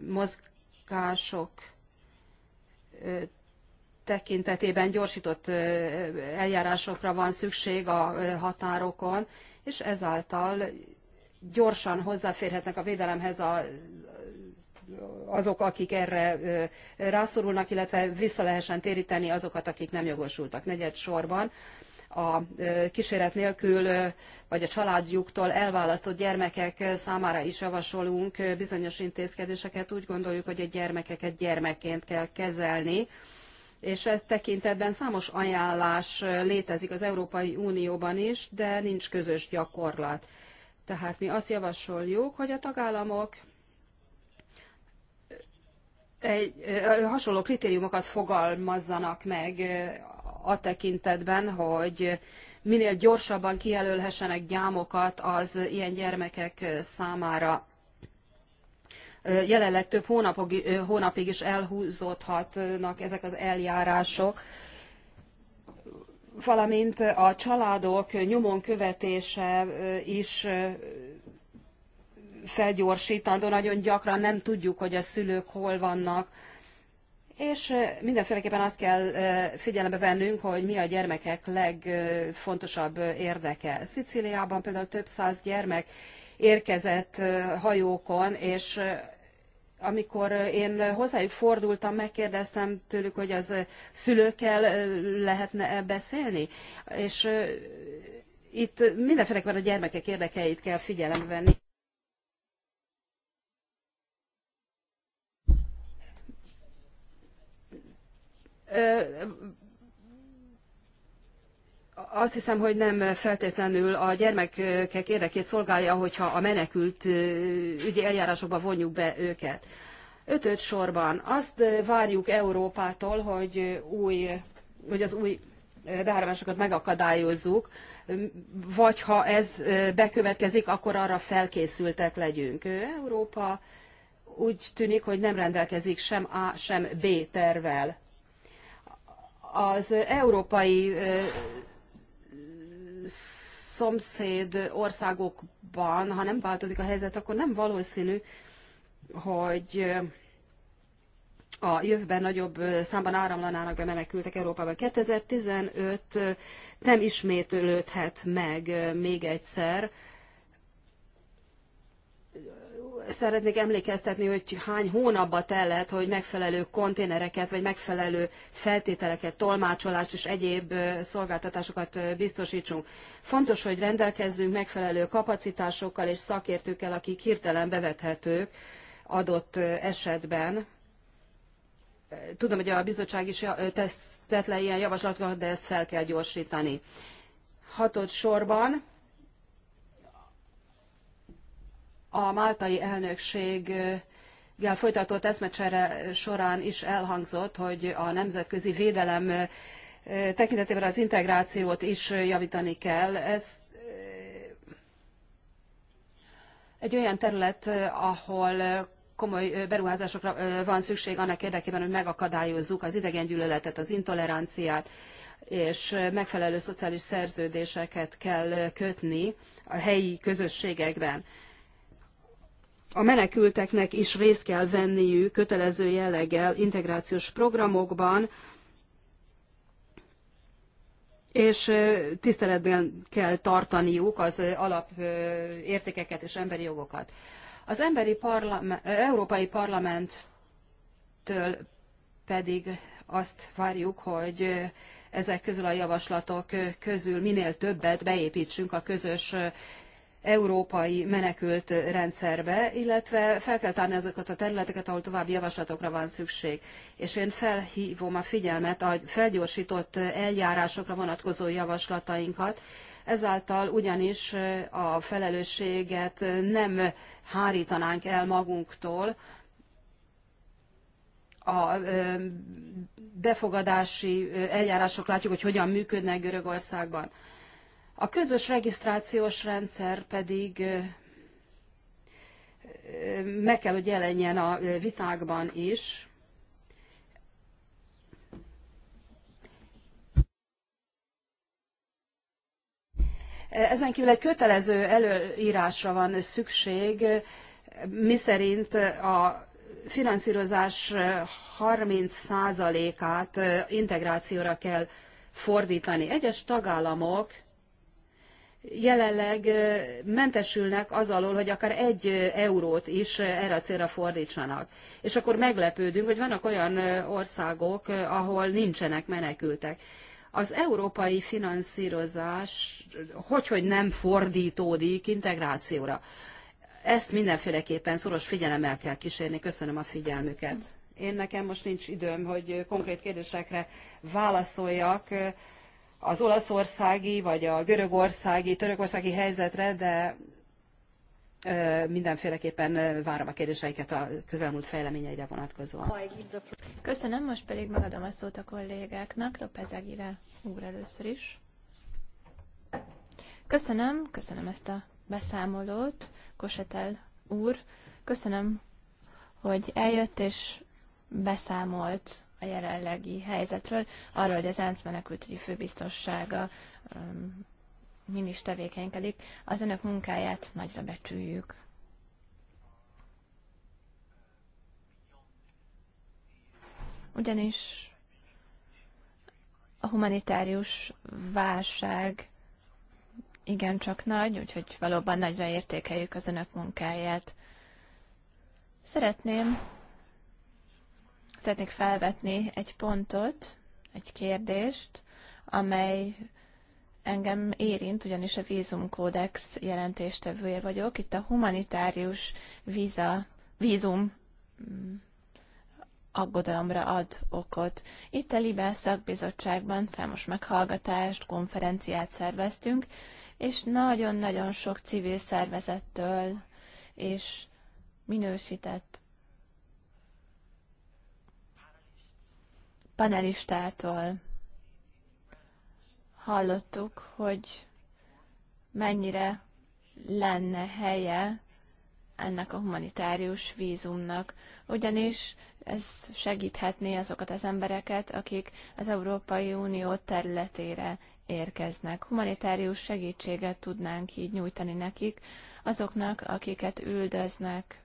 mozgások tekintetében gyorsított eljárásokra van szükség a határokon, és ezáltal gyorsan hozzáférhetnek a védelemhez a, azok, akik erre rászorulnak, illetve vissza lehessen téríteni azokat, akik nem jogosultak. Negyed sorban a kíséret nélkül vagy a családjuktól elválasztott gyermekek számára is javasolunk bizonyos intézkedéseket. Úgy gondoljuk, hogy a gyermekeket gyermekként kell kezelni, és ez tekintetben számos ajánlás létezik az Európai Unióban is, de nincs közös gyakorlat. Tehát mi azt javasoljuk, hogy a tagállamok egy, hasonló kritériumokat fogalmazzanak meg a tekintetben, hogy minél gyorsabban kijelölhessenek gyámokat az ilyen gyermekek számára. Jelenleg több hónapig, hónapig is elhúzódhatnak ezek az eljárások, valamint a családok nyomon követése is felgyorsítandó, nagyon gyakran nem tudjuk, hogy a szülők hol vannak, és mindenféleképpen azt kell figyelembe vennünk, hogy mi a gyermekek legfontosabb érdeke. Szicíliában például több száz gyermek érkezett hajókon, és amikor eh, én hozzájuk fordultam, megkérdeztem tőlük, hogy az eh, szülőkkel eh, lehetne beszélni, és itt mindenféleképpen a gyermekek érdekeit kell figyelembe venni azt hiszem, hogy nem feltétlenül a gyermekek érdekét szolgálja, hogyha a menekült ügyi eljárásokba vonjuk be őket. Ötöt sorban azt várjuk Európától, hogy, új, hogy az új beáramlásokat megakadályozzuk, vagy ha ez bekövetkezik, akkor arra felkészültek legyünk. Európa úgy tűnik, hogy nem rendelkezik sem A, sem B tervel. Az európai szomszéd országokban, ha nem változik a helyzet, akkor nem valószínű, hogy a jövőben nagyobb számban áramlanának be menekültek Európába. 2015 nem ismétlődhet meg még egyszer, szeretnék emlékeztetni, hogy hány hónapba tellett, hogy megfelelő konténereket, vagy megfelelő feltételeket, tolmácsolást és egyéb szolgáltatásokat biztosítsunk. Fontos, hogy rendelkezzünk megfelelő kapacitásokkal és szakértőkkel, akik hirtelen bevethetők adott esetben. Tudom, hogy a bizottság is tesz, tett le ilyen javaslatokat, de ezt fel kell gyorsítani. Hatod sorban a máltai elnökséggel folytatott eszmecsere során is elhangzott, hogy a nemzetközi védelem eh, tekintetében az integrációt is javítani kell. Ez eh, egy olyan terület, eh, ahol komoly beruházásokra van szükség annak érdekében, hogy megakadályozzuk az idegengyűlöletet, az intoleranciát, és megfelelő szociális szerződéseket kell kötni a helyi közösségekben a menekülteknek is részt kell venniük kötelező jelleggel integrációs programokban, és tiszteletben kell tartaniuk az alapértékeket és emberi jogokat. Az emberi parlament, Európai Parlamenttől pedig azt várjuk, hogy ezek közül a javaslatok közül minél többet beépítsünk a közös európai menekült rendszerbe, illetve fel kell tárni azokat a területeket, ahol további javaslatokra van szükség. És én felhívom a figyelmet a felgyorsított eljárásokra vonatkozó javaslatainkat, ezáltal ugyanis a felelősséget nem hárítanánk el magunktól, a befogadási eljárások látjuk, hogy hogyan működnek Görögországban. A közös regisztrációs rendszer pedig meg kell, hogy jelenjen a vitákban is. Ezen kívül egy kötelező előírásra van szükség, miszerint a finanszírozás 30%-át integrációra kell fordítani. Egyes tagállamok jelenleg mentesülnek az alól, hogy akár egy eurót is erre a célra fordítsanak. És akkor meglepődünk, hogy vannak olyan országok, ahol nincsenek menekültek. Az európai finanszírozás hogyhogy hogy nem fordítódik integrációra. Ezt mindenféleképpen szoros figyelemmel kell kísérni. Köszönöm a figyelmüket. Én nekem most nincs időm, hogy konkrét kérdésekre válaszoljak az olaszországi, vagy a görögországi, törökországi helyzetre, de mindenféleképpen várom a kérdéseiket a közelmúlt fejleményeire vonatkozóan. Köszönöm, most pedig megadom a szót a kollégáknak, López Aguirre úr először is. Köszönöm, köszönöm ezt a beszámolót, Kosetel úr. Köszönöm, hogy eljött és beszámolt a jelenlegi helyzetről, arról, hogy az ENSZ menekültügyi főbiztossága min is tevékenykedik, az önök munkáját nagyra becsüljük. Ugyanis a humanitárius válság igencsak nagy, úgyhogy valóban nagyra értékeljük az önök munkáját. Szeretném, szeretnék felvetni egy pontot, egy kérdést, amely engem érint, ugyanis a vízumkódex jelentéstevője vagyok. Itt a humanitárius víza, vízum mm, aggodalomra ad okot. Itt a Libel szakbizottságban számos meghallgatást, konferenciát szerveztünk, és nagyon-nagyon sok civil szervezettől és minősített panelistától hallottuk, hogy mennyire lenne helye ennek a humanitárius vízumnak, ugyanis ez segíthetné azokat az embereket, akik az Európai Unió területére érkeznek. Humanitárius segítséget tudnánk így nyújtani nekik, azoknak, akiket üldöznek,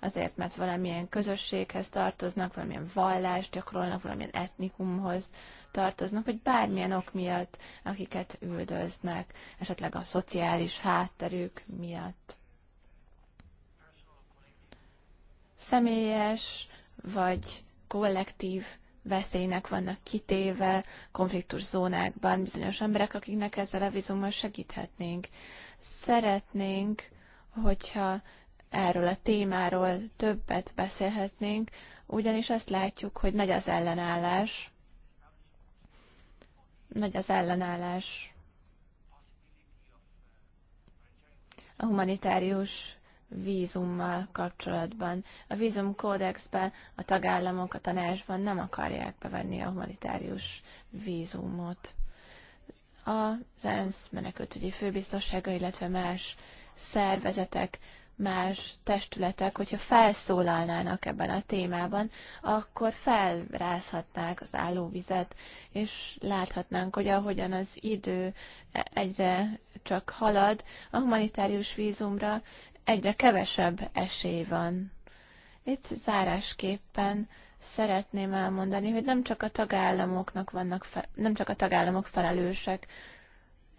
azért, mert valamilyen közösséghez tartoznak, valamilyen vallást gyakorolnak, valamilyen etnikumhoz tartoznak, vagy bármilyen ok miatt, akiket üldöznek, esetleg a szociális hátterük miatt. Személyes vagy kollektív veszélynek vannak kitéve konfliktus zónákban bizonyos emberek, akiknek ezzel a vizummal segíthetnénk. Szeretnénk, hogyha erről a témáról többet beszélhetnénk, ugyanis azt látjuk, hogy nagy az ellenállás. Nagy az ellenállás a humanitárius vízummal kapcsolatban. A vízumkódexbe a tagállamok a tanácsban nem akarják bevenni a humanitárius vízumot. Az ENSZ menekültügyi főbiztossága, illetve más szervezetek más testületek, hogyha felszólalnának ebben a témában, akkor felrázhatnák az állóvizet, és láthatnánk, hogy ahogyan az idő egyre csak halad, a humanitárius vízumra egyre kevesebb esély van. Itt zárásképpen szeretném elmondani, hogy nem csak a tagállamoknak vannak, fe, nem csak a tagállamok felelősek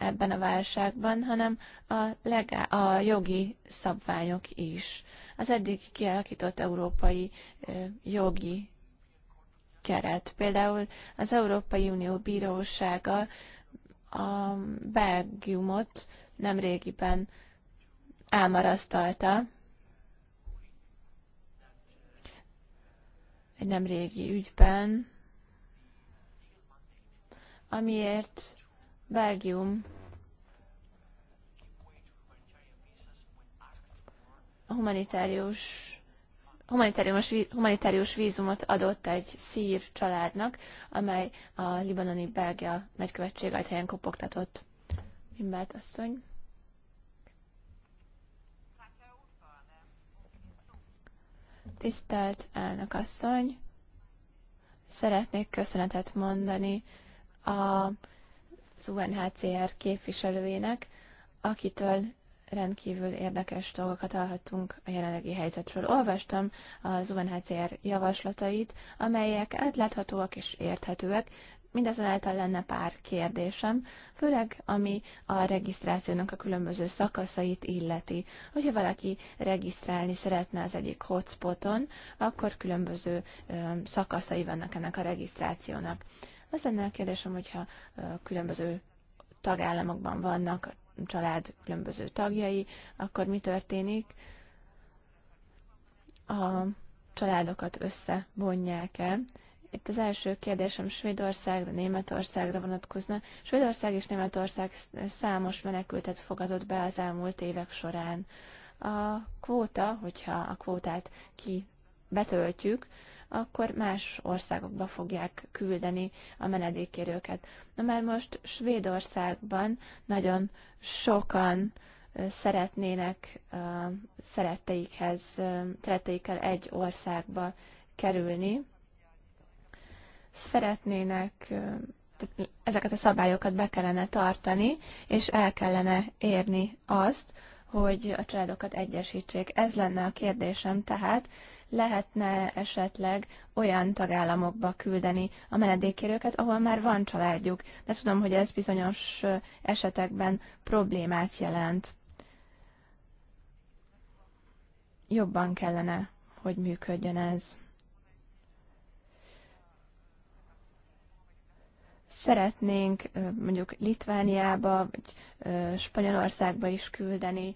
ebben a válságban, hanem a, legá- a jogi szabványok is. Az eddig kialakított európai jogi keret. Például az Európai Unió Bírósága a Belgiumot nemrégiben elmarasztalta egy nemrégi ügyben, amiért Belgium a humanitárius humanitárius, humanitárius vízumot adott egy szír családnak, amely a libanoni belgia nagykövetség helyen kopogtatott. Mimbert asszony. Tisztelt elnök asszony, szeretnék köszönetet mondani a az UNHCR képviselőjének, akitől rendkívül érdekes dolgokat hallhattunk a jelenlegi helyzetről. Olvastam az UNHCR javaslatait, amelyek átláthatóak és érthetőek, mindazonáltal lenne pár kérdésem, főleg ami a regisztrációnak a különböző szakaszait illeti. Hogyha valaki regisztrálni szeretne az egyik hotspoton, akkor különböző ö, szakaszai vannak ennek a regisztrációnak. Az lenne a kérdésem, hogyha különböző tagállamokban vannak a család különböző tagjai, akkor mi történik? A családokat összebonják e Itt az első kérdésem Svédországra, Németországra vonatkozna. Svédország és Németország számos menekültet fogadott be az elmúlt évek során. A kvóta, hogyha a kvótát ki betöltjük, akkor más országokba fogják küldeni a menedékkérőket. Na már most Svédországban nagyon sokan szeretnének szeretteikhez, szeretteikkel egy országba kerülni, szeretnének ezeket a szabályokat be kellene tartani, és el kellene érni azt, hogy a családokat egyesítsék. Ez lenne a kérdésem tehát, lehetne esetleg olyan tagállamokba küldeni a menedékkérőket, ahol már van családjuk, de tudom, hogy ez bizonyos esetekben problémát jelent. Jobban kellene, hogy működjön ez. szeretnénk mondjuk Litvániába, vagy Spanyolországba is küldeni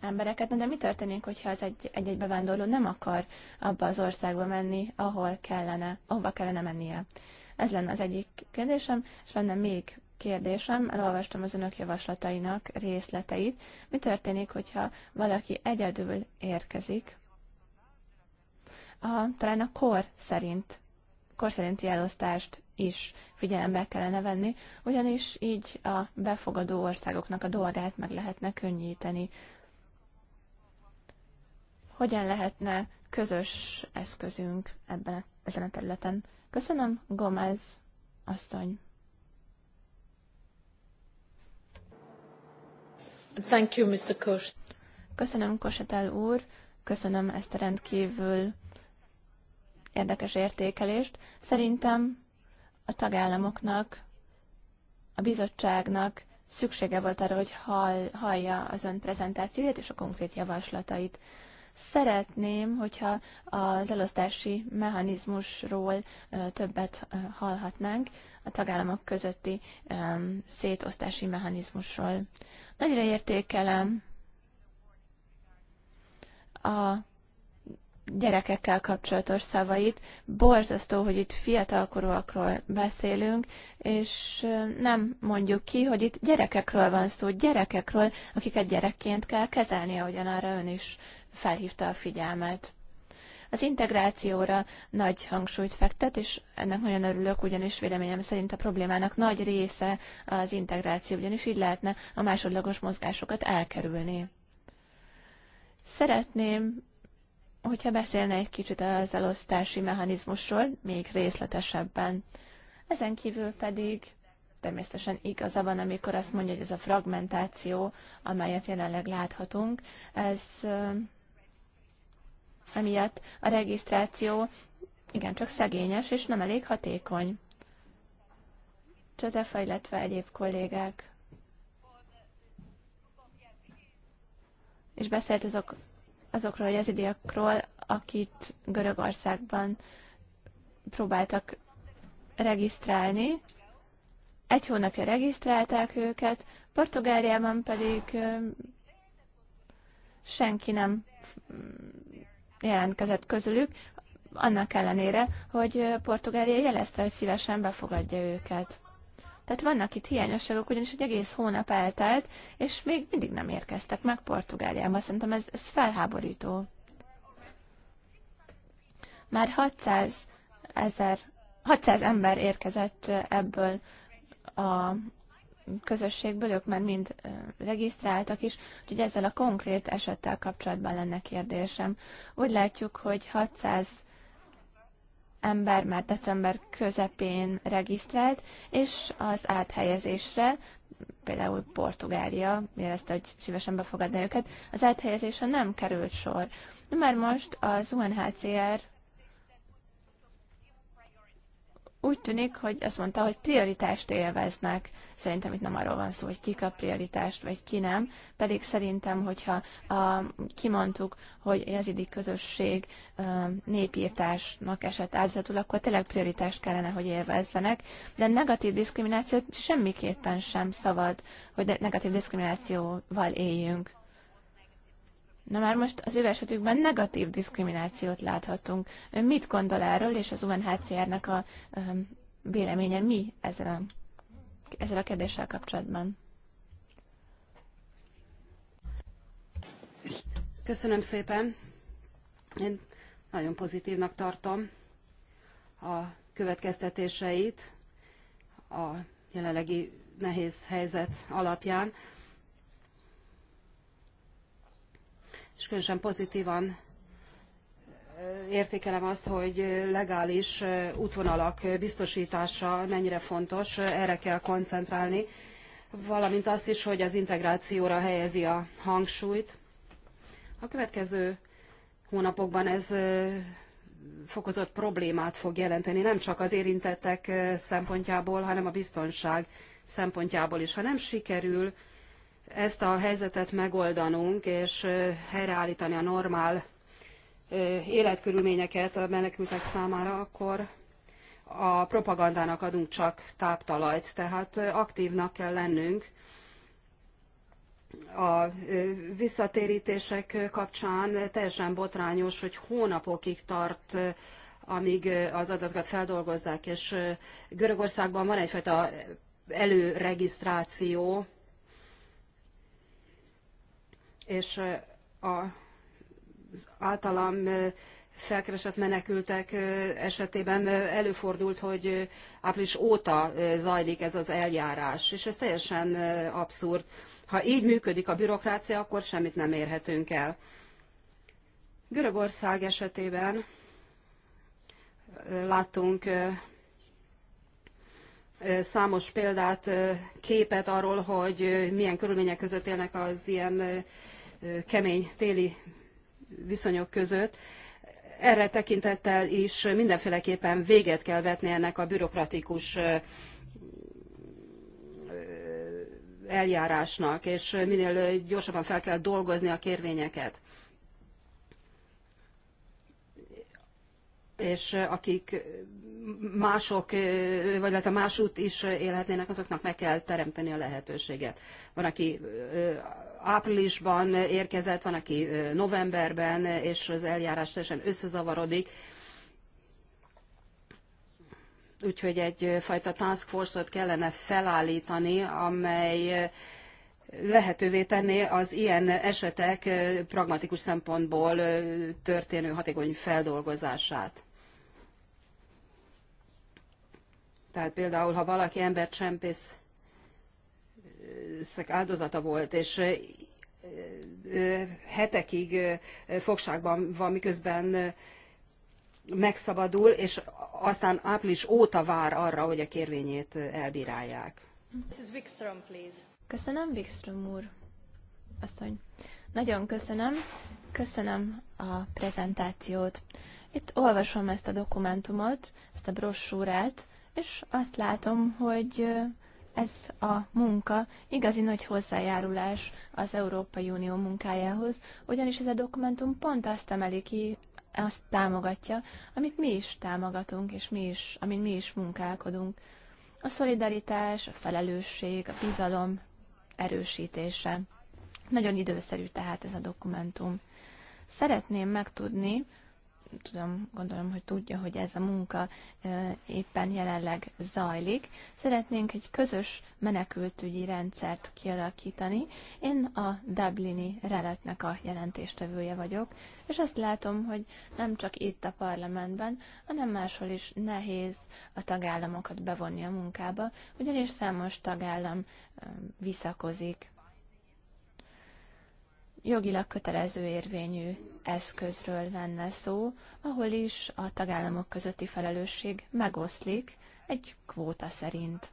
embereket, de mi történik, hogyha az egy-egy bevándorló nem akar abba az országba menni, ahol kellene, ahova kellene mennie? Ez lenne az egyik kérdésem, és lenne még kérdésem, elolvastam az önök javaslatainak részleteit. Mi történik, hogyha valaki egyedül érkezik? A, talán a kor szerint, kor szerinti elosztást is figyelembe kellene venni, ugyanis így a befogadó országoknak a dolgát meg lehetne könnyíteni. Hogyan lehetne közös eszközünk ebben a, ezen a területen? Köszönöm, Gomez asszony. Thank you, Mr. Kos. Köszönöm, Kosetel úr, köszönöm ezt a rendkívül érdekes értékelést. Szerintem a tagállamoknak, a bizottságnak szüksége volt arra, hogy hall, hallja az ön prezentációját és a konkrét javaslatait. Szeretném, hogyha az elosztási mechanizmusról többet hallhatnánk, a tagállamok közötti szétosztási mechanizmusról. Nagyra értékelem a gyerekekkel kapcsolatos szavait. Borzasztó, hogy itt fiatalkorúakról beszélünk, és nem mondjuk ki, hogy itt gyerekekről van szó, gyerekekről, akiket gyerekként kell kezelni, ahogyan arra ön is felhívta a figyelmet. Az integrációra nagy hangsúlyt fektet, és ennek nagyon örülök, ugyanis véleményem szerint a problémának nagy része az integráció, ugyanis így lehetne a másodlagos mozgásokat elkerülni. Szeretném hogyha beszélne egy kicsit az elosztási mechanizmusról, még részletesebben. Ezen kívül pedig természetesen igaza van, amikor azt mondja, hogy ez a fragmentáció, amelyet jelenleg láthatunk, ez emiatt a regisztráció igen, csak szegényes és nem elég hatékony. Josefa, illetve egyéb kollégák. És beszélt azok, azokról a jezidiakról, akit Görögországban próbáltak regisztrálni. Egy hónapja regisztrálták őket, Portugáliában pedig senki nem mm, jelentkezett közülük, annak ellenére, hogy Portugália jelezte, hogy szívesen befogadja őket. Tehát vannak itt hiányosságok, ugyanis egy egész hónap eltelt, és még mindig nem érkeztek meg Portugáliába. Szerintem ez, ez felháborító. Már 600 ezer, 600 ember érkezett ebből a közösségből, ők már mind regisztráltak is, úgyhogy ezzel a konkrét esettel kapcsolatban lenne kérdésem. Úgy látjuk, hogy 600 ember már december közepén regisztrált, és az áthelyezésre, például Portugália jelezte, hogy szívesen befogadná őket, az áthelyezésre nem került sor. Már most az UNHCR úgy tűnik, hogy azt mondta, hogy prioritást élveznek. Szerintem itt nem arról van szó, hogy kik a prioritást, vagy ki nem, pedig szerintem, hogyha a, kimondtuk, hogy az idik közösség a, népírtásnak esett áldozatul, akkor tényleg prioritást kellene, hogy élvezzenek, de negatív diszkriminációt semmiképpen sem szabad, hogy negatív diszkriminációval éljünk. Na már most az ő esetükben negatív diszkriminációt láthatunk. Ön mit gondol erről, és az UNHCR-nek a véleménye mi ezzel a, ezzel a kérdéssel kapcsolatban? Köszönöm szépen. Én nagyon pozitívnak tartom a következtetéseit a jelenlegi nehéz helyzet alapján. és különösen pozitívan értékelem azt, hogy legális útvonalak biztosítása mennyire fontos, erre kell koncentrálni, valamint azt is, hogy az integrációra helyezi a hangsúlyt. A következő hónapokban ez fokozott problémát fog jelenteni, nem csak az érintettek szempontjából, hanem a biztonság szempontjából is. Ha nem sikerül ezt a helyzetet megoldanunk, és helyreállítani a normál életkörülményeket a menekültek számára, akkor a propagandának adunk csak táptalajt, tehát aktívnak kell lennünk a visszatérítések kapcsán teljesen botrányos, hogy hónapokig tart amíg az adatokat feldolgozzák, és Görögországban van egyfajta előregisztráció, és az általam felkeresett menekültek esetében előfordult, hogy április óta zajlik ez az eljárás, és ez teljesen abszurd. Ha így működik a bürokrácia, akkor semmit nem érhetünk el. Görögország esetében láttunk számos példát, képet arról, hogy milyen körülmények között élnek az ilyen kemény téli viszonyok között, erre tekintettel is mindenféleképpen véget kell vetni ennek a bürokratikus eljárásnak, és minél gyorsabban fel kell dolgozni a kérvényeket. És akik mások, vagy lehet a másút is élhetnének, azoknak meg kell teremteni a lehetőséget. Van, aki áprilisban érkezett, van, aki novemberben, és az eljárás teljesen összezavarodik. Úgyhogy egyfajta task force-ot kellene felállítani, amely lehetővé tenné az ilyen esetek pragmatikus szempontból történő hatékony feldolgozását. Tehát például, ha valaki embercsempész erőszak áldozata volt, és hetekig fogságban van, miközben megszabadul, és aztán április óta vár arra, hogy a kérvényét elbírálják. Köszönöm, Wikström úr. Asszony. Nagyon köszönöm. Köszönöm a prezentációt. Itt olvasom ezt a dokumentumot, ezt a brossúrát, és azt látom, hogy ez a munka igazi nagy hozzájárulás az Európai Unió munkájához, ugyanis ez a dokumentum pont azt emeli ki, azt támogatja, amit mi is támogatunk, és mi is, amin mi is munkálkodunk. A szolidaritás, a felelősség, a bizalom erősítése. Nagyon időszerű tehát ez a dokumentum. Szeretném megtudni, tudom, gondolom, hogy tudja, hogy ez a munka éppen jelenleg zajlik. Szeretnénk egy közös menekültügyi rendszert kialakítani. Én a Dublini reletnek a jelentéstevője vagyok, és azt látom, hogy nem csak itt a parlamentben, hanem máshol is nehéz a tagállamokat bevonni a munkába, ugyanis számos tagállam visszakozik jogilag kötelező érvényű eszközről lenne szó, ahol is a tagállamok közötti felelősség megoszlik egy kvóta szerint.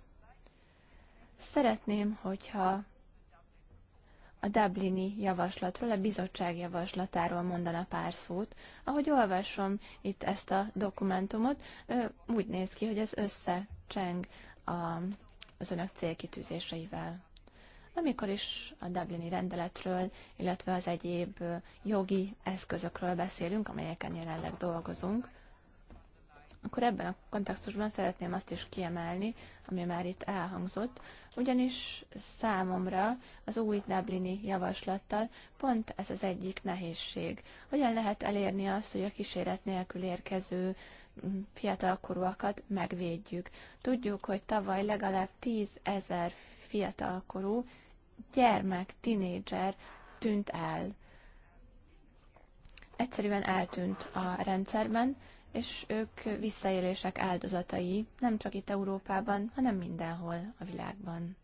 Szeretném, hogyha a Dublini javaslatról, a bizottság javaslatáról mondana pár szót. Ahogy olvasom itt ezt a dokumentumot, úgy néz ki, hogy ez összecseng a, az önök célkitűzéseivel amikor is a Dublini rendeletről, illetve az egyéb jogi eszközökről beszélünk, amelyeken jelenleg dolgozunk, akkor ebben a kontextusban szeretném azt is kiemelni, ami már itt elhangzott, ugyanis számomra az új Dublini javaslattal pont ez az egyik nehézség. Hogyan lehet elérni azt, hogy a kíséret nélkül érkező fiatalkorúakat megvédjük? Tudjuk, hogy tavaly legalább 10 ezer fiatalkorú gyermek, tinédzser tűnt el. Egyszerűen eltűnt a rendszerben, és ők visszaélések áldozatai, nem csak itt Európában, hanem mindenhol a világban.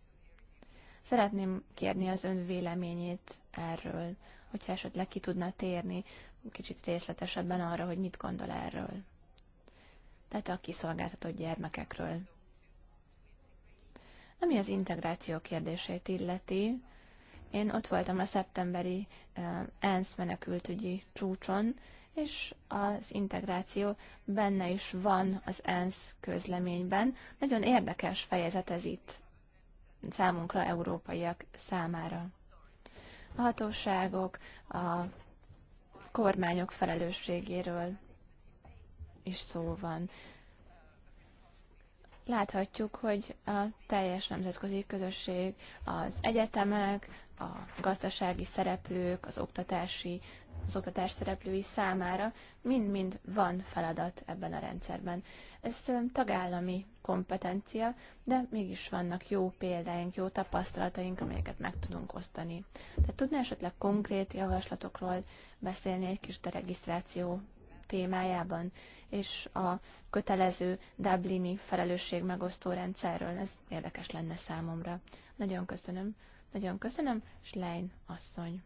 Szeretném kérni az ön véleményét erről, hogyha esetleg ki tudna térni kicsit részletesebben arra, hogy mit gondol erről. Tehát a kiszolgáltatott gyermekekről. Ami az integráció kérdését illeti, én ott voltam a szeptemberi ENSZ menekültügyi csúcson, és az integráció benne is van az ENSZ közleményben. Nagyon érdekes fejezet ez itt számunkra, európaiak számára. A hatóságok, a kormányok felelősségéről is szó van láthatjuk, hogy a teljes nemzetközi közösség, az egyetemek, a gazdasági szereplők, az oktatási az oktatás szereplői számára mind-mind van feladat ebben a rendszerben. Ez tagállami kompetencia, de mégis vannak jó példáink, jó tapasztalataink, amelyeket meg tudunk osztani. Tehát tudná esetleg konkrét javaslatokról beszélni egy kis a regisztráció témájában, és a kötelező Dublini felelősségmegosztó rendszerről. Ez érdekes lenne számomra. Nagyon köszönöm. Nagyon köszönöm, Schlein asszony.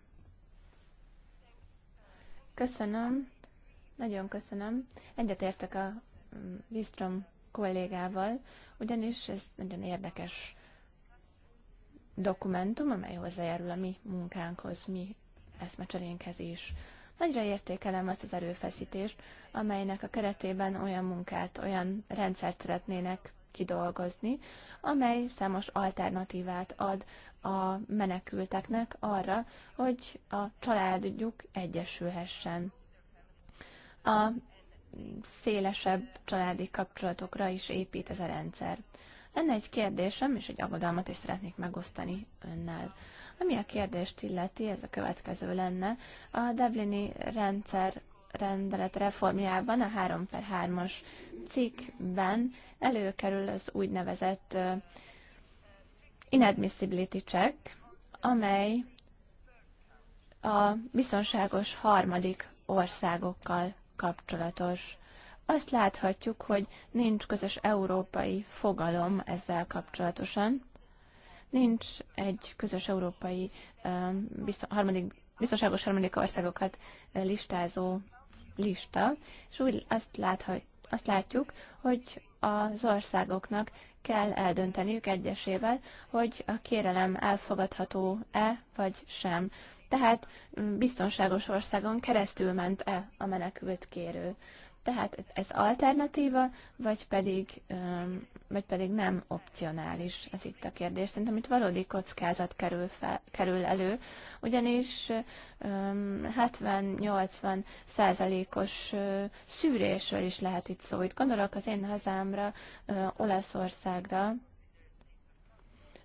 Köszönöm. Nagyon köszönöm. Egyetértek a mm, Wistrom kollégával, ugyanis ez nagyon érdekes dokumentum, amely hozzájárul a mi munkánkhoz, mi eszmecserénkhez is. Nagyra értékelem azt az erőfeszítést, amelynek a keretében olyan munkát, olyan rendszert szeretnének kidolgozni, amely számos alternatívát ad a menekülteknek arra, hogy a családjuk egyesülhessen. A szélesebb családi kapcsolatokra is épít ez a rendszer. Lenne egy kérdésem, és egy aggodalmat is szeretnék megosztani önnel. Ami a kérdést illeti, ez a következő lenne. A Dublini rendszer rendelet reformjában, a 3 per 3-as cikkben előkerül az úgynevezett inadmissibility check, amely a biztonságos harmadik országokkal kapcsolatos. Azt láthatjuk, hogy nincs közös európai fogalom ezzel kapcsolatosan, nincs egy közös európai biztos, harmadik, biztonságos harmadik országokat listázó lista, és úgy azt, láthat, azt látjuk, hogy az országoknak kell eldönteniük egyesével, hogy a kérelem elfogadható-e vagy sem. Tehát biztonságos országon keresztül ment-e a menekült kérő. Tehát ez alternatíva, vagy pedig, vagy pedig nem opcionális, ez itt a kérdés. Szerintem itt valódi kockázat kerül, fel, kerül elő, ugyanis 70-80 százalékos szűrésről is lehet itt szó. Itt gondolok az én hazámra, Olaszországra,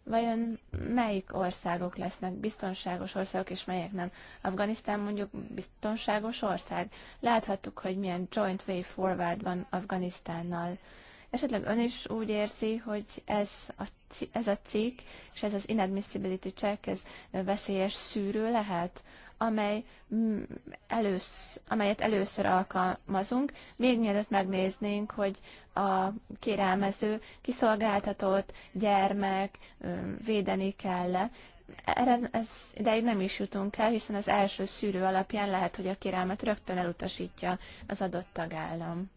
vajon melyik országok lesznek biztonságos országok, és melyek nem. Afganisztán mondjuk biztonságos ország. Láthattuk, hogy milyen joint way forward van Afganisztánnal. Esetleg ön is úgy érzi, hogy ez a, ez a cikk és ez az inadmissibility check, ez veszélyes szűrő lehet amely elősz, amelyet először alkalmazunk, még mielőtt megnéznénk, hogy a kérelmező kiszolgáltatott gyermek védeni kell-e. Erre ez ideig nem is jutunk el, hiszen az első szűrő alapján lehet, hogy a kérelmet rögtön elutasítja az adott tagállam.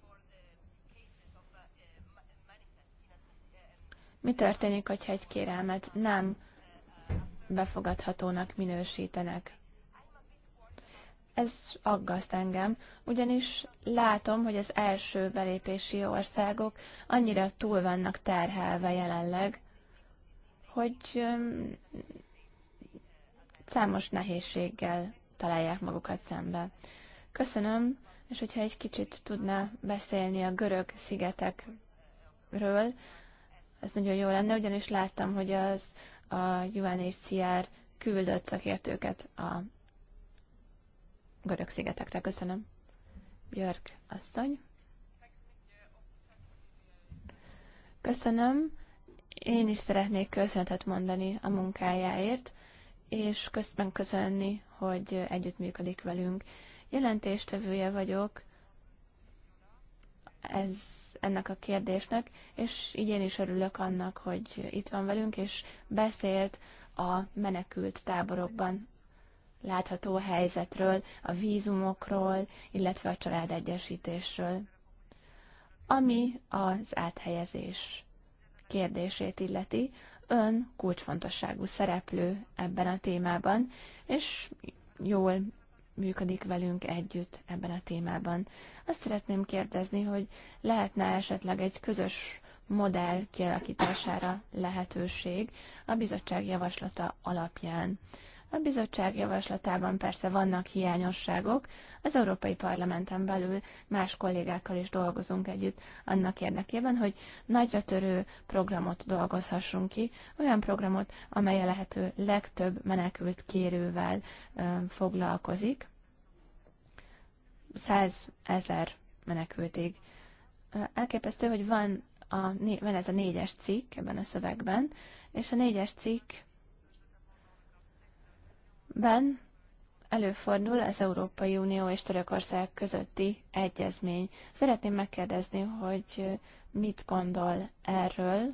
Mi történik, hogyha egy kérelmet nem befogadhatónak minősítenek? Ez aggaszt engem, ugyanis látom, hogy az első belépési országok annyira túl vannak terhelve jelenleg, hogy számos nehézséggel találják magukat szembe. Köszönöm, és hogyha egy kicsit tudna beszélni a görög szigetekről, ez nagyon jó lenne, ugyanis láttam, hogy az a UNHCR küldött szakértőket a görög szigetekre. Köszönöm. Björk asszony. Köszönöm. Én is szeretnék köszönetet mondani a munkájáért, és közben köszönni, hogy együttműködik velünk. Jelentéstevője vagyok ez, ennek a kérdésnek, és így én is örülök annak, hogy itt van velünk, és beszélt a menekült táborokban látható helyzetről, a vízumokról, illetve a családegyesítésről. Ami az áthelyezés kérdését illeti, ön kulcsfontosságú szereplő ebben a témában, és jól működik velünk együtt ebben a témában. Azt szeretném kérdezni, hogy lehetne esetleg egy közös modell kialakítására lehetőség a bizottság javaslata alapján. A bizottság javaslatában persze vannak hiányosságok, az Európai Parlamenten belül más kollégákkal is dolgozunk együtt annak érdekében, hogy nagyra törő programot dolgozhassunk ki, olyan programot, amely a lehető legtöbb menekült kérővel foglalkozik. 100 ezer menekültig. Elképesztő, hogy van, a, van ez a négyes cikk ebben a szövegben, és a négyes cikk Ben előfordul az Európai Unió és Törökország közötti egyezmény. Szeretném megkérdezni, hogy mit gondol erről,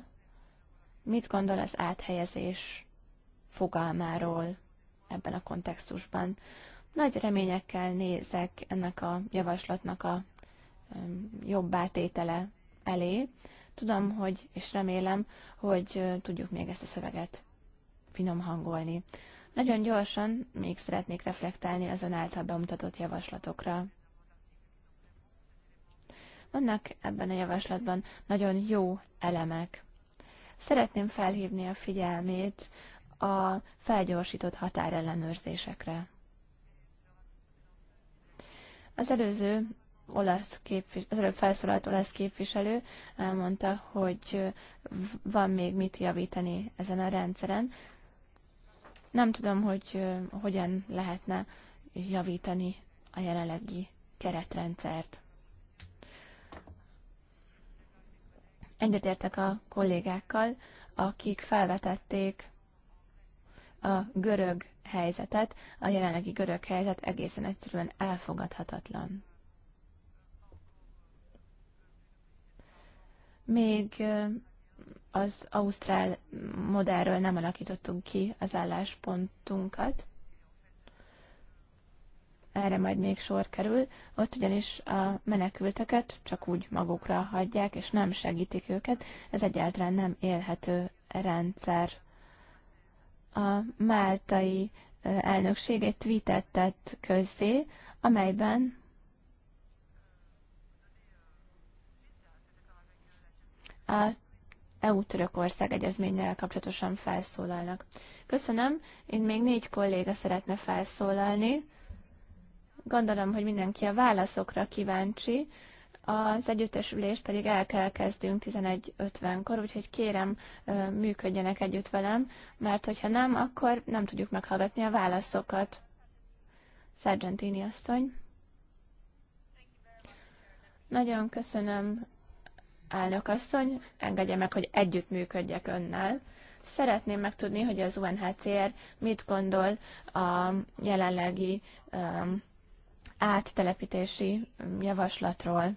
mit gondol az áthelyezés fogalmáról ebben a kontextusban. Nagy reményekkel nézek ennek a javaslatnak a jobb átétele elé. Tudom, hogy, és remélem, hogy tudjuk még ezt a szöveget finom hangolni. Nagyon gyorsan még szeretnék reflektálni az ön által bemutatott javaslatokra. Vannak ebben a javaslatban nagyon jó elemek. Szeretném felhívni a figyelmét a felgyorsított határellenőrzésekre. Az előző olasz képvis, az előbb felszólalt olasz képviselő elmondta, hogy van még mit javítani ezen a rendszeren, nem tudom, hogy hogyan lehetne javítani a jelenlegi keretrendszert. Egyetértek a kollégákkal, akik felvetették a görög helyzetet. A jelenlegi görög helyzet egészen egyszerűen elfogadhatatlan. Még az ausztrál modellről nem alakítottunk ki az álláspontunkat. Erre majd még sor kerül. Ott ugyanis a menekülteket csak úgy magukra hagyják, és nem segítik őket. Ez egyáltalán nem élhető rendszer. A máltai elnökség egy tweetet tett közzé, amelyben a EU-Törökország egyezménnyel kapcsolatosan felszólalnak. Köszönöm, én még négy kolléga szeretne felszólalni. Gondolom, hogy mindenki a válaszokra kíváncsi, az együttesülést pedig el kell kezdünk 11.50-kor, úgyhogy kérem, működjenek együtt velem, mert hogyha nem, akkor nem tudjuk meghallgatni a válaszokat. Sargentini asszony. Nagyon köszönöm, elnökasszony, engedje meg, hogy együttműködjek önnel. Szeretném megtudni, hogy az UNHCR mit gondol a jelenlegi um, áttelepítési javaslatról.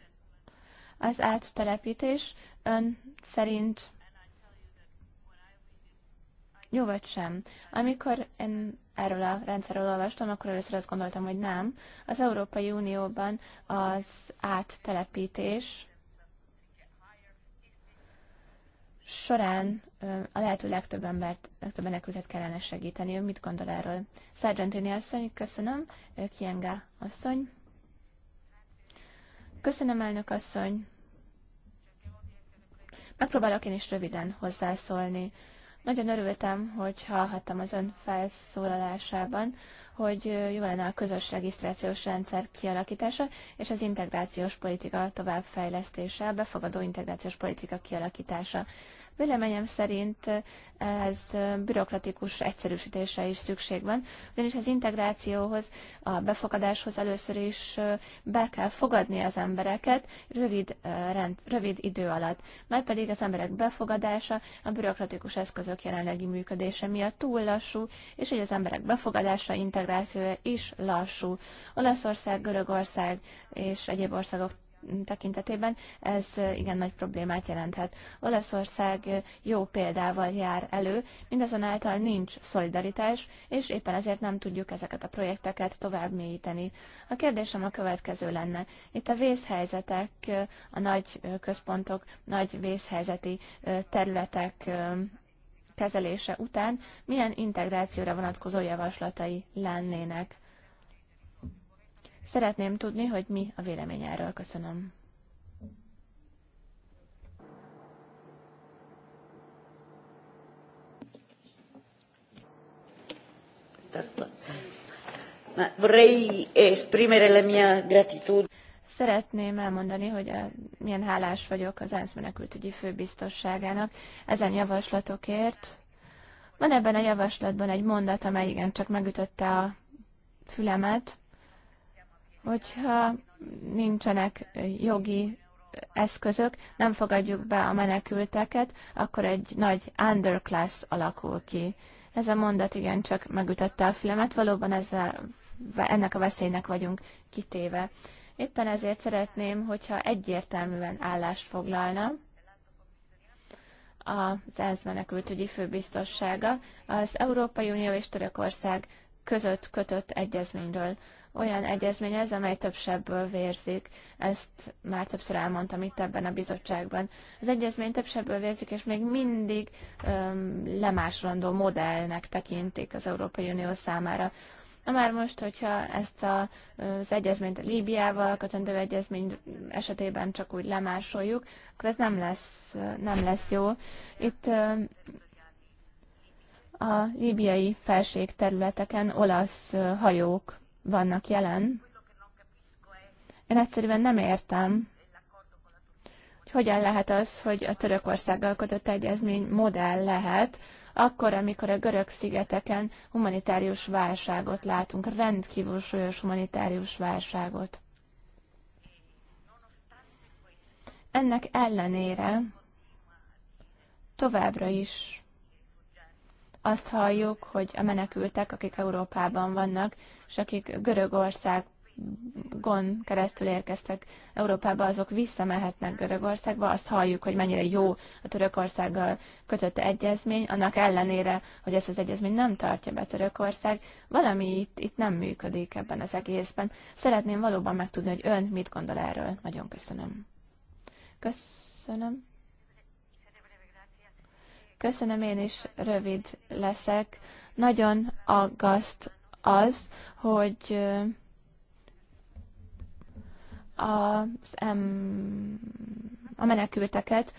Az áttelepítés ön szerint jó vagy sem. Amikor én erről a rendszerről olvastam, akkor először azt gondoltam, hogy nem. Az Európai Unióban az áttelepítés során a lehető legtöbb embert, legtöbb menekültet kellene segíteni. mit gondol erről? Sargentini asszony, köszönöm. Kienga asszony. Köszönöm, elnök asszony. Megpróbálok én is röviden hozzászólni. Nagyon örültem, hogy hallhattam az ön felszólalásában, hogy jó lenne a közös regisztrációs rendszer kialakítása és az integrációs politika továbbfejlesztése, befogadó integrációs politika kialakítása. Véleményem szerint ez bürokratikus egyszerűsítése is szükség van, ugyanis az integrációhoz, a befogadáshoz először is be kell fogadni az embereket rövid, rend, rövid idő alatt. pedig az emberek befogadása a bürokratikus eszközök jelenlegi működése miatt túl lassú, és hogy az emberek befogadása, integrációja is lassú. Olaszország, Görögország és egyéb országok tekintetében ez igen nagy problémát jelenthet. Olaszország jó példával jár elő, mindazonáltal nincs szolidaritás, és éppen ezért nem tudjuk ezeket a projekteket tovább mélyíteni. A kérdésem a következő lenne. Itt a vészhelyzetek, a nagy központok, nagy vészhelyzeti területek kezelése után milyen integrációra vonatkozó javaslatai lennének. Szeretném tudni, hogy mi a vélemény erről. Köszönöm. Szeretném elmondani, hogy a, milyen hálás vagyok az ENSZ menekültügyi főbiztosságának ezen javaslatokért. Van ebben a javaslatban egy mondat, amely igen csak megütötte a fülemet hogyha nincsenek jogi eszközök, nem fogadjuk be a menekülteket, akkor egy nagy underclass alakul ki. Ez a mondat csak megütötte a filmet, valóban ezzel, ennek a veszélynek vagyunk kitéve. Éppen ezért szeretném, hogyha egyértelműen állást foglalna az ENSZ menekültügyi főbiztossága az Európai Unió és Törökország között kötött egyezményről olyan egyezmény ez, amely több sebből vérzik. Ezt már többször elmondtam itt ebben a bizottságban. Az egyezmény több sebből vérzik, és még mindig öm, lemásolandó modellnek tekintik az Európai Unió számára. Na már most, hogyha ezt a, az egyezményt a Líbiával, kötendő egyezmény esetében csak úgy lemásoljuk, akkor ez nem lesz, nem lesz jó. Itt a líbiai felség területeken olasz hajók vannak jelen. Én egyszerűen nem értem, hogy hogyan lehet az, hogy a Törökországgal kötött egyezmény modell lehet, akkor, amikor a görög szigeteken humanitárius válságot látunk, rendkívül súlyos humanitárius válságot. Ennek ellenére továbbra is azt halljuk, hogy a menekültek, akik Európában vannak, és akik Görögország gon keresztül érkeztek Európába, azok visszamehetnek Görögországba. Azt halljuk, hogy mennyire jó a Törökországgal kötött egyezmény, annak ellenére, hogy ezt az egyezmény nem tartja be Törökország, valami itt, itt nem működik ebben az egészben. Szeretném valóban megtudni, hogy ön mit gondol erről. Nagyon köszönöm. Köszönöm. Köszönöm, én is rövid leszek. Nagyon aggaszt az, hogy az em, a menekülteket,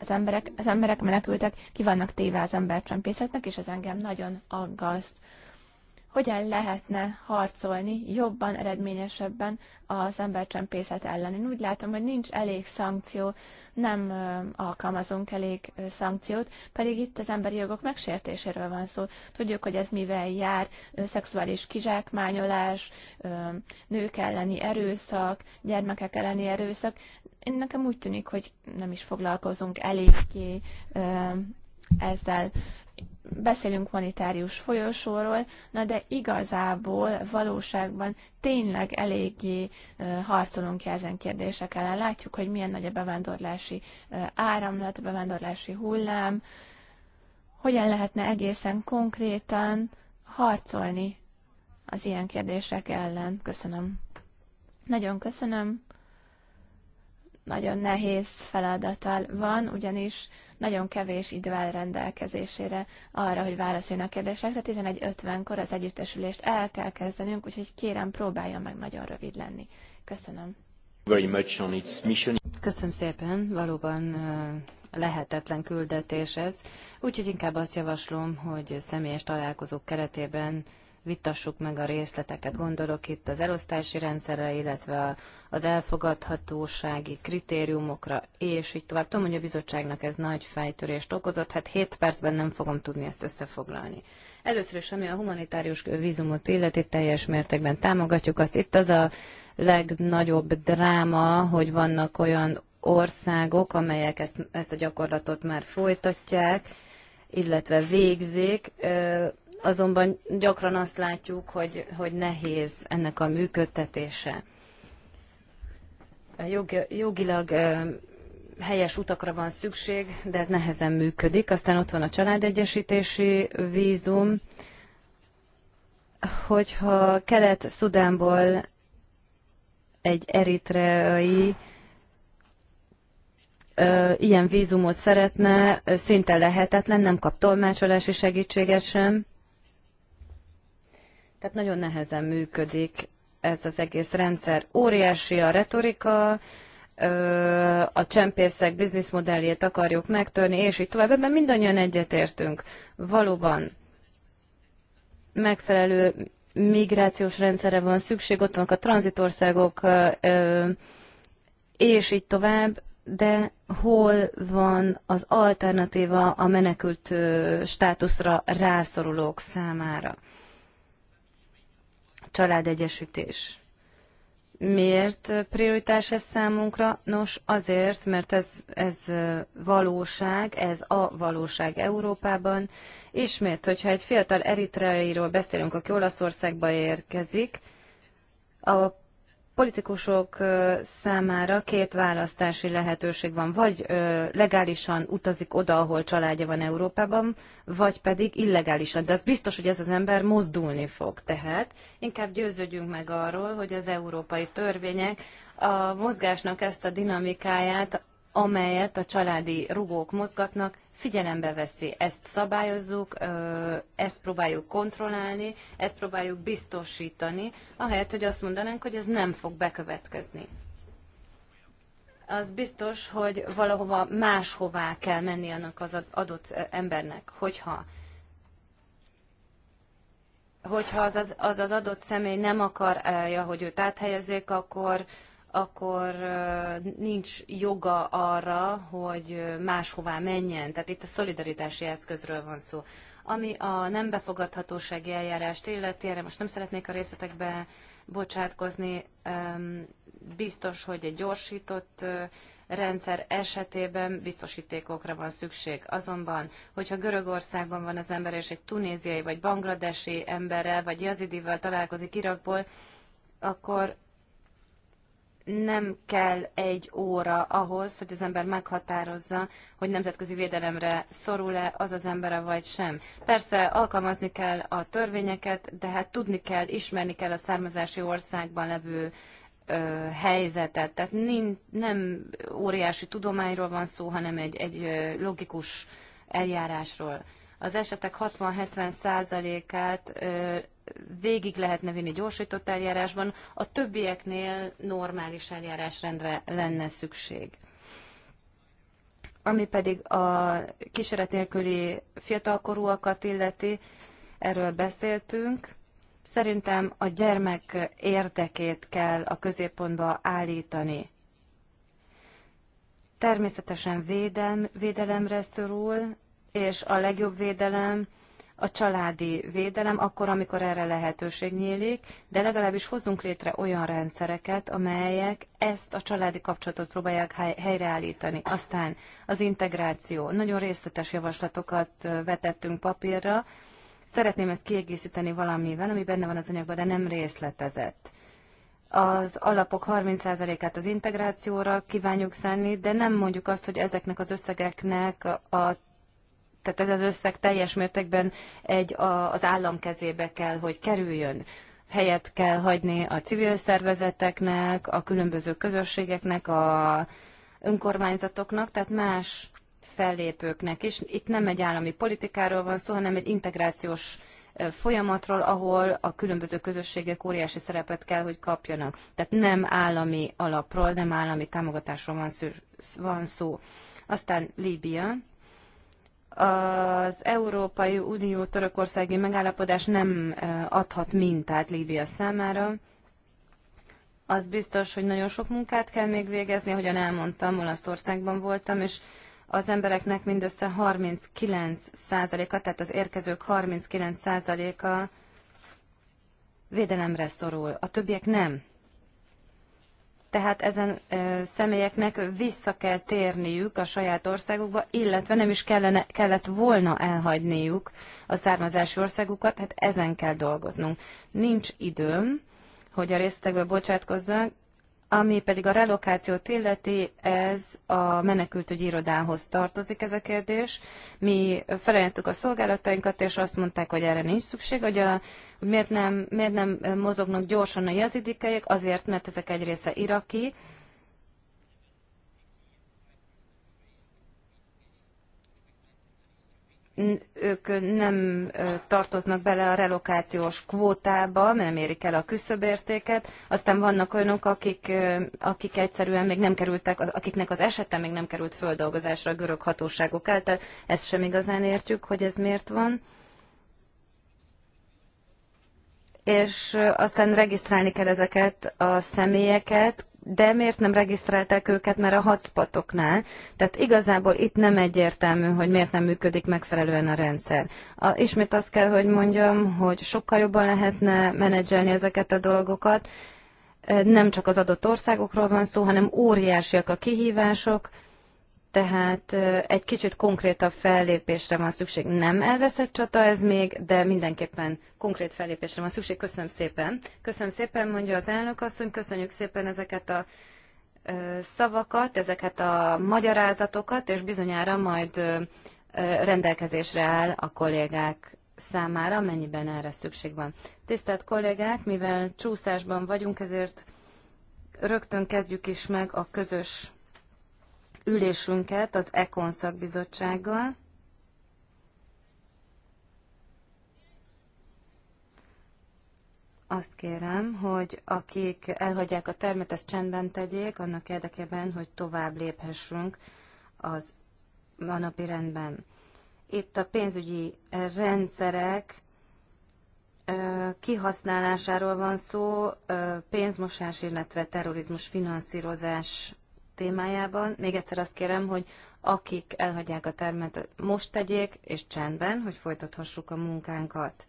az emberek, az emberek menekültek, ki vannak téve az embercsempészetnek, és az engem nagyon aggaszt hogyan lehetne harcolni jobban, eredményesebben az embercsempészet ellen. Én úgy látom, hogy nincs elég szankció, nem alkalmazunk elég szankciót, pedig itt az emberi jogok megsértéséről van szó. Tudjuk, hogy ez mivel jár, szexuális kizsákmányolás, nők elleni erőszak, gyermekek elleni erőszak. Én nekem úgy tűnik, hogy nem is foglalkozunk eléggé ezzel beszélünk monetárius folyosóról, na de igazából valóságban tényleg eléggé harcolunk ezen kérdések ellen. Látjuk, hogy milyen nagy a bevándorlási áramlat, a bevándorlási hullám, hogyan lehetne egészen konkrétan harcolni az ilyen kérdések ellen. Köszönöm. Nagyon köszönöm nagyon nehéz feladata van, ugyanis nagyon kevés idő áll rendelkezésére arra, hogy válaszoljon a kérdésekre. 11.50-kor az együttesülést el kell kezdenünk, úgyhogy kérem, próbáljon meg nagyon rövid lenni. Köszönöm. Köszönöm szépen, valóban lehetetlen küldetés ez, úgyhogy inkább azt javaslom, hogy személyes találkozók keretében vitassuk meg a részleteket. Gondolok itt az elosztási rendszerre, illetve az elfogadhatósági kritériumokra, és így tovább. Tudom, hogy a bizottságnak ez nagy fejtörést okozott, hát 7 percben nem fogom tudni ezt összefoglalni. Először is, ami a humanitárius vízumot illeti, teljes mértékben támogatjuk azt. Itt az a legnagyobb dráma, hogy vannak olyan országok, amelyek ezt, ezt a gyakorlatot már folytatják, illetve végzik azonban gyakran azt látjuk, hogy, hogy nehéz ennek a működtetése. Jog, jogilag helyes utakra van szükség, de ez nehezen működik. Aztán ott van a családegyesítési vízum. Hogyha Kelet-Szudánból egy eritreai ilyen vízumot szeretne, szinte lehetetlen, nem kap tolmácsolási segítséget sem. Tehát nagyon nehezen működik ez az egész rendszer. Óriási a retorika, a csempészek bizniszmodelljét akarjuk megtörni, és így tovább. Ebben mindannyian egyetértünk. Valóban megfelelő migrációs rendszerre van szükség, ott vannak a tranzitországok, és így tovább, de hol van az alternatíva a menekült státuszra rászorulók számára? családegyesítés. Miért prioritás ez számunkra? Nos, azért, mert ez, ez valóság, ez a valóság Európában. Ismét, hogyha egy fiatal eritreairól beszélünk, aki Olaszországba érkezik, a politikusok számára két választási lehetőség van. Vagy legálisan utazik oda, ahol családja van Európában, vagy pedig illegálisan. De az biztos, hogy ez az ember mozdulni fog. Tehát inkább győződjünk meg arról, hogy az európai törvények a mozgásnak ezt a dinamikáját amelyet a családi rugók mozgatnak, figyelembe veszi. Ezt szabályozzuk, ezt próbáljuk kontrollálni, ezt próbáljuk biztosítani, ahelyett, hogy azt mondanánk, hogy ez nem fog bekövetkezni. Az biztos, hogy valahova máshová kell menni annak az adott embernek, hogyha hogyha az az, az, az adott személy nem akarja, hogy őt áthelyezzék, akkor, akkor nincs joga arra, hogy máshová menjen. Tehát itt a szolidaritási eszközről van szó. Ami a nem befogadhatósági eljárást illeti, erre most nem szeretnék a részletekbe bocsátkozni, biztos, hogy egy gyorsított rendszer esetében biztosítékokra van szükség. Azonban, hogyha Görögországban van az ember, és egy tunéziai vagy bangladesi emberrel, vagy jazidivel találkozik Irakból, akkor nem kell egy óra ahhoz, hogy az ember meghatározza, hogy nemzetközi védelemre szorul-e az az embere vagy sem. Persze alkalmazni kell a törvényeket, de hát tudni kell, ismerni kell a származási országban levő ö, helyzetet. Tehát nem, nem óriási tudományról van szó, hanem egy, egy logikus eljárásról az esetek 60-70%-át végig lehetne vinni gyorsított eljárásban, a többieknél normális eljárásrendre lenne szükség. Ami pedig a kísérlet nélküli fiatalkorúakat illeti, erről beszéltünk. Szerintem a gyermek érdekét kell a középpontba állítani. Természetesen védelm, védelemre szorul, és a legjobb védelem a családi védelem, akkor, amikor erre lehetőség nyílik, de legalábbis hozzunk létre olyan rendszereket, amelyek ezt a családi kapcsolatot próbálják helyreállítani. Aztán az integráció. Nagyon részletes javaslatokat vetettünk papírra. Szeretném ezt kiegészíteni valamivel, ami benne van az anyagban, de nem részletezett az alapok 30%-át az integrációra kívánjuk szenni, de nem mondjuk azt, hogy ezeknek az összegeknek a tehát ez az összeg teljes mértékben egy a, az állam kezébe kell, hogy kerüljön. Helyet kell hagyni a civil szervezeteknek, a különböző közösségeknek, a önkormányzatoknak, tehát más fellépőknek is. Itt nem egy állami politikáról van szó, hanem egy integrációs folyamatról, ahol a különböző közösségek óriási szerepet kell, hogy kapjanak. Tehát nem állami alapról, nem állami támogatásról van szó. Van szó. Aztán Líbia, az Európai Unió törökországi megállapodás nem adhat mintát Líbia számára. Az biztos, hogy nagyon sok munkát kell még végezni, ahogyan elmondtam, Olaszországban voltam, és az embereknek mindössze 39%-a, tehát az érkezők 39%-a védelemre szorul. A többiek nem tehát ezen ö, személyeknek vissza kell térniük a saját országukba, illetve nem is kellene, kellett volna elhagyniuk a származási országukat, tehát ezen kell dolgoznunk. Nincs időm, hogy a részletekbe bocsátkozzak, ami pedig a relokációt illeti, ez a menekültügyi irodához tartozik ez a kérdés. Mi felajánlottuk a szolgálatainkat, és azt mondták, hogy erre nincs szükség, hogy, a, miért, nem, miért nem mozognak gyorsan a jazidikaiak azért, mert ezek egy része iraki, ők nem tartoznak bele a relokációs kvótába, nem érik el a küszöbértéket. Aztán vannak olyanok, akik, akik egyszerűen még nem kerültek, akiknek az esete még nem került földolgozásra a görög hatóságok által. Ezt sem igazán értjük, hogy ez miért van. És aztán regisztrálni kell ezeket a személyeket, de miért nem regisztrálták őket, mert a hotspotoknál, tehát igazából itt nem egyértelmű, hogy miért nem működik megfelelően a rendszer. A, ismét azt kell, hogy mondjam, hogy sokkal jobban lehetne menedzselni ezeket a dolgokat, nem csak az adott országokról van szó, hanem óriásiak a kihívások, tehát egy kicsit konkrétabb fellépésre van szükség. Nem elveszett csata ez még, de mindenképpen konkrét fellépésre van szükség. Köszönöm szépen. Köszönöm szépen, mondja az elnök asszony. Köszönjük szépen ezeket a szavakat, ezeket a magyarázatokat, és bizonyára majd rendelkezésre áll a kollégák számára, mennyiben erre szükség van. Tisztelt kollégák, mivel csúszásban vagyunk, ezért rögtön kezdjük is meg a közös ülésünket az ECON szakbizottsággal. Azt kérem, hogy akik elhagyják a termet, ezt csendben tegyék, annak érdekében, hogy tovább léphessünk az a napi rendben. Itt a pénzügyi rendszerek kihasználásáról van szó, pénzmosás, illetve terrorizmus finanszírozás témájában. Még egyszer azt kérem, hogy akik elhagyják a termet, most tegyék, és csendben, hogy folytathassuk a munkánkat.